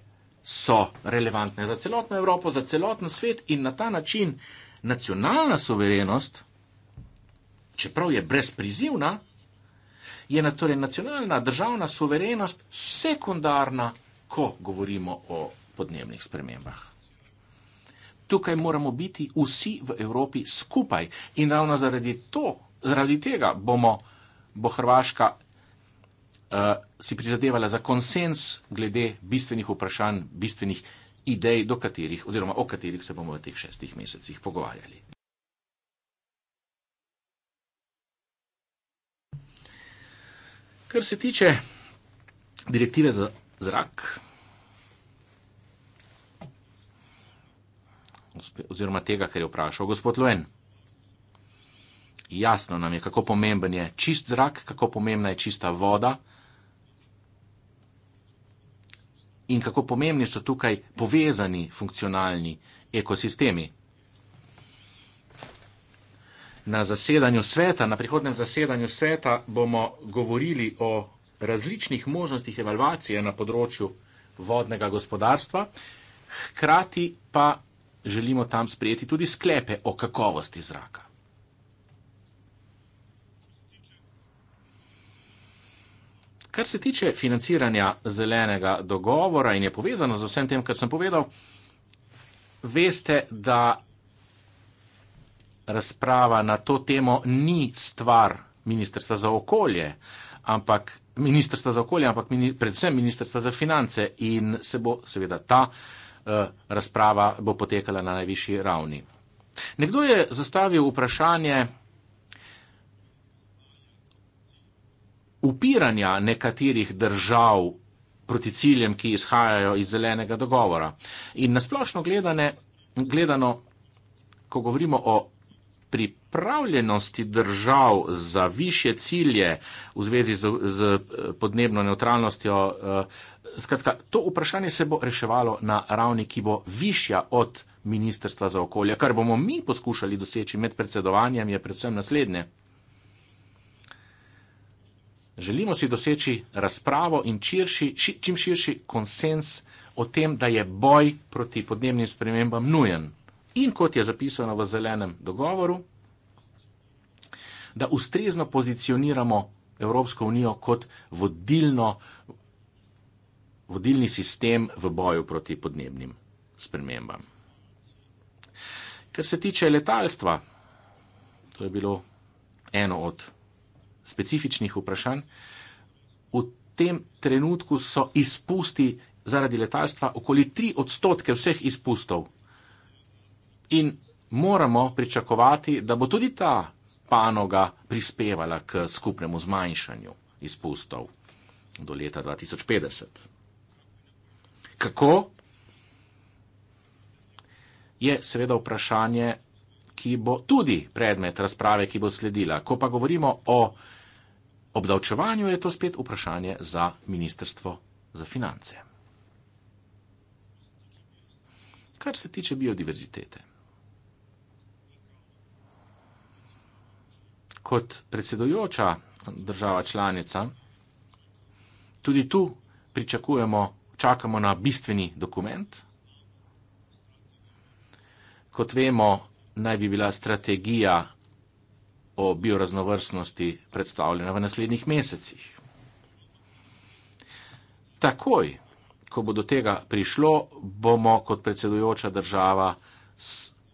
S1: so relevantne za celotno Evropo, za celoten svet in na ta način nacionalna soverenost, čeprav je brezprizivna, je na torej nacionalna državna soverenost sekundarna, ko govorimo o podnebnih spremembah tukaj moramo biti vsi v Evropi skupaj. In ravno zaradi, to, zaradi tega bomo, bo Hrvaška uh, si prizadevala za konsens glede bistvenih vprašanj, bistvenih idej, katerih, oziroma o katerih se bomo v teh šestih mesecih pogovarjali. Kar se tiče direktive za zrak, oziroma tega, kar je vprašal gospod Loen. Jasno nam je, kako pomemben je čist zrak, kako pomembna je čista voda in kako pomembni so tukaj povezani funkcionalni ekosistemi. Na zasedanju sveta, na prihodnem zasedanju sveta bomo govorili o različnih možnostih evalvacije na področju vodnega gospodarstva, hkrati pa želimo tam sprejeti tudi sklepe o kakovosti zraka. Kar se tiče financiranja zelenega dogovora in je povezano z vsem tem, kar sem povedal, veste, da razprava na to temo ni stvar Ministrstva za okolje, ampak Ministrstva za okolje, ampak predvsem Ministrstva za finance in se bo seveda ta Eh, razprava bo potekala na najvišji ravni. Nekdo je zastavil vprašanje upiranja nekaterih držav proti ciljem, ki izhajajo iz zelenega dogovora. In nasplošno gledane, gledano, ko govorimo o pripravljenosti držav za više cilje v zvezi z, z eh, podnebno neutralnostjo. Eh, skratka, to vprašanje se bo reševalo na ravni, ki bo višja od Ministrstva za okolje. Kar bomo mi poskušali doseči med predsedovanjem, je predvsem naslednje. Želimo si doseči razpravo in širši, čim širši konsens o tem, da je boj proti podnebnim spremembam nujen in kot je zapisano v zelenem dogovoru, da ustrezno pozicioniramo Evropsko unijo kot vodilno, vodilni sistem v boju proti podnebnim spremembam. Kar se tiče letalstva, to je bilo eno od specifičnih vprašanj, v tem trenutku so izpusti zaradi letalstva okoli 3 odstotke vseh izpustov in moramo pričakovati, da bo tudi ta panoga prispevala k skupnemu zmanjšanju izpustov do leta 2050. Kako? Je seveda vprašanje, ki bo tudi predmet razprave, ki bo sledila. Ko pa govorimo o obdavčevanju, je to spet vprašanje za Ministrstvo za finance. Kar se tiče biodiverzitete. kot predsedujoča država članica, tudi tu pričakujemo, čakamo na bistveni dokument. Kot vemo, naj bi bila strategija o bioraznovrstnosti predstavljena v naslednjih mesecih. Takoj, ko bo do tega prišlo, bomo kot predsedujoča država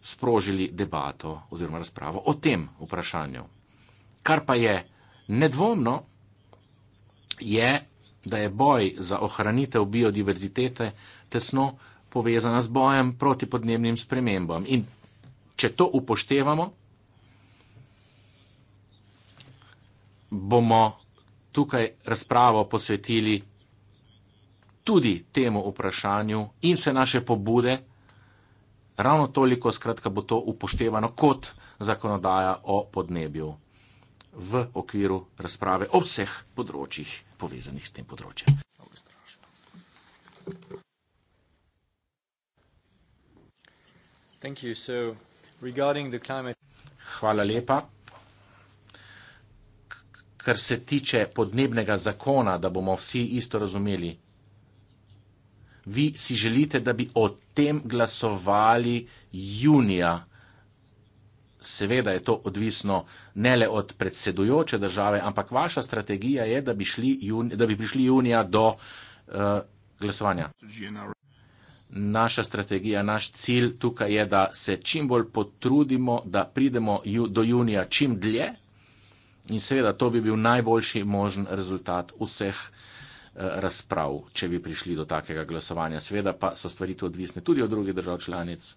S1: sprožili debato oziroma razpravo o tem vprašanju. Kar pa je nedvomno, je, da je boj za ohranitev biodiverzitete tesno povezana z bojem proti podnebnim spremembam. In če to upoštevamo, bomo tukaj razpravo posvetili tudi temu vprašanju in vse naše pobude, ravno toliko skratka bo to upoštevano kot zakonodaja o podnebju v okviru razprave o vseh področjih povezanih s tem področjem. Hvala lepa. Kar se tiče podnebnega zakona, da bomo vsi isto razumeli, vi si želite, da bi o tem glasovali junija seveda je to odvisno ne le od predsedujoče države, ampak vaša strategija je, da bi, šli jun, da bi prišli junija do uh, glasovanja. Naša strategija, naš cilj tukaj je, da se čim bolj potrudimo, da pridemo ju, do junija čim dlje in seveda to bi bil najboljši možen rezultat vseh eh, razprav, če bi prišli do takega glasovanja. Sveda pa so stvari tu odvisne tudi od drugih držav članic,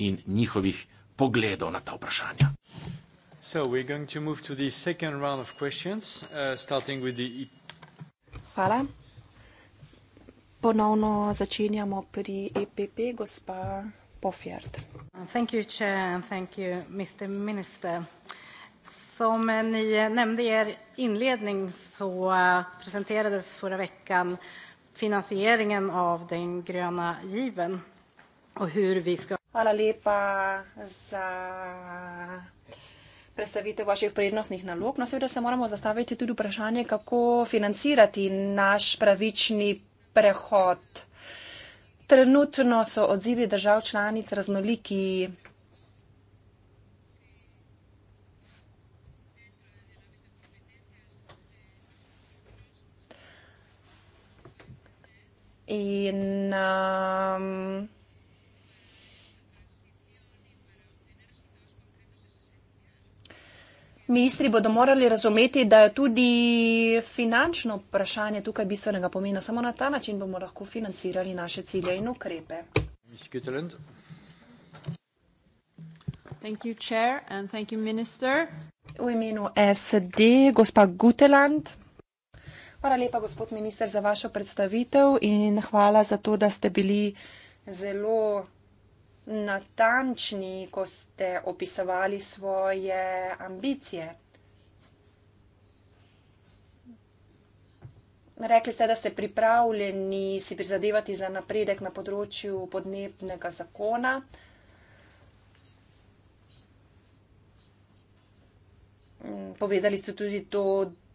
S1: in njihovih pogledov na ta vprašanja.
S3: Uh, e-
S2: Hvala. Ponovno začenjamo pri EPP, gospa Pofjard. Thank you, Chair, and thank you, Mr. Minister.
S6: Som ni eh, nämnde i er inledning så eh, presenterades förra veckan finansieringen av den gröna given
S3: och hur vi ska
S2: Hvala lepa za predstavitev vaših prednostnih nalog. No, seveda se moramo zastaviti tudi vprašanje, kako financirati naš pravični prehod. Trenutno so odzivi držav članic raznoliki. In um, Ministri bodo morali razumeti, da je tudi finančno vprašanje tukaj bistvenega pomena. Samo na ta način bomo lahko financirali naše cilje in ukrepe. You, chair, you, v imenu SD, gospa Guteland. Hvala lepa, gospod minister, za vašo predstavitev in hvala za to, da ste bili zelo natančni, ko ste opisovali svoje ambicije. Rekli ste, da ste pripravljeni si prizadevati za napredek na področju podnebnega zakona. Povedali ste tudi to,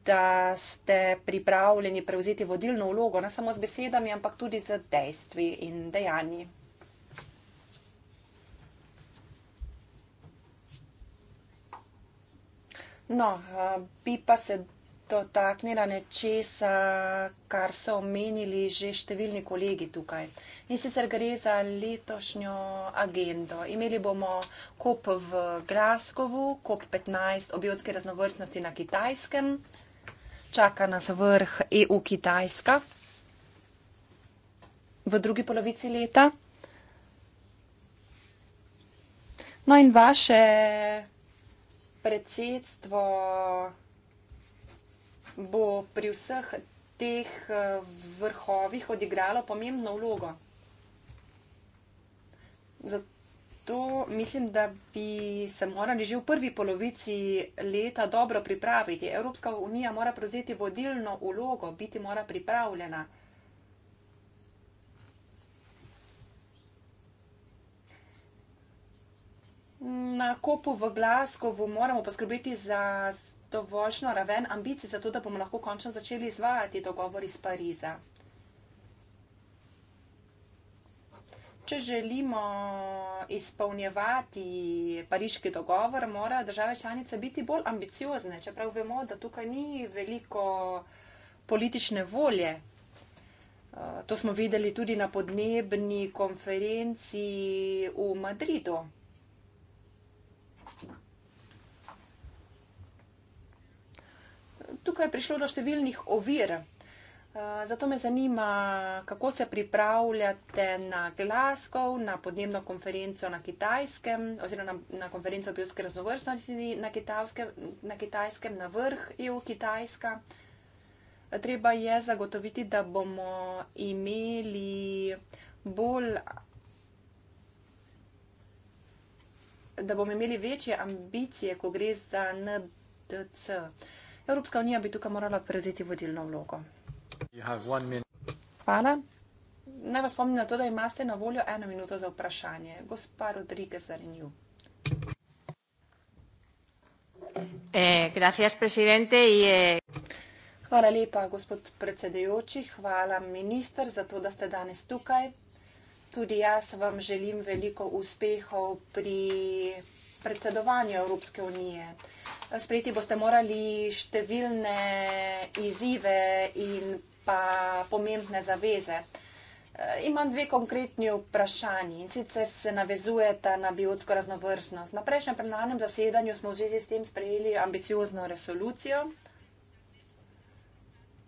S2: da ste pripravljeni prevzeti vodilno vlogo, ne samo z besedami, ampak tudi z dejstvi in dejanji. No, eh, bi pa se dotaknila nečesa, kar so omenili že številni kolegi tukaj. In sicer gre za letošnjo agendo. Imeli bomo COP v Glasgowu, COP 15 o biotski raznovrstnosti na kitajskem. Čaka nas vrh EU-Kitajska v drugi polovici leta. No in vaše predsedstvo bo pri vseh teh eh, vrhovih odigralo pomembno vlogo. Zato mislim, da bi se morali že v prvi polovici leta dobro pripraviti. Evropska unija mora prevzeti vodilno vlogo, biti mora pripravljena. na kopu v glas, ko moramo poskrbeti za dovoljšno raven ambicij, zato da bomo lahko končno začeli izvajati dogovor iz Pariza. Če želimo izpolnjevati pariški dogovor, morajo države članice biti bolj ambiciozne, čeprav vemo, da tukaj ni veliko politične volje. Eh, to smo videli tudi na podnebni konferenci v Madridu. tukaj prišlo do številnih ovir. Eh, zato me zanima, kako se pripravljate na Glasgow, na podnebno konferenco na Kitajskem, oziroma na, na konferenco o biotski raznovrstnosti na, na Kitajskem, na vrh EU Kitajska. Treba je zagotoviti, da bomo imeli bolj. da bomo imeli večje ambicije, ko gre za NDC. Uh, Evropska unija bi tukaj morala prevzeti vodilno vlogo. Hvala. Naj vas spomnim na to, da imate na voljo eno minuto za vprašanje. Gospa Rodriguez Arnju.
S5: Eh, eh,
S2: Hvala lepa, gospod predsedujoči. Hvala, minister, za to, da ste danes tukaj. Tudi jaz vam želim veliko uspehov pri predsedovanju Evropske unije. Sprejeti boste morali številne izzive in pa pomembne zaveze. Imam dve konkretni vprašanji in sicer se navezujeta na biotsko raznovrstnost. Na prejšnjem plenarnem zasedanju smo v zvezi s tem sprejeli ambiciozno resolucijo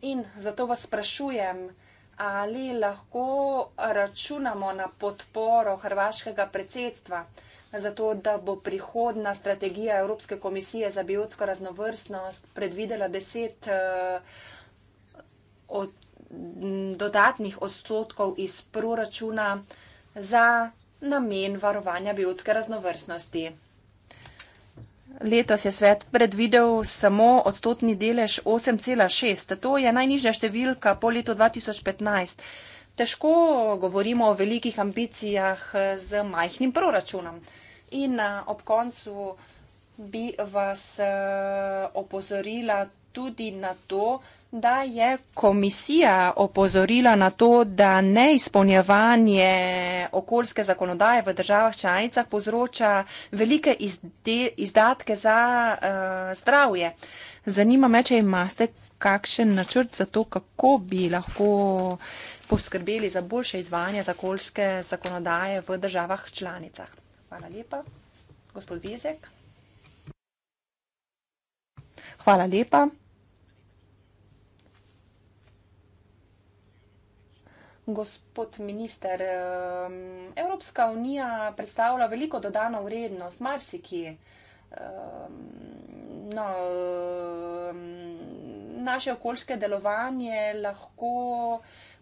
S2: in zato vas sprašujem, ali lahko računamo na podporo hrvaškega predsedstva zato da bo prihodna strategija Evropske komisije za biotsko raznovrstnost predvidela deset eh, od, dodatnih odstotkov iz proračuna za namen varovanja biotske raznovrstnosti. Letos je svet predvidel samo odstotni delež 8,6. To je najnižja številka po letu 2015. Težko govorimo o velikih ambicijah z majhnim proračunom. In eh, ob koncu bi vas eh, opozorila tudi na to, da je komisija opozorila na to, da neizpolnjevanje okoljske zakonodaje v državah članicah povzroča velike izdatke za uh, zdravje. Zanima me, če imate kakšen načrt za to, kako bi lahko poskrbeli za boljše izvajanje okoljske zakonodaje v državah članicah. Hvala lepa. Gospod Vizek. Hvala lepa. Gospod minister, Evropska unija predstavlja veliko dodano vrednost, marsikje. No, naše okoljske delovanje lahko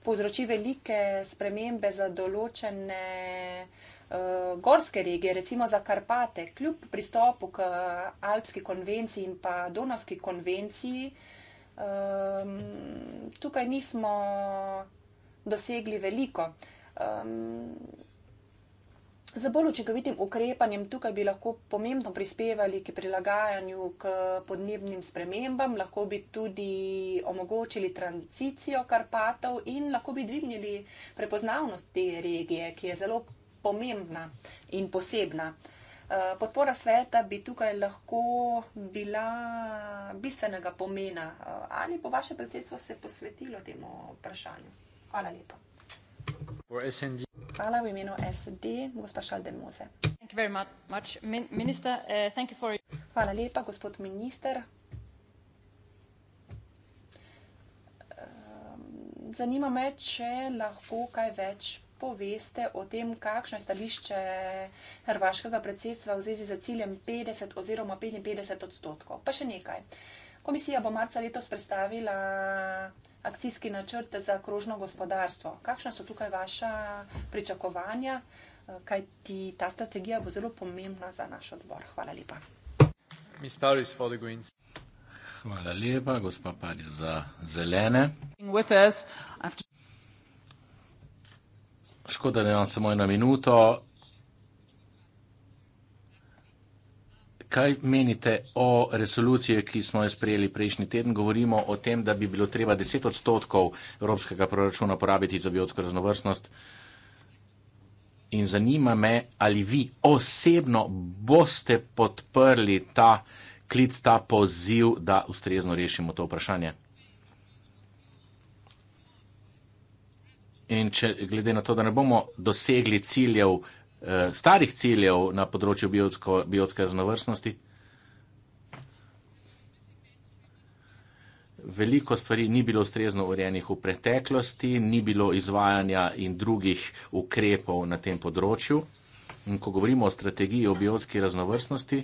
S2: povzroči velike spremembe za določene uh, gorske regije, recimo za Karpate, kljub pristopu k Alpski konvenciji in pa Donavski konvenciji, um, tukaj nismo dosegli veliko. Um, Z bolj učinkovitim ukrepanjem tukaj bi lahko pomembno prispevali k prilagajanju k podnebnim spremembam, lahko bi tudi omogočili tranzicijo Karpatov in lahko bi dvignili prepoznavnost te regije, ki je zelo pomembna in posebna. Eh, podpora sveta bi tukaj lahko bila bistvenega pomena. Eh, ali bo vaše predsedstvo se posvetilo temu vprašanju? Hvala lepa. Hvala v imenu SD, gospa Šaldemose. Eh, Hvala lepa, gospod minister. Ehm, zanima me, če lahko kaj več poveste o tem, kakšno je stališče hrvaškega predsedstva v zvezi z ciljem 50 oziroma 55 odstotkov. Pa še nekaj. Komisija bo marca letos predstavila akcijski načrt za krožno gospodarstvo. Kakšna so tukaj vaša pričakovanja, kaj ti ta strategija bo zelo pomembna za naš odbor? Hvala lepa.
S1: Hvala lepa, gospa Paris, za zelene. Škoda, da imam samo eno minuto. Kaj menite o resoluciji, ki smo jo sprejeli prejšnji teden? Govorimo o tem, da bi bilo treba 10 odstotkov evropskega proračuna porabiti za biotsko raznovrstnost. In zanima me, ali vi osebno boste podprli ta klic, ta poziv, da ustrezno rešimo to vprašanje. In če glede na to, da ne bomo dosegli ciljev, eh, starih ciljev na področju biotsko, biotske raznovrstnosti, veliko stvari ni bilo ustrezno urejenih v preteklosti, ni bilo izvajanja in drugih ukrepov na tem področju. In ko govorimo o strategiji o biotski raznovrstnosti,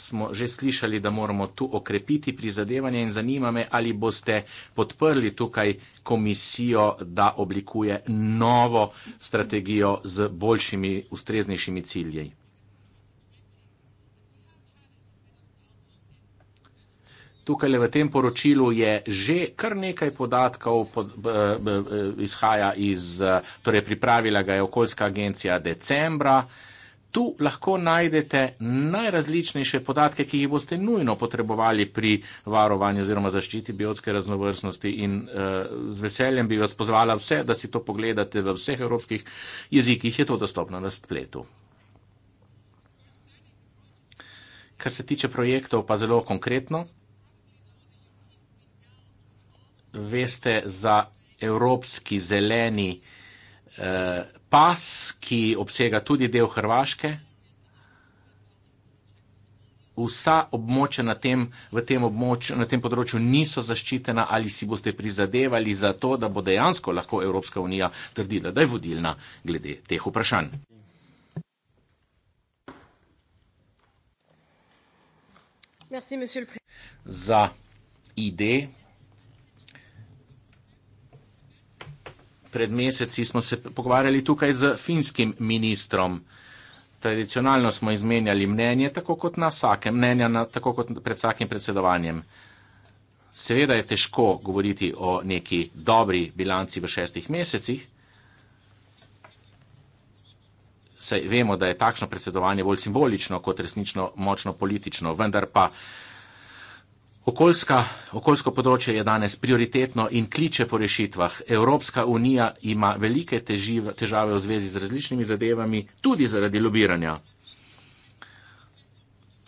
S1: smo že slišali, da moramo tu okrepiti prizadevanje in zanima me, ali boste podprli tukaj komisijo, da oblikuje novo strategijo z boljšimi, ustreznejšimi ciljej. Tukaj v tem poročilu je že kar nekaj podatkov pod, b, b, b, izhaja iz, torej pripravila ga je okoljska agencija decembra Tu lahko najdete najrazličnejše podatke, ki jih boste nujno potrebovali pri varovanju oziroma zaščiti biotske raznovrstnosti in uh, z veseljem bi vas pozvala vse, da si to pogledate v vseh evropskih jezikih, je to dostopno na spletu. Kar se tiče projektov, pa zelo konkretno, veste za evropski zeleni uh, pas, ki obsega tudi del Hrvaške, vsa območja na tem, tem območju, na tem področju niso zaščitena, ali si boste prizadevali za to, da bo dejansko lahko Evropska unija trdila, da je vodilna glede teh vprašanj. Merci, Za ideje. pred meseci smo se pogovarjali tukaj z finskim ministrom. Tradicionalno smo izmenjali mnenje, tako kot, na vsakem, mnenja na, tako kot pred vsakim predsedovanjem. Seveda je težko govoriti o neki dobri bilanci v šestih mesecih. Saj vemo, da je takšno predsedovanje bolj simbolično kot resnično močno politično, vendar pa Okoljska, okoljsko področje je danes prioritetno in kliče po rešitvah. Evropska unija ima velike težive, težave v zvezi z različnimi zadevami, tudi zaradi lobiranja.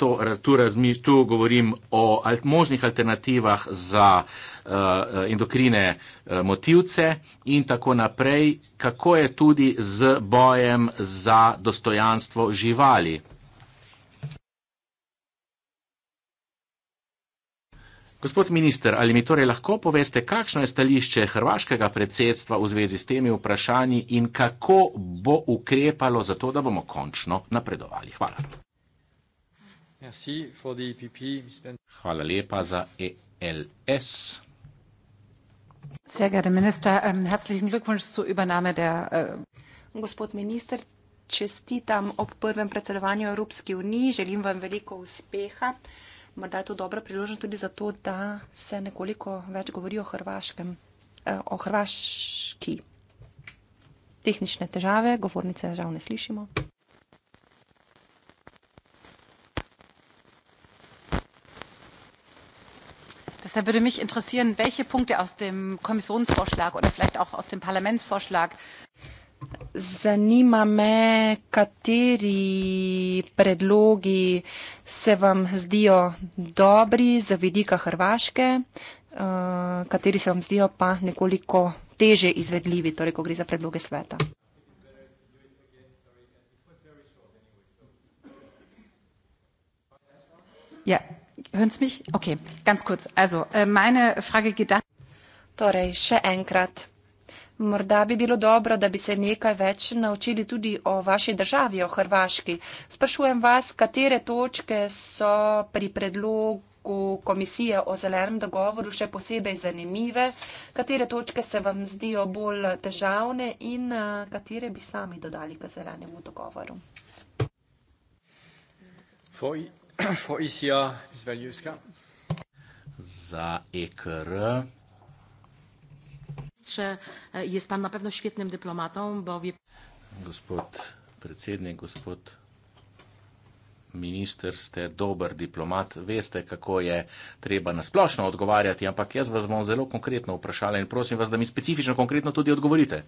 S1: To, tu, razmiš, tu govorim o alt, možnih alternativah za uh, endokrine uh, eh, motivce in tako naprej, kako je tudi z bojem za dostojanstvo živali. Gospod minister, ali mi torej lahko poveste, kakšno je stališče hrvaškega predsedstva v zvezi s temi vprašanji in kako bo ukrepalo za to, da bomo končno napredovali? Hvala. E Hvala lepa za ELS.
S2: Ähm, äh Gospod minister, čestitam ob prvem predsedovanju Evropski uniji, želim vam veliko uspeha morda je to dobra priložnost tudi zato, da se nekoliko več govori o Hrvaškem, eh, o Hrvaški. Tehnične težave, govornice žal ne slišimo. Deshalb würde mich interessieren, welche Punkte aus dem Kommissionsvorschlag oder vielleicht auch aus dem Parlamentsvorschlag Zanima me, kateri predlogi se vam zdijo dobri za vidika Hrvaške, eh, kateri se vam zdijo pa nekoliko teže izvedljivi, torej, ko gre za predloge sveta. Ja, hörnst mich? Ok, ganz kurz. Also, äh, meine Frage geht da. Torej, še enkrat. Morda bi bilo dobro, da bi se nekaj več naučili tudi o vaši državi, o Hrvaški. Sprašujem vas, katere točke so pri predlogu komisije o zelenem dogovoru še posebej zanimive, katere točke se vam zdijo bolj težavne in eh, katere bi sami dodali k zelenemu dogovoru.
S1: E Za EKR
S6: ministrze, e, jest pan na pewno świetnym dyplomatą, bo
S1: wie... Gospod predsednik, gospod minister, ste dober diplomat, veste, kako je treba nasplošno odgovarjati, ampak jaz vas bom zelo konkretno vprašala in prosim vas, da mi specifično konkretno tudi odgovorite.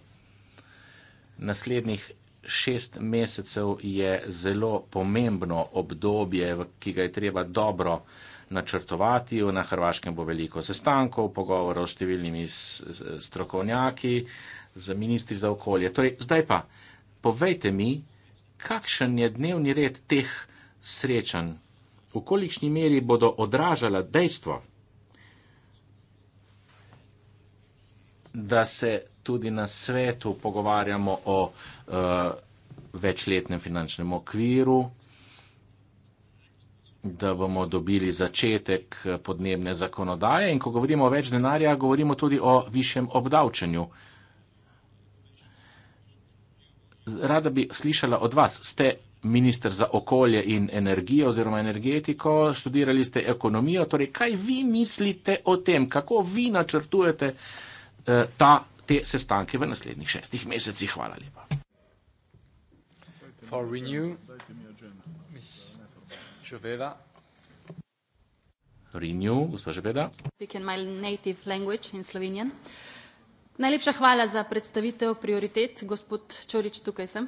S1: Naslednjih šest mesecev je zelo pomembno obdobje, ki ga je treba dobro načrtovati. Na Hrvaškem bo veliko sestankov, pogovorov s številnimi strokovnjaki, z ministri za okolje. Torej, zdaj pa povejte mi, kakšen je dnevni red teh srečanj, v kolikšni meri bodo odražala dejstvo, da se tudi na svetu pogovarjamo o uh, večletnem finančnem okviru, da bomo dobili začetek podnebne zakonodaje in ko govorimo o več denarja, govorimo tudi o višjem obdavčenju. Rada bi slišala od vas, ste minister za okolje in energijo oziroma energetiko, študirali ste ekonomijo, torej kaj vi mislite o tem, kako vi načrtujete eh, ta, te sestanke v naslednjih šestih mesecih. Hvala lepa.
S3: For renew, Miss
S1: Žoveda. Rinju, gospa Žoveda.
S6: Speak in my native language in Slovenian. Najlepša hvala za predstavitev prioritet. Gospod Čorič, tukaj sem.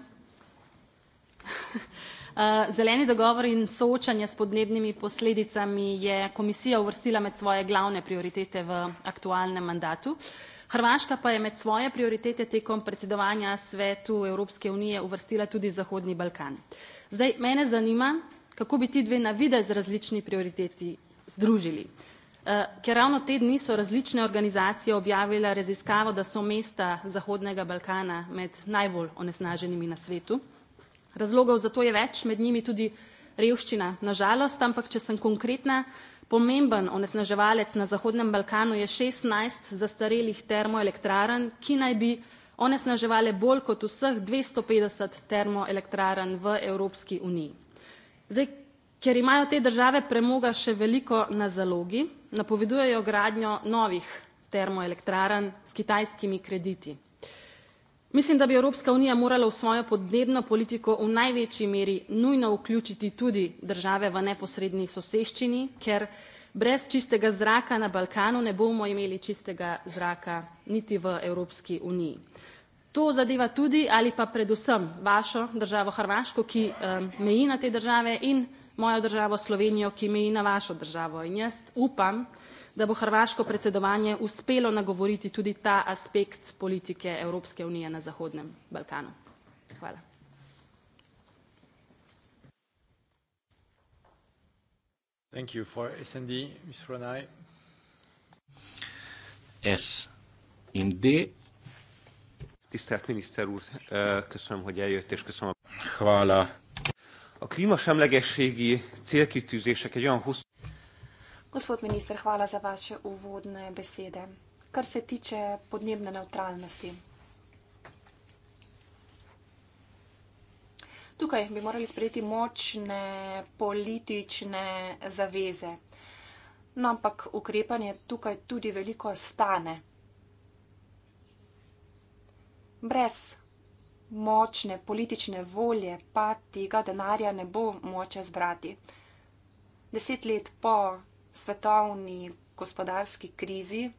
S6: Eh, zeleni dogovor in soočanje s podnebnimi posledicami je komisija uvrstila med svoje glavne prioritete v aktualnem mandatu. Hrvaška pa je med svoje prioritete tekom predsedovanja svetu Evropske unije uvrstila tudi Zahodni Balkan. Zdaj, mene zanima, kako bi ti dve navide z različni prioriteti združili. Eh, ker ravno te dni so različne organizacije objavile raziskavo, da so mesta Zahodnega Balkana med najbolj onesnaženimi na svetu. Razlogov za to je več, med njimi tudi revščina, nažalost, ampak če sem konkretna, pomemben onesnaževalec na Zahodnem Balkanu je 16 zastarelih termoelektraren, ki naj bi onesnaževale bolj kot vseh 250 termoelektraren v Evropski uniji. Zdaj, ker imajo te države premoga še veliko na zalogi, napovedujejo gradnjo novih termoelektraran s kitajskimi krediti. Mislim, da bi Evropska unija morala v svojo podnebno politiko v največji meri nujno vključiti tudi države v neposredni soseščini, ker brez čistega zraka na Balkanu ne bomo imeli čistega zraka niti v Evropski uniji. To zadeva tudi ali pa predvsem vašo državo Hrvaško, ki meji na te države in mojo državo Slovenijo, ki meji na vašo državo. In jaz upam, da bo Hrvaško predsedovanje uspelo nagovoriti tudi ta aspekt politike Evropske unije na Zahodnem Balkanu. Hvala.
S3: Thank you for SND, Ms. Ronaj.
S1: S in D Tisztelt miniszter úr, köszönöm, hogy eljött, és köszönöm a... Hála. A klímasemlegességi
S4: célkitűzések egy olyan hosszú...
S2: Gospod minister, hvala za vaše uvodne besede. Kar se tiče podnebne neutralnosti. Tukaj bi morali sprejeti močne politične zaveze. No, ampak ukrepanje tukaj tudi veliko stane brez močne politične volje pa tega denarja ne bo moče zbrati. Deset let po svetovni gospodarski krizi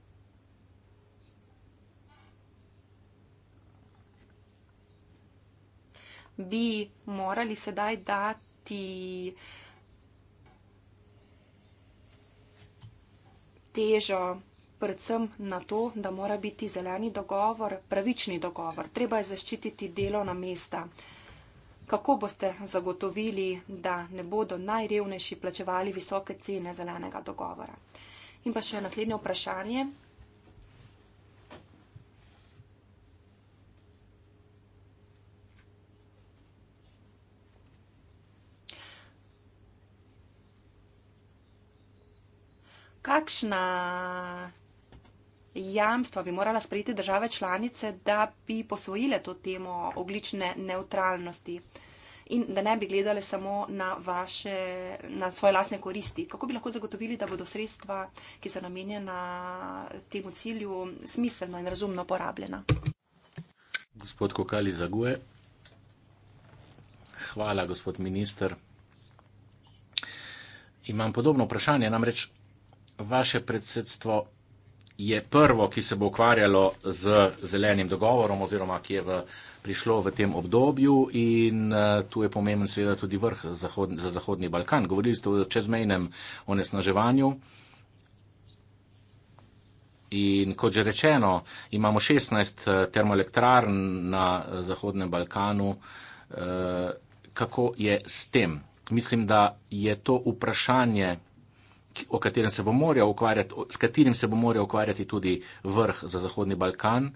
S2: bi morali sedaj dati težo predvsem na to, da mora biti zeleni dogovor pravični dogovor. Treba je zaščititi delovna mesta. Kako boste zagotovili, da ne bodo najrevnejši plačevali visoke cene zelenega dogovora? In pa še naslednje vprašanje. Kakšna jamstva bi morala sprejeti države članice, da bi posvojile to temo oglične neutralnosti in da ne bi gledale samo na, vaše, na svoje lastne koristi. Kako bi lahko zagotovili, da bodo sredstva, ki so namenjena temu cilju, smiselno in razumno porabljena?
S1: Gospod Kokali Zague, hvala, gospod minister. Imam podobno vprašanje, namreč vaše predsedstvo je prvo, ki se bo ukvarjalo z zelenim dogovorom oziroma ki je v, prišlo v tem obdobju in uh, tu je pomemben seveda tudi vrh zahod, za Zahodni Balkan. Govorili ste o čezmejnem onesnaževanju. In kot že rečeno, imamo 16 eh, termoelektrarn na eh, Zahodnem Balkanu. Kako je s tem? Mislim, da je to vprašanje o katerem se bo morja ukvarjati, s katerim se bo morja ukvarjati tudi vrh za Zahodni Balkan,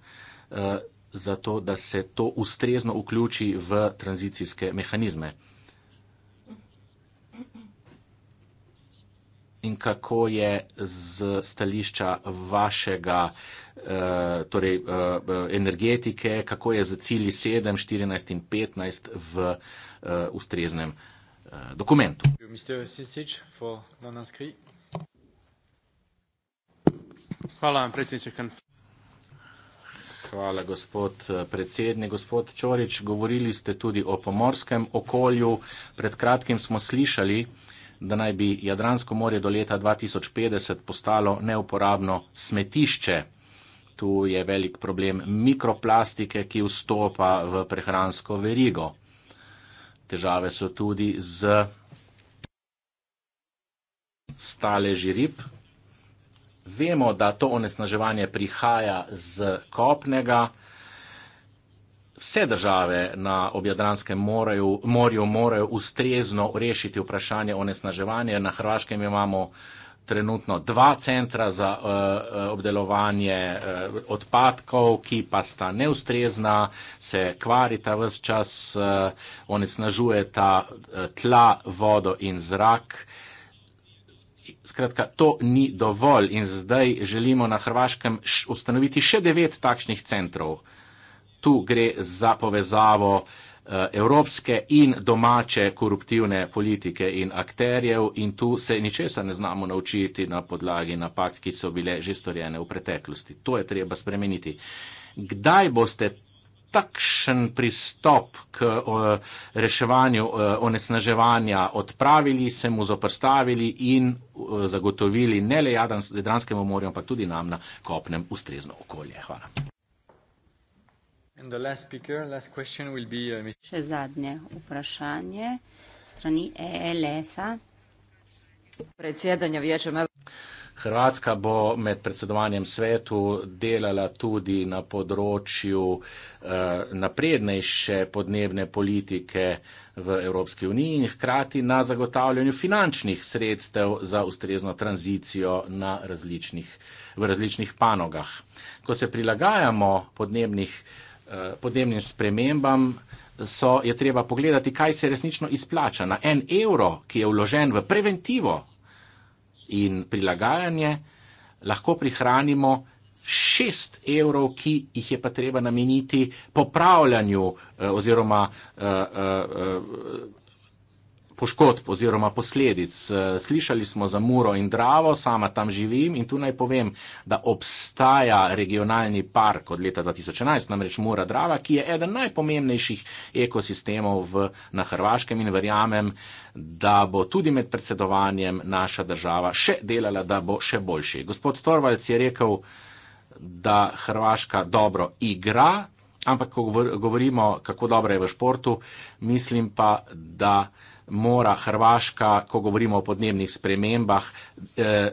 S1: eh, zato da se to ustrezno vključi v tranzicijske mehanizme. In kako je z stališča vašega eh, torej, eh, energetike, kako je z cilji 7, 14 in 15 v ustreznem dokumentu.
S3: Mr. Sisic, for non-inscrit.
S1: Hvala, predsednik Kanf. Hvala, gospod eh, predsednik. Gospod Čorič, govorili ste tudi o pomorskem okolju. Pred kratkim smo slišali, da naj bi Jadransko morje do leta 2050 postalo neuporabno smetišče. Tu je velik problem mikroplastike, ki vstopa v prehransko verigo. Težave so tudi z staleži rib, Vemo, da to onesnaževanje prihaja z kopnega. Vse države na objadranskem morju, morju morajo ustrezno rešiti vprašanje onesnaževanja. Na Hrvaškem imamo trenutno dva centra za uh, obdelovanje uh, odpadkov, ki pa sta neustrezna, se kvarita vse čas, uh, onesnažujeta tla, vodo in zrak. Uh, Skratka, to ni dovolj in zdaj želimo na Hrvaškem ustanoviti še devet takšnih centrov. Tu gre za povezavo eh, evropske in domače koruptivne politike in akterjev in tu se ničesar ne znamo naučiti na podlagi napak, ki so bile že storjene v preteklosti. To je treba spremeniti. Kdaj boste takšen pristop k o, reševanju onesnaževanja odpravili, se mu zoprstavili in o, zagotovili ne le Jadranskemu morju, ampak tudi nam na kopnem ustrezno okolje. Hvala.
S3: Speaker, be, um...
S5: Še zadnje vprašanje strani ELS-a. Predsedanje vječe me.
S1: Hrvatska bo med predsedovanjem svetu delala tudi na področju eh, naprednejše podnebne politike v Evropski uniji in hkrati na zagotavljanju finančnih sredstev za ustrezno tranzicijo različnih, v različnih panogah. Ko se prilagajamo podnebnih, eh, podnebnim spremembam, so, je treba pogledati, kaj se resnično izplača. Na en evro, ki je vložen v preventivo in prilagajanje, lahko prihranimo 6 evrov, ki jih je pa treba nameniti popravljanju eh, oziroma eh, eh, poškodb oziroma posledic. Eh, slišali smo za Muro in Dravo, sama tam živim in tu naj povem, da obstaja regionalni park od leta 2011, namreč Mura Drava, ki je eden najpomembnejših ekosistemov v, na Hrvaškem in verjamem, da bo tudi med predsedovanjem naša država še delala, da bo še boljši. Gospod Torvalc je rekel, da Hrvaška dobro igra, ampak ko govorimo, kako dobro je v športu, mislim pa, da mora Hrvaška, ko govorimo o podnebnih spremembah, eh, eh,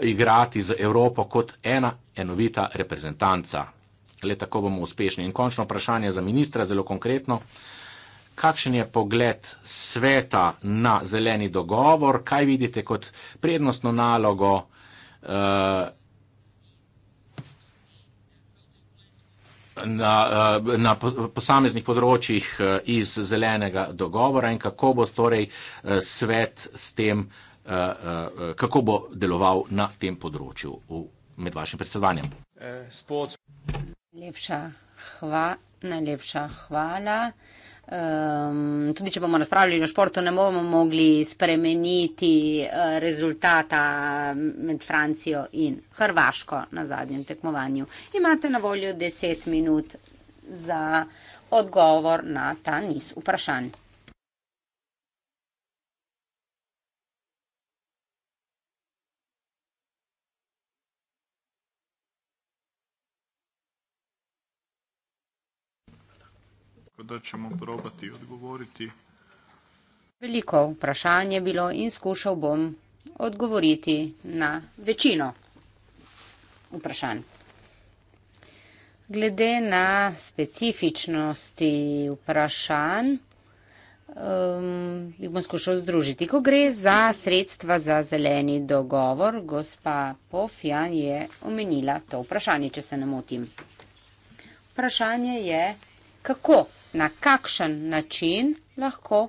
S1: igrati z Evropo kot ena enovita reprezentanca. Le tako bomo uspešni. In končno vprašanje za ministra, zelo konkretno. Kakšen je pogled sveta na zeleni dogovor, kaj vidite kot prednostno nalogo? Eh, na, eh, na posameznih področjih eh, iz zelenega dogovora in kako bo torej eh, svet s tem, kako bo deloval na tem področju v, med vašim predsedovanjem.
S5: Eh, najlepša, hva, najlepša hvala. Um, tudi če bomo razpravljali o športu, ne bomo mogli spremeniti uh, rezultata med Francijo in Hrvaško na zadnjem tekmovanju. Imate na voljo deset minut za odgovor na ta niz vprašanj.
S4: tako da ćemo probati odgovoriti.
S5: Veliko vprašanj je bilo in skušal bom odgovoriti na večino vprašanj. Glede na specifičnosti vprašanj, um, jih um, bom skušal združiti. Ko gre za sredstva za zeleni dogovor, gospa Pofja je omenila to vprašanje, če se ne motim. Vprašanje je, kako na kakšen način lahko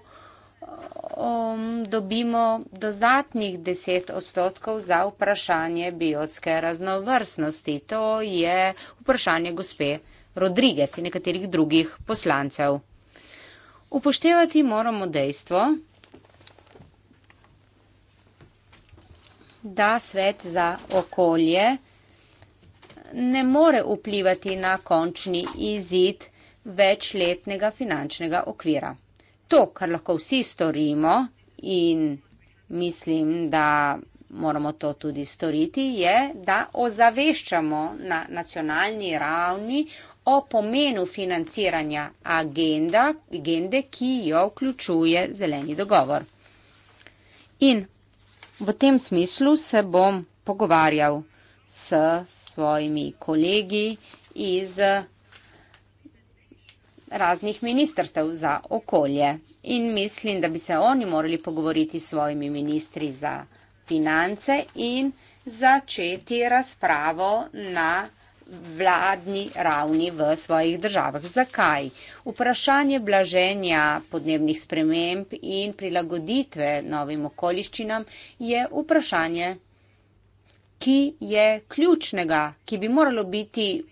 S5: um, dobimo dodatnih 10 odstotkov za vprašanje biotske raznovrstnosti. To je vprašanje gospe Rodriguez in nekaterih drugih poslancev. Upoštevati moramo dejstvo, da svet za okolje ne more vplivati na končni izid večletnega finančnega okvira. To, kar lahko vsi storimo in mislim, da moramo to tudi storiti, je, da ozaveščamo na nacionalni ravni o pomenu financiranja agenda, agende, ki jo vključuje zeleni dogovor. In v tem smislu se bom pogovarjal s svojimi kolegi iz raznih ministrstev za okolje. In mislim, da bi se oni morali pogovoriti s svojimi ministri za finance in začeti razpravo na vladni ravni v svojih državah. Zakaj? Vprašanje blaženja podnebnih sprememb in prilagoditve novim okoliščinam je vprašanje, ki je ključnega, ki bi moralo biti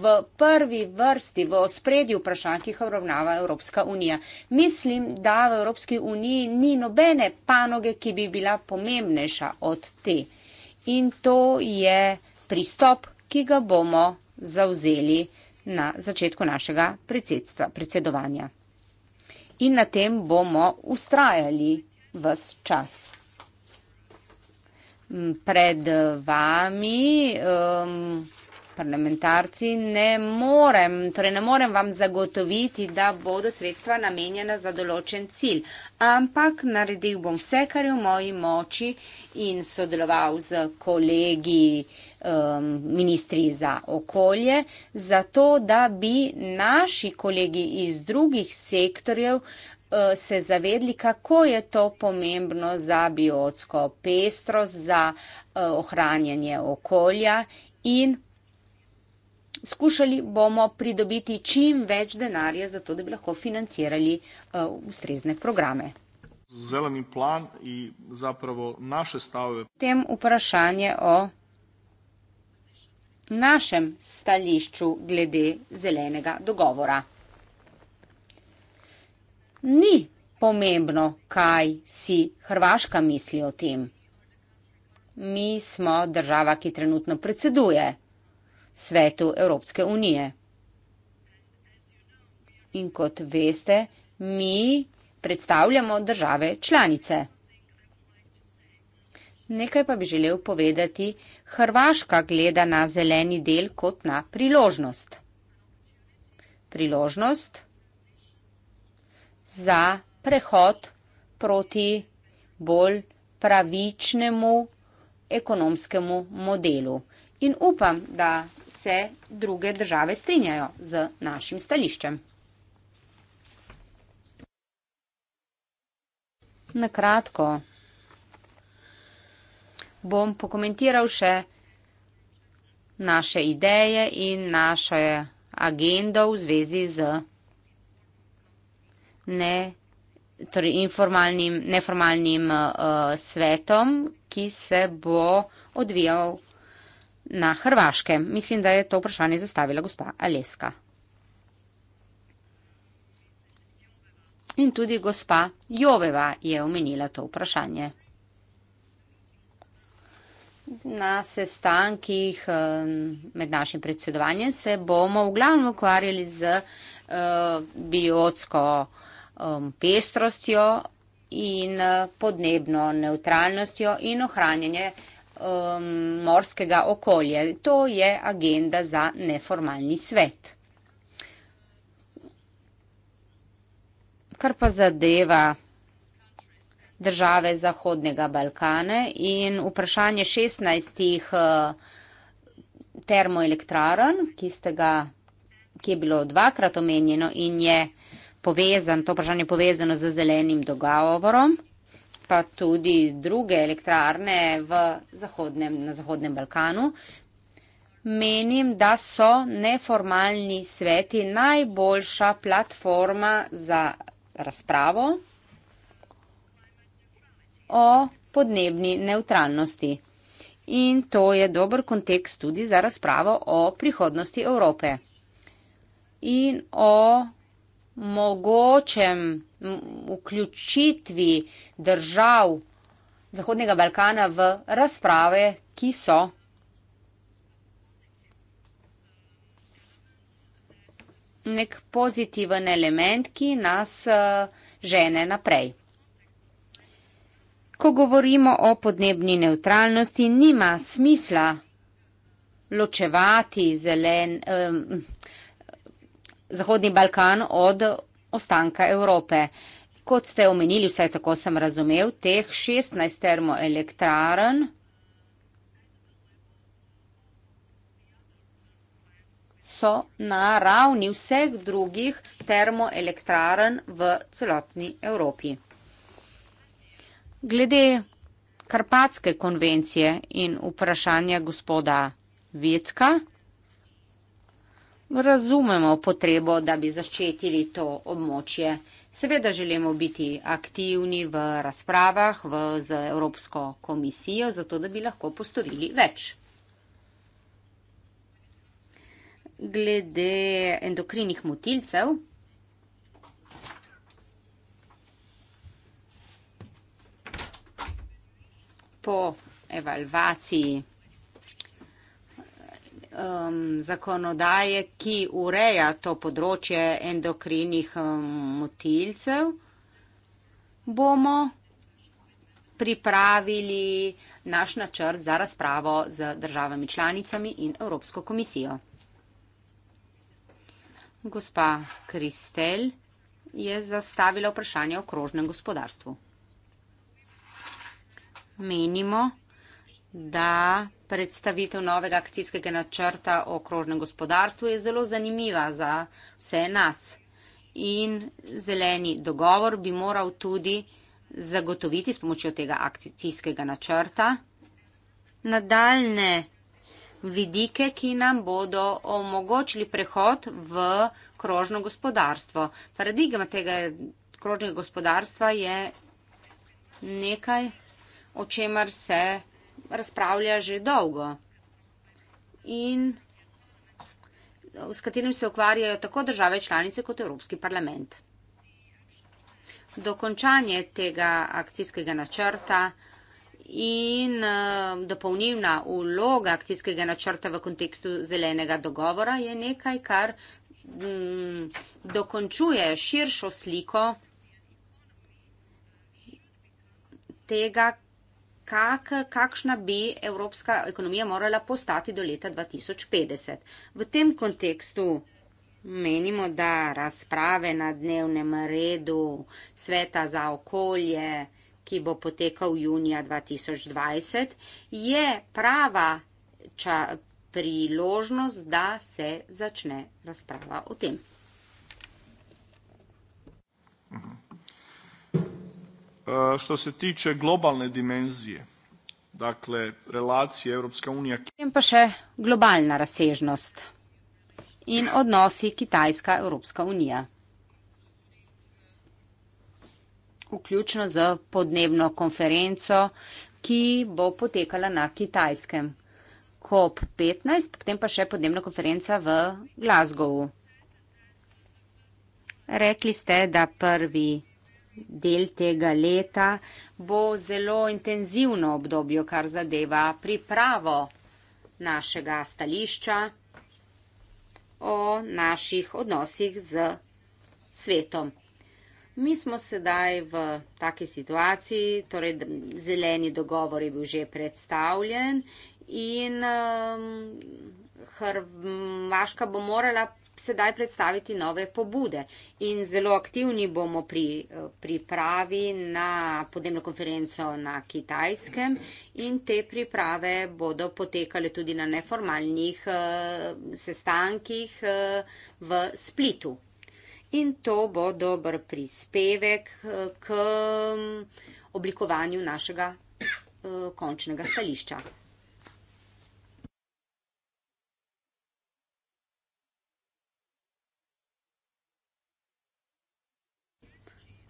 S5: v prvi vrsti, v ospredju vprašanj, ki jih obravnava Evropska unija. Mislim, da v Evropski uniji ni nobene panoge, ki bi bila pomembnejša od te. In to je pristop, ki ga bomo zauzeli na začetku našega predsedovanja. In na tem bomo ustrajali ves čas. Pred vami um, parlamentarci, ne morem, torej ne morem vam zagotoviti, da bodo sredstva namenjena za določen cilj, ampak naredil bom vse, kar je v moji moči in sodeloval z kolegi um, ministri za okolje, zato da bi naši kolegi iz drugih sektorjev uh, se zavedli, kako je to pomembno za biotsko pestrost, za uh, ohranjanje okolja in Skušali bomo pridobiti čim več denarja, zato da bi lahko financirali uh, ustrezne programe.
S4: Zeleni plan in zapravo naše stave.
S5: Tem vprašanje o našem stališču glede zelenega dogovora. Ni pomembno, kaj si Hrvaška misli o tem. Mi smo država, ki trenutno predseduje svetu Evropske unije. In kot veste, mi predstavljamo države članice. Nekaj pa bi želel povedati, Hrvaška gleda na zeleni del kot na priložnost. Priložnost za prehod proti bolj pravičnemu ekonomskemu modelu in upam, da se druge države strinjajo z našim stališčem. Na kratko bom pokomentiral še naše ideje in naše agendo v zvezi z ne, torej neformalnim uh, svetom, ki se bo odvijal na Hrvaškem? Mislim, da je to vprašanje zastavila gospa Aleska. In tudi gospa Joveva je omenila to vprašanje. Na sestankih med našim predsedovanjem se bomo v glavnem ukvarjali z eh, biotsko pestrostjo in eh, podnebno neutralnostjo in ohranjanje biotsko um, morskega okolja. To je agenda za neformalni svet. Kar pa zadeva države Zahodnega Balkana in vprašanje 16 uh, termoelektraren, ki, ki je bilo dvakrat omenjeno in je povezan, to vprašanje je povezano z zelenim dogovorom pa tudi druge elektrarne zahodnem, na Zahodnem Balkanu. Menim, da so neformalni sveti najboljša platforma za razpravo o podnebni neutralnosti. In to je dober kontekst tudi za razpravo o prihodnosti Evrope in o mogočem vključitvi držav Zahodnega Balkana v razprave, ki so nek pozitiven element, ki nas eh, žene naprej. Ko govorimo o podnebni neutralnosti, nima smisla ločevati zelen, eh, Zahodni Balkan od ostanka Evrope. Kot ste omenili, vsaj tako sem razumel, teh 16 termoelektraren so na ravni vseh drugih termoelektraren v celotni Evropi. Glede Karpatske konvencije in vprašanja gospoda Vecka, razumemo potrebo, da bi zaščitili to območje. Seveda želimo biti aktivni v razpravah v, z Evropsko komisijo, zato da bi lahko postorili več. Glede endokrinih motilcev. Po evalvaciji um, zakonodaje, ki ureja to področje endokrinih um, motilcev, bomo pripravili naš načrt za razpravo z državami članicami in Evropsko komisijo. Gospa Kristel je zastavila vprašanje o krožnem gospodarstvu. Menimo, da Predstavitev novega akcijskega načrta o krožnem gospodarstvu je zelo zanimiva za vse nas. In zeleni dogovor bi moral tudi zagotoviti s pomočjo tega akcijskega načrta nadaljne vidike, ki nam bodo omogočili prehod v krožno gospodarstvo. Paradigma tega krožnega gospodarstva je nekaj, o čemer se razpravlja že dolgo in s katerim se ukvarjajo tako države članice kot Evropski parlament. Dokončanje tega akcijskega načrta in eh, dopolnilna uloga akcijskega načrta v kontekstu zelenega dogovora je nekaj, kar mm, dokončuje širšo sliko tega, kak, kakšna bi evropska ekonomija morala postati do leta 2050. V tem kontekstu menimo, da razprave na dnevnem redu Sveta za okolje, ki bo potekal junija 2020, je prava ča, priložnost, da se začne razprava o tem.
S4: Mm-hmm. E, što se tiče globalne dimenzije, dakle relacije Evropska unija...
S5: In pa še globalna razsežnost in odnosi Kitajska-Evropska unija. Vključno z podnebno konferenco, ki bo potekala na Kitajskem. COP15, potem pa še podnebna konferenca v Glasgowu. Rekli ste, da prvi del tega leta bo zelo intenzivno obdobje, kar zadeva pripravo našega stališča o naših odnosih z svetom. Mi smo sedaj v taki situaciji, torej zeleni dogovor je bil že predstavljen in um, Hrvaška bo morala sedaj predstaviti nove pobude in zelo aktivni bomo pri eh, pripravi na podnebno konferenco na Kitajskem in te priprave bodo potekale tudi na neformalnih eh, sestankih eh, v Splitu. In to bo dober prispevek k mm, oblikovanju našega končnega stališča.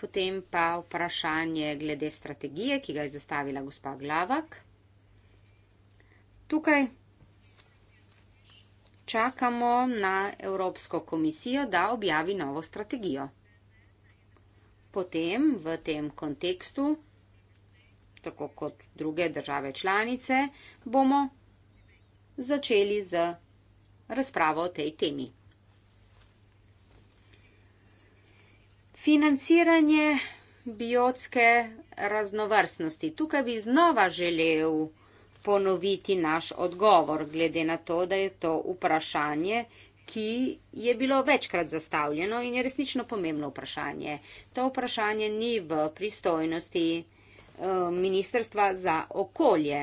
S5: potem pa vprašanje glede strategije, ki ga je zastavila gospa Glavak. Tukaj čakamo na Evropsko komisijo, da objavi novo strategijo. Potem v tem kontekstu, tako kot druge države članice, bomo začeli z razpravo o tej temi. financiranje biotske raznovrstnosti. Tukaj bi znova želel ponoviti naš odgovor, glede na to, da je to vprašanje, ki je bilo večkrat zastavljeno in je resnično pomembno vprašanje. To vprašanje ni v pristojnosti eh, Ministrstva za okolje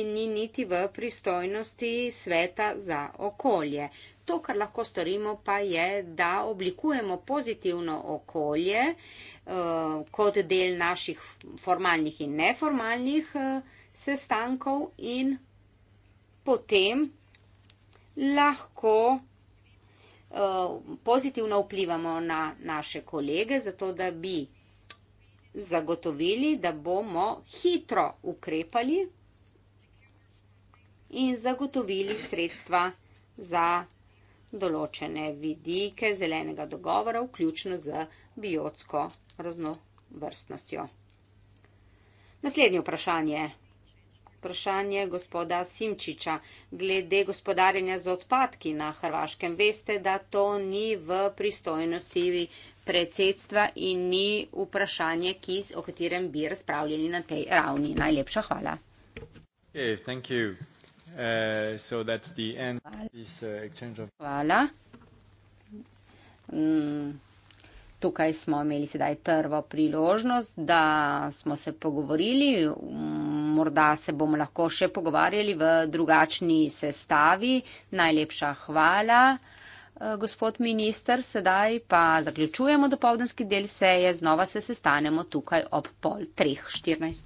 S5: in ni niti v pristojnosti Sveta za okolje to, kar lahko storimo, pa je, da oblikujemo pozitivno okolje eh, kot del naših formalnih in neformalnih eh, sestankov in potem lahko eh, pozitivno vplivamo na naše kolege, zato da bi zagotovili, da bomo hitro ukrepali in zagotovili sredstva za določene vidike zelenega dogovora, vključno z biotsko raznovrstnostjo. Naslednje vprašanje. Vprašanje gospoda Simčiča glede gospodarjenja z odpadki na Hrvaškem. Veste, da to ni v pristojnosti predsedstva in ni vprašanje, ki, o katerem bi razpravljali na tej ravni. Najlepša hvala.
S3: Yes, thank you. Uh,
S5: hvala. Uh, mm, tukaj smo imeli sedaj prvo priložnost, da smo se pogovorili. Morda se bomo lahko še pogovarjali v drugačni sestavi. Najlepša hvala, eh, gospod minister. Sedaj pa zaključujemo dopovdenski del seje. Znova se sestanemo tukaj ob pol treh štirinajst.